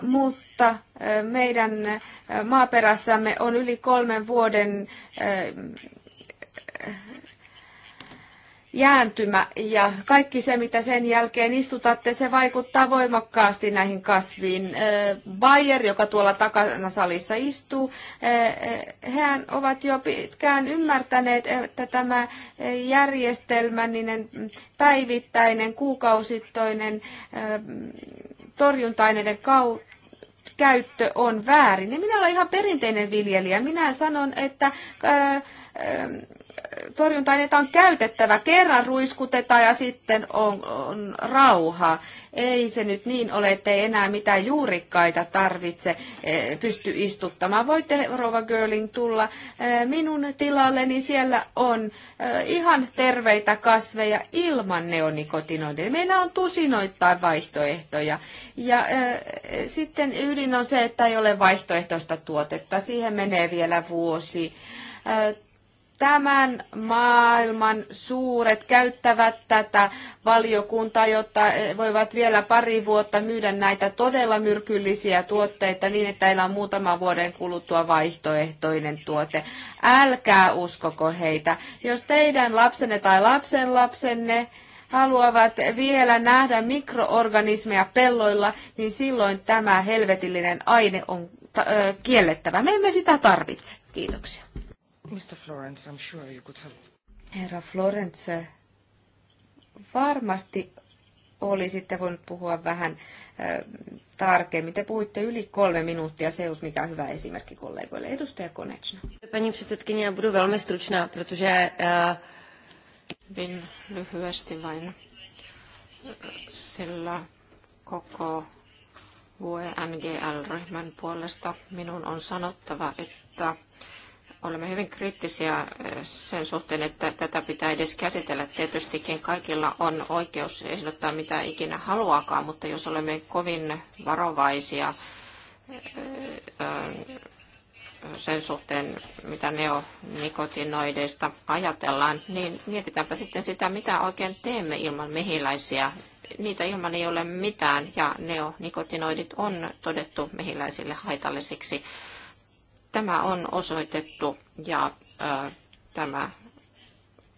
mutta meidän maaperässämme on yli kolmen vuoden jääntymä ja kaikki se, mitä sen jälkeen istutatte, se vaikuttaa voimakkaasti näihin kasviin. Bayer, joka tuolla takana salissa istuu, hän ovat jo pitkään ymmärtäneet, että tämä niin päivittäinen, kuukausittainen torjunta-aineiden käyttö on väärin, Ja niin minä olen ihan perinteinen viljelijä. Minä sanon, että... Äh, äh, torjunta-aineita on käytettävä. Kerran ruiskutetaan ja sitten on, on rauha. Ei se nyt niin ole, ettei enää mitään juurikkaita tarvitse eh, pysty istuttamaan. Voitte, Rova Görling, tulla eh, minun tilalleni. Siellä on eh, ihan terveitä kasveja ilman neonikotinoideja. Meillä on tusinoittain vaihtoehtoja. Ja sitten ydin on se, että ei ole vaihtoehtoista tuotetta. Siihen menee vielä vuosi tämän maailman suuret käyttävät tätä valiokuntaa, jotta voivat vielä pari vuotta myydä näitä todella myrkyllisiä tuotteita niin, että heillä on muutama vuoden kuluttua vaihtoehtoinen tuote. Älkää uskoko heitä. Jos teidän lapsenne tai lapsenlapsenne haluavat vielä nähdä mikroorganismeja pelloilla, niin silloin tämä helvetillinen aine on kiellettävä. Me emme sitä tarvitse. Kiitoksia. Mr. Florence, I'm sure you could help. Herra Florence, varmasti olisitte voinut puhua vähän äh, tarkemmin. Te puhuitte yli kolme minuuttia, se on mikä hyvä esimerkki kollegoille. Edustaja Konečna. Pani ja budu velmi stručná, protože hyvin lyhyesti vain, sillä koko e GUE-NGL-ryhmän puolesta minun on sanottava, että olemme hyvin kriittisiä eh, sen suhteen, että tätä pitää edes käsitellä. Tietystikin kaikilla on oikeus ehdottaa mitä ikinä haluakaan, mutta jos olemme kovin varovaisia eh, eh, sen suhteen, mitä neonikotinoideista ajatellaan, niin mietitäänpä sitten sitä, mitä oikein teemme ilman mehiläisiä. Niitä ilman ei ole mitään ja neonikotinoidit on todettu mehiläisille haitallisiksi Tämä on osoitettu ja ää, tämä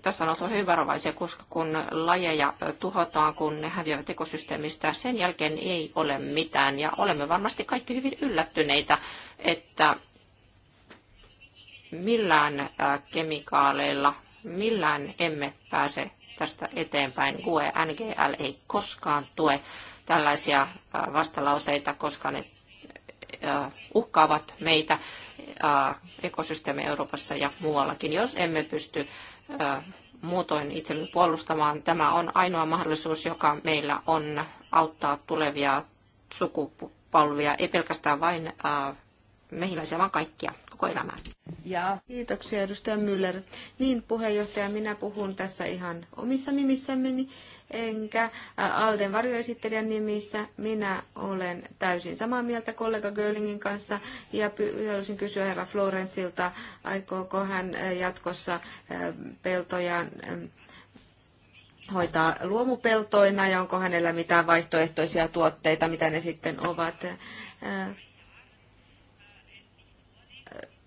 tässä on oltu hyvin varovaisia, koska kun lajeja tuhotaan, kun ne häviävät ekosysteemistä, sen jälkeen ei ole mitään. Ja olemme varmasti kaikki hyvin yllättyneitä, että millään kemikaaleilla, millään emme pääse tästä eteenpäin. GUE NGL ei koskaan tue tällaisia vastalauseita, koska ne uhkaavat meitä ekosysteemi Euroopassa ja muuallakin. Jos emme pysty muutoin itsemme puolustamaan, tämä on ainoa mahdollisuus, joka meillä on auttaa tulevia sukupolvia, ei pelkästään vain mehiläisiä, vaan kaikkia, koko elämää. Ja. Kiitoksia edustaja Müller. Niin puheenjohtaja, minä puhun tässä ihan omissa nimissäni, niin enkä Alden varjoesittelijän nimissä. Minä olen täysin samaa mieltä kollega Görlingin kanssa ja haluaisin kysyä herra Florentsilta, aikooko hän jatkossa peltojaan hoitaa luomupeltoina ja onko hänellä mitään vaihtoehtoisia tuotteita, mitä ne sitten ovat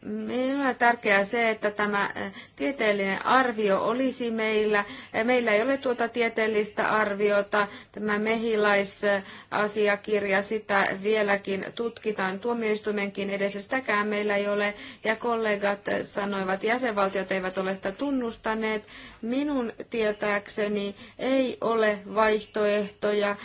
Minulle on tärkeää se, että tämä eh, tieteellinen arvio olisi meillä. Eh, meillä ei ole tuota tieteellistä arviota. Tämä mehilaisasiakirja, sitä vieläkin tutkitaan tuomioistuimenkin edessä. Sitäkään meillä ei ole. Ja kollegat sanoivat, jäsenvaltiot eivät ole sitä tunnustaneet. Minun tietääkseni ei ole vaihtoehtoja. Eh,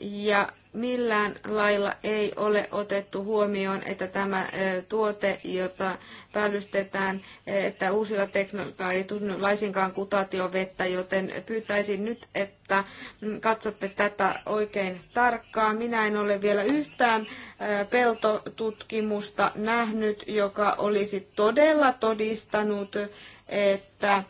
ja millään lailla ei ole otettu huomioon, että tämä tuote, jota päällystetään, että uusilla teknologioilla ei tunnu laisinkaan kutaatiovettä, joten pyytäisin nyt, että mm, katsotte tätä oikein tarkkaan. Minä en ole vielä yhtään peltotutkimusta nähnyt, joka olisi todella todistanut, että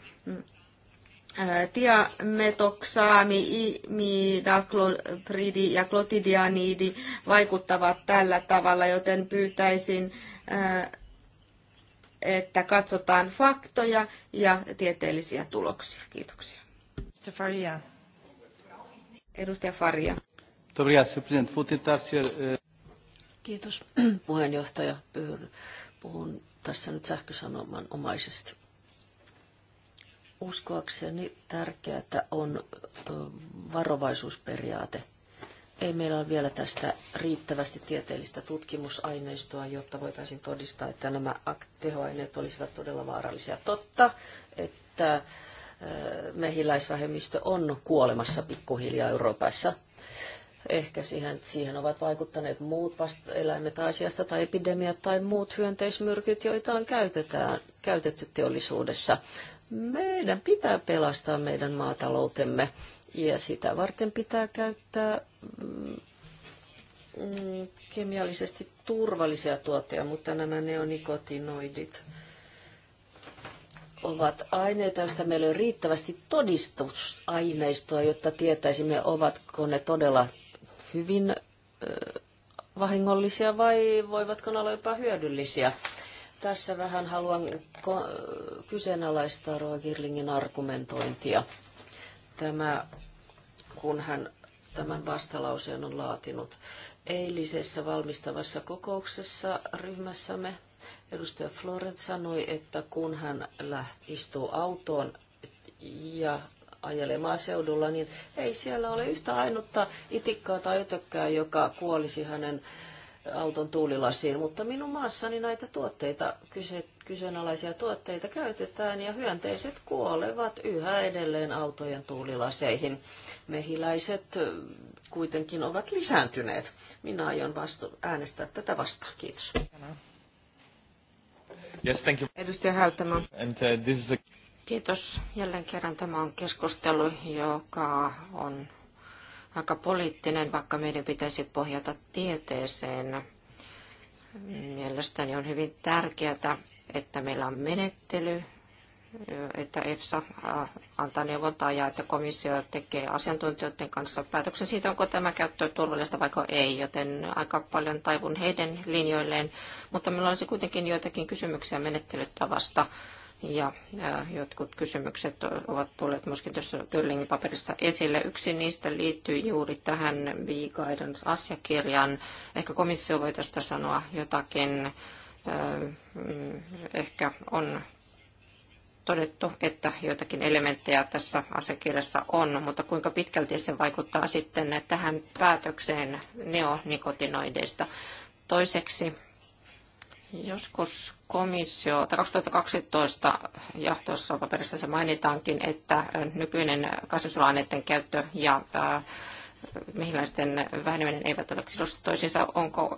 tiametoksaami, imidaklopridi ja klotidianiidi vaikuttavat tällä tavalla, joten pyytäisin, äh, että katsotaan faktoja ja tieteellisiä tuloksia. Kiitoksia. Faria. Edustaja Faria. Eh, Kiitos puheenjohtaja. Puhun tässä nyt sähkösanoman omaisesti Uskoakseni tärkeää on varovaisuusperiaate. Ei meillä ole vielä tästä riittävästi tieteellistä tutkimusaineistoa, jotta voitaisiin todistaa, että nämä tehoaineet olisivat todella vaarallisia. Totta, että mehiläisvähemmistö on kuolemassa pikkuhiljaa Euroopassa. Ehkä siihen, siihen ovat vaikuttaneet muut vasta- eläimet asiasta tai epidemiat tai muut hyönteismyrkyt, joita on käytetään, käytetty teollisuudessa. Meidän pitää pelastaa meidän maataloutemme ja sitä varten pitää käyttää mm, mm kemiallisesti turvallisia tuotteja, mutta nämä neonikotinoidit ovat aineita, joista meillä on riittävästi todistusaineistoa, jotta tietäisimme, ovatko ne todella hyvin ö, vahingollisia vai voivatko ne olla jopa hyödyllisiä tässä vähän haluan kyseenalaistaa Roa Girlingin argumentointia. Tämä, kun hän tämän vastalauseen on laatinut. Eilisessä valmistavassa kokouksessa ryhmässämme edustaja Florent sanoi, että kun hän läht, istuu autoon ja ajelee maaseudulla, niin ei siellä ole yhtä ainutta itikkaa tai ötökkää, joka kuolisi hänen äh, auton tuulilasiin, mutta minun maassani näitä tuotteita, kyse, kyseenalaisia tuotteita käytetään ja hyönteiset kuolevat yhä edelleen autojen tuulilaseihin. Mehiläiset kuitenkin ovat lisääntyneet. Minä aion vastu- äänestää tätä vastaan. Kiitos. Yes, thank you. Edustaja Häyttämä. And, uh, this is a... Kiitos. Jälleen kerran tämä on keskustelu, joka on aika poliittinen, vaikka meidän pitäisi pohjata tieteeseen. Mielestäni on hyvin tärkeää, että meillä on menettely, että EFSA antaa neuvontaa ja että komissio tekee asiantuntijoiden kanssa päätöksen siitä, onko tämä käyttö turvallista vai ei, joten aika paljon taivun heidän linjoilleen. Mutta meillä olisi kuitenkin joitakin kysymyksiä menettelytavasta. vasta ja jotkut kysymykset ovat tulleet myöskin tuossa Gyllingin paperissa esille. Yksi niistä liittyy juuri tähän B-Guidance-asiakirjaan. Ehkä komissio voi tästä sanoa jotakin. Mm, ehkä on todettu, että joitakin elementtejä tässä asiakirjassa on, mutta kuinka pitkälti se vaikuttaa sitten tähän päätökseen neonikotinoideista. Toiseksi Joskus komissio, tai 2012, ja tuossa paperissa se mainitaankin, että nykyinen kasvissuola käyttö ja mehiläisten väheneminen eivät ole sidossa toisiinsa. Onko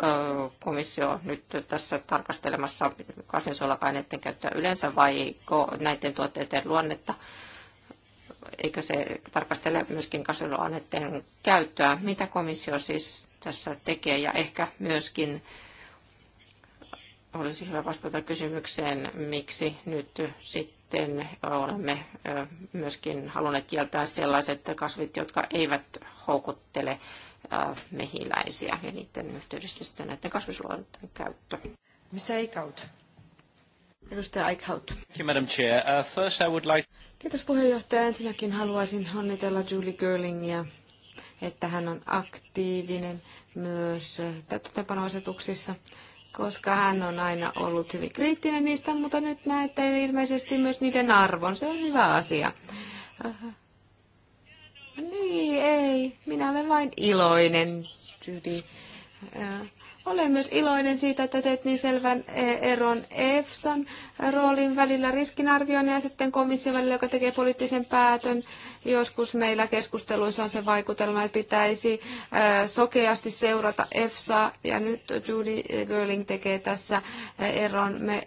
komissio nyt tässä tarkastelemassa kasvinsuojeluaineiden käyttöä yleensä vai näiden tuotteiden luonnetta? Eikö se tarkastele myöskin kasvinsuojeluaineiden käyttöä? Mitä komissio siis tässä tekee ja ehkä myöskin olisi hyvä vastata kysymykseen, miksi nyt sitten olemme myöskin halunneet kieltää sellaiset kasvit, jotka eivät houkuttele mehiläisiä ja niiden yhteydessä sitten näiden kasvisluontojen käyttö. Missä Eichhout? Edustaja Eichhout. Uh, Kiitos puheenjohtaja. Ensinnäkin haluaisin onnitella Julie Girlingia, että hän on aktiivinen myös täyttöpanoasetuksissa. asetuksissa koska hän on aina ollut hyvin kriittinen niistä, mutta nyt näette ilmeisesti myös niiden arvon. Se on hyvä asia. Niin, ei. Minä olen vain iloinen, Judy. Olen myös iloinen siitä, että teet niin selvän e, eron EFSAn roolin välillä riskinarvioinnin ja sitten komission välillä, joka tekee poliittisen päätön. Joskus meillä keskusteluissa on se vaikutelma, että pitäisi sokeasti seurata EFSA ja nyt Judy Girling tekee tässä eron. Me,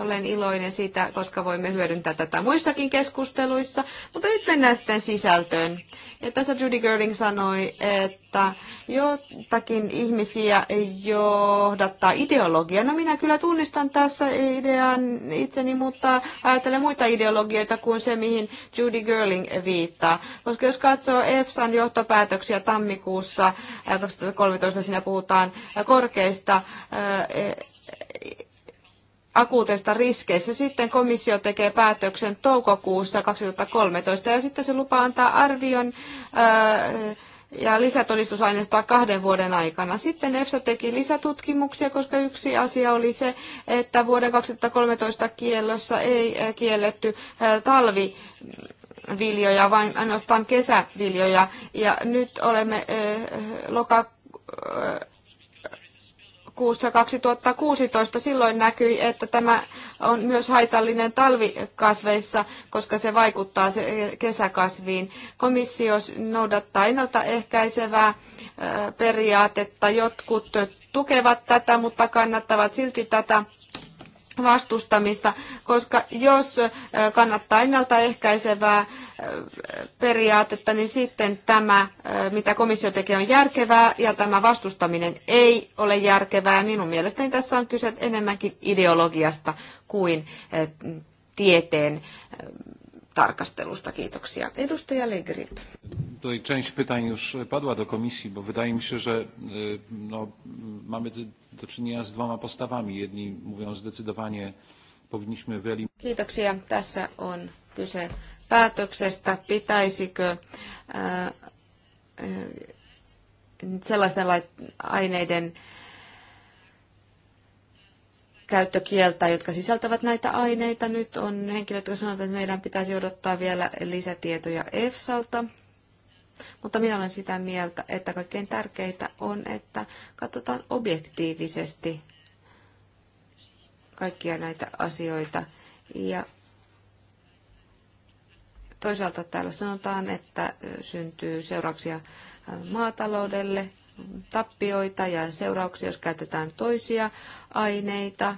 olen iloinen siitä, koska voimme hyödyntää tätä muissakin keskusteluissa, mutta nyt mennään sitten sisältöön. Ja tässä Judy Girling sanoi, että jotakin ihmisiä johdattaa ideologia. No minä kyllä tunnistan tässä idean itseni, mutta ajattelen muita ideologioita kuin se, mihin Judy Girling viittaa riittää. Koska jos katsoo EFSAn johtopäätöksiä tammikuussa 2013, siinä puhutaan korkeista e, akuuteista riskeistä. Sitten komissio tekee päätöksen toukokuussa 2013 ja sitten se lupaa antaa arvion ja lisätodistusaineistoa kahden vuoden aikana. Sitten EFSA teki lisätutkimuksia, koska yksi asia oli se, että vuoden 2013 kiellossa ei kielletty talvi viljoja, vain ainoastaan kesäviljoja. Ja nyt olemme lokakuussa 2016. Silloin näkyi, että tämä on myös haitallinen talvikasveissa, koska se vaikuttaa se kesäkasviin. Komissio noudattaa ennaltaehkäisevää periaatetta. Jotkut tukevat tätä, mutta kannattavat silti tätä vastustamista, koska jos kannattaa ennaltaehkäisevää periaatetta, niin sitten tämä, mitä komissio tekee, on järkevää ja tämä vastustaminen ei ole järkevää. Minun mielestäni tässä on kyse enemmänkin ideologiasta kuin tieteen tarkastelusta. Kiitoksia. Edustaja Legrip. Tutaj część pytań już padła do komisji, bo wydaje mi się, że e, no, mamy do czynienia z dwoma postawami. Jedni mówią zdecydowanie powinniśmy wyeliminować. Kiitoksia. Tässä on kyse päätöksestä, pitäisikö ää, e, e, sellaisten aineiden ää, käyttökieltä, jotka sisältävät näitä aineita. Nyt on henkilöt, jotka sanovat, että meidän pitäisi odottaa vielä lisätietoja EFSalta. Mutta minä olen sitä mieltä, että kaikkein tärkeintä on, että katsotaan objektiivisesti kaikkia näitä asioita. Ja toisaalta täällä sanotaan, että syntyy seurauksia maataloudelle, tappioita ja seurauksia, jos käytetään toisia aineita.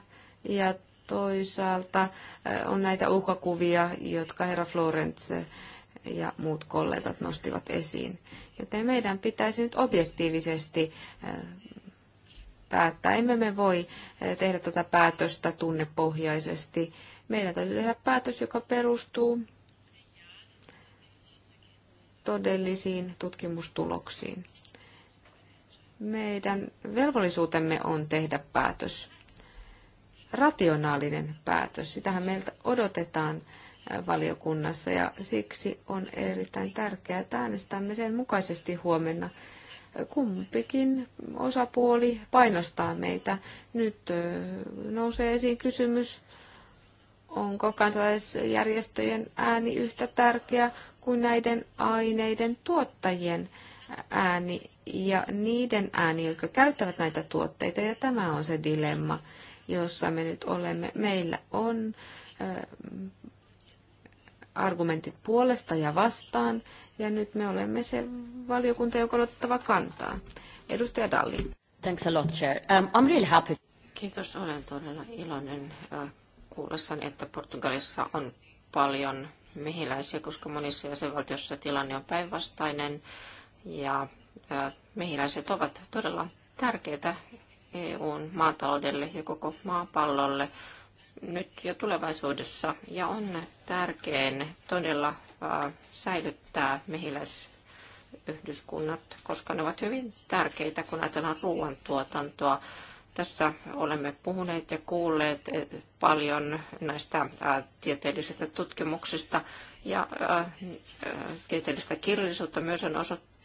Ja toisaalta eh, on näitä uhkakuvia, jotka herra Florence ja muut kollegat nostivat esiin. Joten meidän pitäisi nyt objektiivisesti eh, päättää. Emme me voi eh, tehdä tätä päätöstä tunnepohjaisesti. Meidän täytyy tehdä päätös, joka perustuu todellisiin tutkimustuloksiin meidän velvollisuutemme on tehdä päätös, rationaalinen päätös. Sitähän meiltä odotetaan valiokunnassa ja siksi on erittäin tärkeää, että äänestämme sen mukaisesti huomenna. Kumpikin osapuoli painostaa meitä. Nyt nousee esiin kysymys, onko kansalaisjärjestöjen ääni yhtä tärkeä kuin näiden aineiden tuottajien ääni ja niiden ääni, jotka käyttävät näitä tuotteita. Ja tämä on se dilemma, jossa me nyt olemme. Meillä on argumentit puolesta ja vastaan, ja nyt me olemme se valiokunta, joka on ottava kantaa. Edustaja Dalli. Thanks a lot, Chair. Um, I'm really happy. Kiitos, olen todella iloinen kuullessani, että Portugalissa on paljon mehiläisiä, koska monissa jäsenvaltioissa tilanne on päinvastainen. Ja mehiläiset ovat todella tärkeitä EUn maataloudelle ja koko maapallolle nyt ja tulevaisuudessa. Ja on tärkein todella säilyttää mehiläisyhdyskunnat, koska ne ovat hyvin tärkeitä, kun ajatellaan ruoantuotantoa. Tässä olemme puhuneet ja kuulleet paljon näistä tieteellisistä tutkimuksista ja tieteellistä kirjallisuutta myös on osoittanut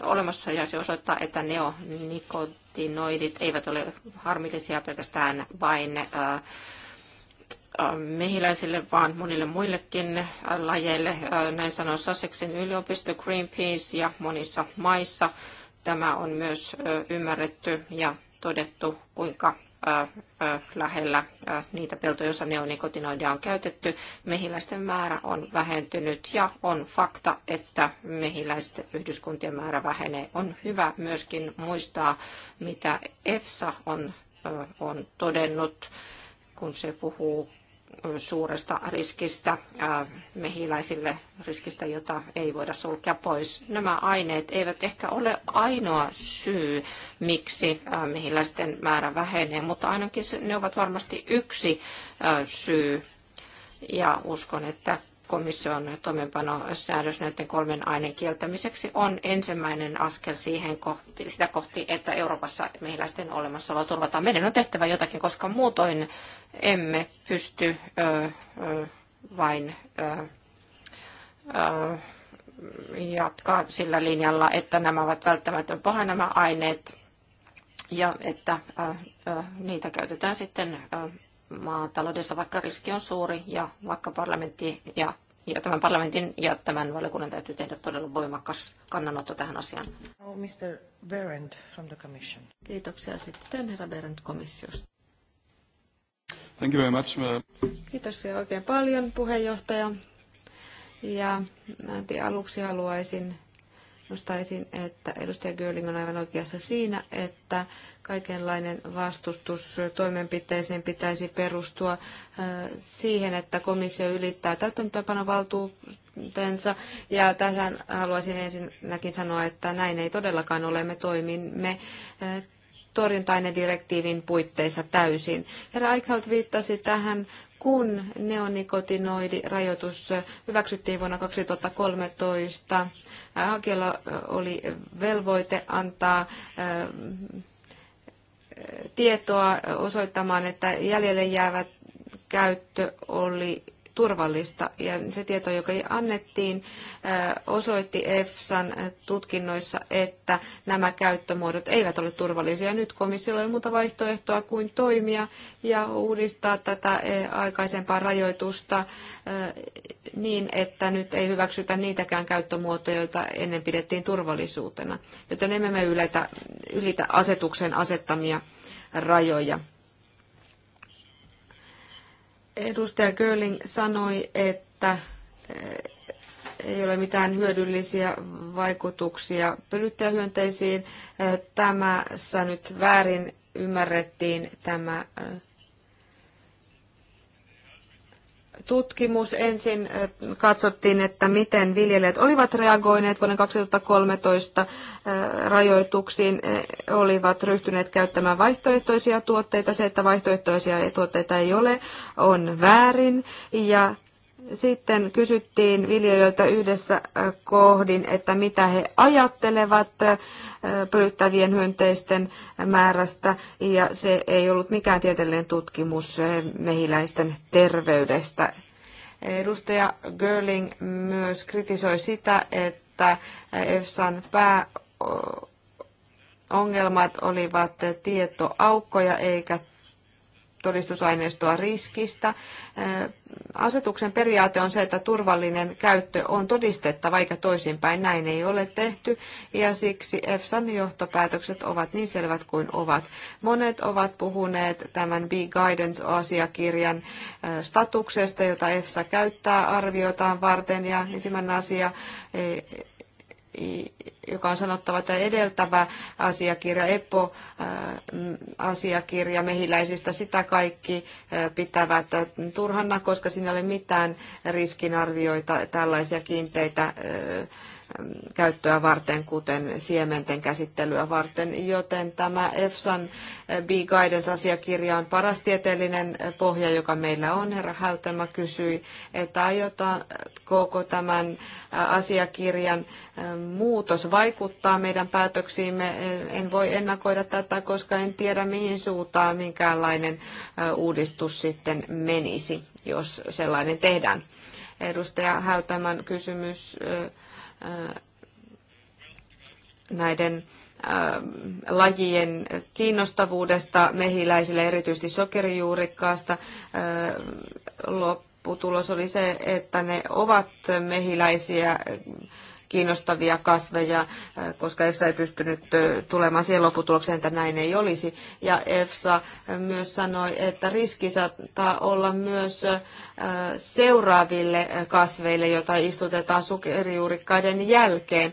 olemassa ja se osoittaa, että neonikotinoidit eivät ole harmillisia pelkästään vain äh, äh mehiläisille, vaan monille muillekin lajeille. Äh, näin sanoo Sussexin yliopisto, Greenpeace ja monissa maissa. Tämä on myös äh, ymmärretty ja todettu, kuinka lähellä niitä peltoja, joissa neonikotinoidia on käytetty. Mehiläisten määrä on vähentynyt ja on fakta, että mehiläisten yhdyskuntien määrä vähenee. On hyvä myöskin muistaa, mitä EFSA on, on todennut, kun se puhuu suuresta riskistä mehiläisille, riskistä, jota ei voida sulkea pois. Nämä aineet eivät ehkä ole ainoa syy, miksi mehiläisten määrä vähenee, mutta ainakin ne ovat varmasti yksi syy. Ja uskon, että komission toimeenpanosäädös näiden kolmen aineen kieltämiseksi on ensimmäinen askel siihen kohti, sitä kohti, että Euroopassa mehiläisten olemassaoloa turvataan. Meidän on tehtävä jotakin, koska muutoin emme pysty ö, ö, vain ö, ö, jatkaa sillä linjalla, että nämä ovat välttämätön paha nämä aineet ja että ö, ö, niitä käytetään sitten ö, maataloudessa, vaikka riski on suuri ja vaikka parlamentti ja, ja tämän parlamentin ja tämän valiokunnan täytyy tehdä todella voimakas kannanotto tähän asiaan. No, Mr. Berend from the commission. Kiitoksia sitten herra Berend komissiosta. Thank you very much. Kiitos oikein paljon puheenjohtaja. Ja äh, aluksi haluaisin Nostaisin, että edustaja Görling on aivan oikeassa siinä, että kaikenlainen vastustus toimenpiteeseen pitäisi perustua äh, siihen, että komissio ylittää täytäntöönpanovaltuutensa. Ja tähän haluaisin ensinnäkin sanoa, että näin ei todellakaan ole. Me toimimme äh, torjunta-ainedirektiivin puitteissa täysin. Herra Eichhout viittasi tähän, kun neonikotinoidirajoitus hyväksyttiin vuonna 2013. Hakijalla oli velvoite antaa äh, tietoa osoittamaan, että jäljelle jäävät käyttö oli turvallista. Ja se tieto, joka annettiin, osoitti EFSAn tutkinnoissa, että nämä käyttömuodot eivät ole turvallisia. Nyt komissiolla ei muuta vaihtoehtoa kuin toimia ja uudistaa tätä aikaisempaa rajoitusta niin, että nyt ei hyväksytä niitäkään käyttömuotoja, joita ennen pidettiin turvallisuutena. Joten emme me ylitä, ylitä asetuksen asettamia rajoja. Edustaja Görling sanoi, että eh, ei ole mitään hyödyllisiä vaikutuksia pölyttäjähyönteisiin. Eh, tämässä nyt väärin ymmärrettiin tämä eh, tutkimus. Ensin katsottiin, että miten viljelijät olivat reagoineet vuoden 2013 rajoituksiin, olivat ryhtyneet käyttämään vaihtoehtoisia tuotteita. Se, että vaihtoehtoisia tuotteita ei ole, on väärin. Ja sitten kysyttiin viljelijöiltä yhdessä äh, kohdin, että mitä he ajattelevat äh, pölyttävien hyönteisten määrästä, ja se ei ollut mikään tieteellinen tutkimus äh, mehiläisten terveydestä. Edustaja Görling myös kritisoi sitä, että EFSAn pää ongelmat olivat tietoaukkoja eikä todistusaineistoa riskistä. Asetuksen periaate on se, että turvallinen käyttö on todistettava vaikka toisinpäin. Näin ei ole tehty ja siksi EFSAn johtopäätökset ovat niin selvät kuin ovat. Monet ovat puhuneet tämän Be Guidance-asiakirjan statuksesta, jota EFSA käyttää arviotaan varten ja ensimmäinen asia, joka on sanottava, että edeltävä asiakirja, EPO-asiakirja äh, mehiläisistä, sitä kaikki äh, pitävät turhanna, koska siinä ei ole mitään riskinarvioita tällaisia kiinteitä äh, käyttöä varten, kuten siementen käsittelyä varten, joten tämä EFSAn B-Guidance-asiakirja on paras tieteellinen pohja, joka meillä on. Herra Häytämä kysyi, että aiotaanko tämän asiakirjan muutos vaikuttaa meidän päätöksiimme. En voi ennakoida tätä, koska en tiedä mihin suuntaan minkäänlainen uudistus sitten menisi, jos sellainen tehdään. Edustaja Häytämän kysymys näiden lajien kiinnostavuudesta mehiläisille, erityisesti sokerijuurikkaasta. Lopputulos oli se, että ne ovat mehiläisiä kiinnostavia kasveja, äh, koska EFSA ei pystynyt äh, tulemaan siihen lopputulokseen, että näin ei olisi. Ja EFSA äh, myös sanoi, että riski saattaa olla myös seuraaville kasveille, joita istutetaan sukerijuurikkaiden jälkeen.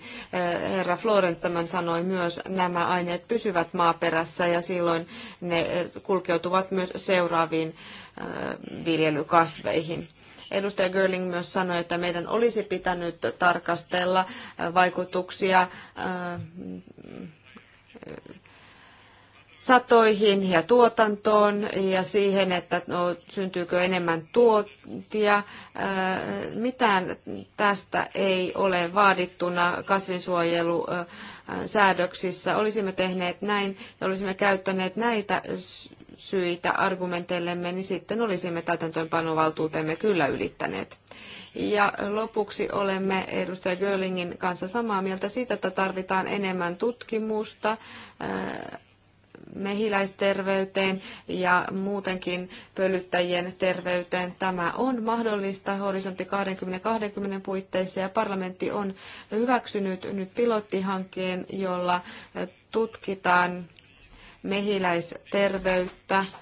Herra Florent sanoi myös, nämä aineet pysyvät maaperässä ja silloin ne kulkeutuvat myös seuraaviin viljelykasveihin. Edustaja Görling myös sanoi, että meidän olisi pitänyt tarkastella äh, vaikutuksia äh, äh, satoihin ja tuotantoon ja siihen, että no, syntyykö enemmän tuotia. Mitään tästä ei ole vaadittuna kasvinsuojelusäädöksissä. Olisimme tehneet näin ja olisimme käyttäneet näitä syitä argumenteillemme, niin sitten olisimme täytäntöönpanovaltuutemme kyllä ylittäneet. Ja lopuksi olemme edustaja Görlingin kanssa samaa mieltä siitä, että tarvitaan enemmän tutkimusta äh, mehiläisterveyteen ja muutenkin pölyttäjien terveyteen. Tämä on mahdollista horisontti 2020 puitteissa ja parlamentti on hyväksynyt nyt pilottihankkeen, jolla tutkitaan mehiläisterveyttä äh,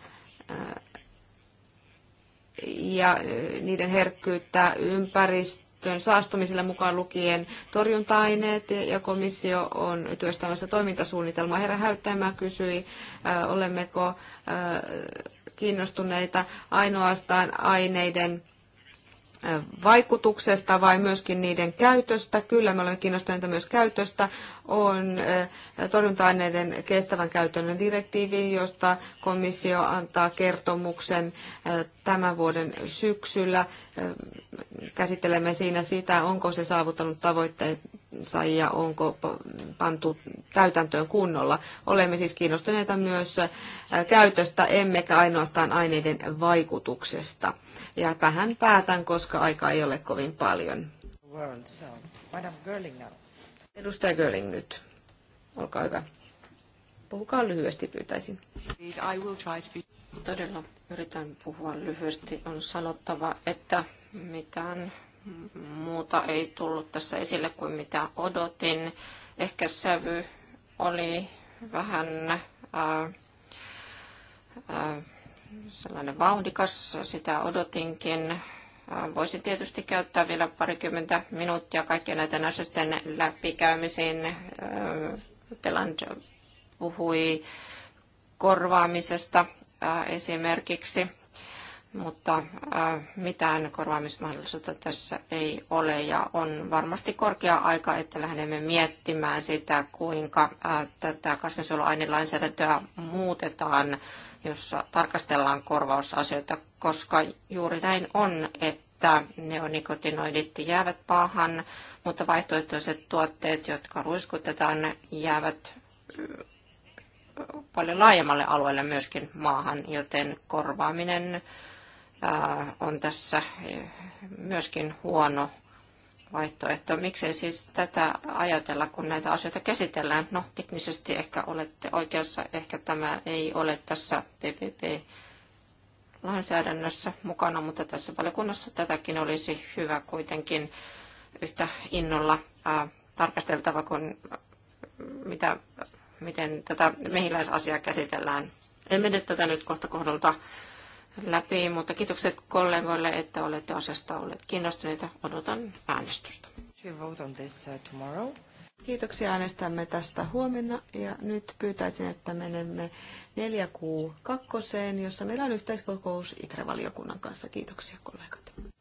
ja äh, niiden herkkyyttä ympäristön saastumiselle mukaan lukien torjunta-aineet ja komissio on työstämässä toimintasuunnitelmaa. Herra Häyttämä kysyi, äh, olemmeko kiinnostuneita ainoastaan aineiden vaikutuksesta vai myöskin niiden käytöstä. Kyllä me olemme kiinnostuneita myös käytöstä. On eh, torjunta-aineiden kestävän käytön direktiivi, josta komissio antaa kertomuksen eh, tämän vuoden syksyllä. Eh, käsittelemme siinä sitä, onko se saavuttanut tavoitteensa ja onko pantu täytäntöön kunnolla. Olemme siis kiinnostuneita myös käytöstä, emmekä ainoastaan aineiden vaikutuksesta. Ja tähän päätän, koska aika ei ole kovin paljon. Edustaja Görling nyt. Olkaa hyvä. Puhukaa lyhyesti, pyytäisin. I will try to be... Todella yritän puhua lyhyesti. On sanottava, että mitään muuta ei tullut tässä esille kuin mitä odotin. Ehkä sävy oli vähän... Äh, äh, sellainen vauhdikas, sitä odotinkin. Voisin tietysti käyttää vielä parikymmentä minuuttia kaikkia näiden asioiden läpikäymiseen. Äh, Teland puhui korvaamisesta äh, esimerkiksi, mutta äh, mitään korvaamismahdollisuutta tässä ei ole ja on varmasti korkea aika, että lähdemme miettimään sitä, kuinka tätä kasvinsuojeluainelainsäädäntöä muutetaan jossa tarkastellaan korvausasioita, koska juuri näin on, että neonikotinoidit jäävät paahan, mutta vaihtoehtoiset tuotteet, jotka ruiskutetaan, jäävät paljon laajemmalle alueelle myöskin maahan, joten korvaaminen on tässä myöskin huono vaihtoehto. Miksei siis tätä ajatella, kun näitä asioita käsitellään? No, teknisesti ehkä olette oikeassa. Ehkä tämä ei ole tässä PPP lainsäädännössä mukana, mutta tässä valiokunnassa tätäkin olisi hyvä kuitenkin yhtä innolla ää, tarkasteltava, kun mitä, miten tätä mehiläisasiaa käsitellään. Emme mene tätä nyt kohta kohdalta läpi, mutta kiitokset kollegoille, että olette asiasta olleet kiinnostuneita. Odotan äänestystä. Uh, Kiitoksia äänestämme tästä huomenna ja nyt pyytäisin, että menemme 4 kuu kakkoseen, jossa meillä on yhteiskokous Itre-valiokunnan kanssa. Kiitoksia kollegat.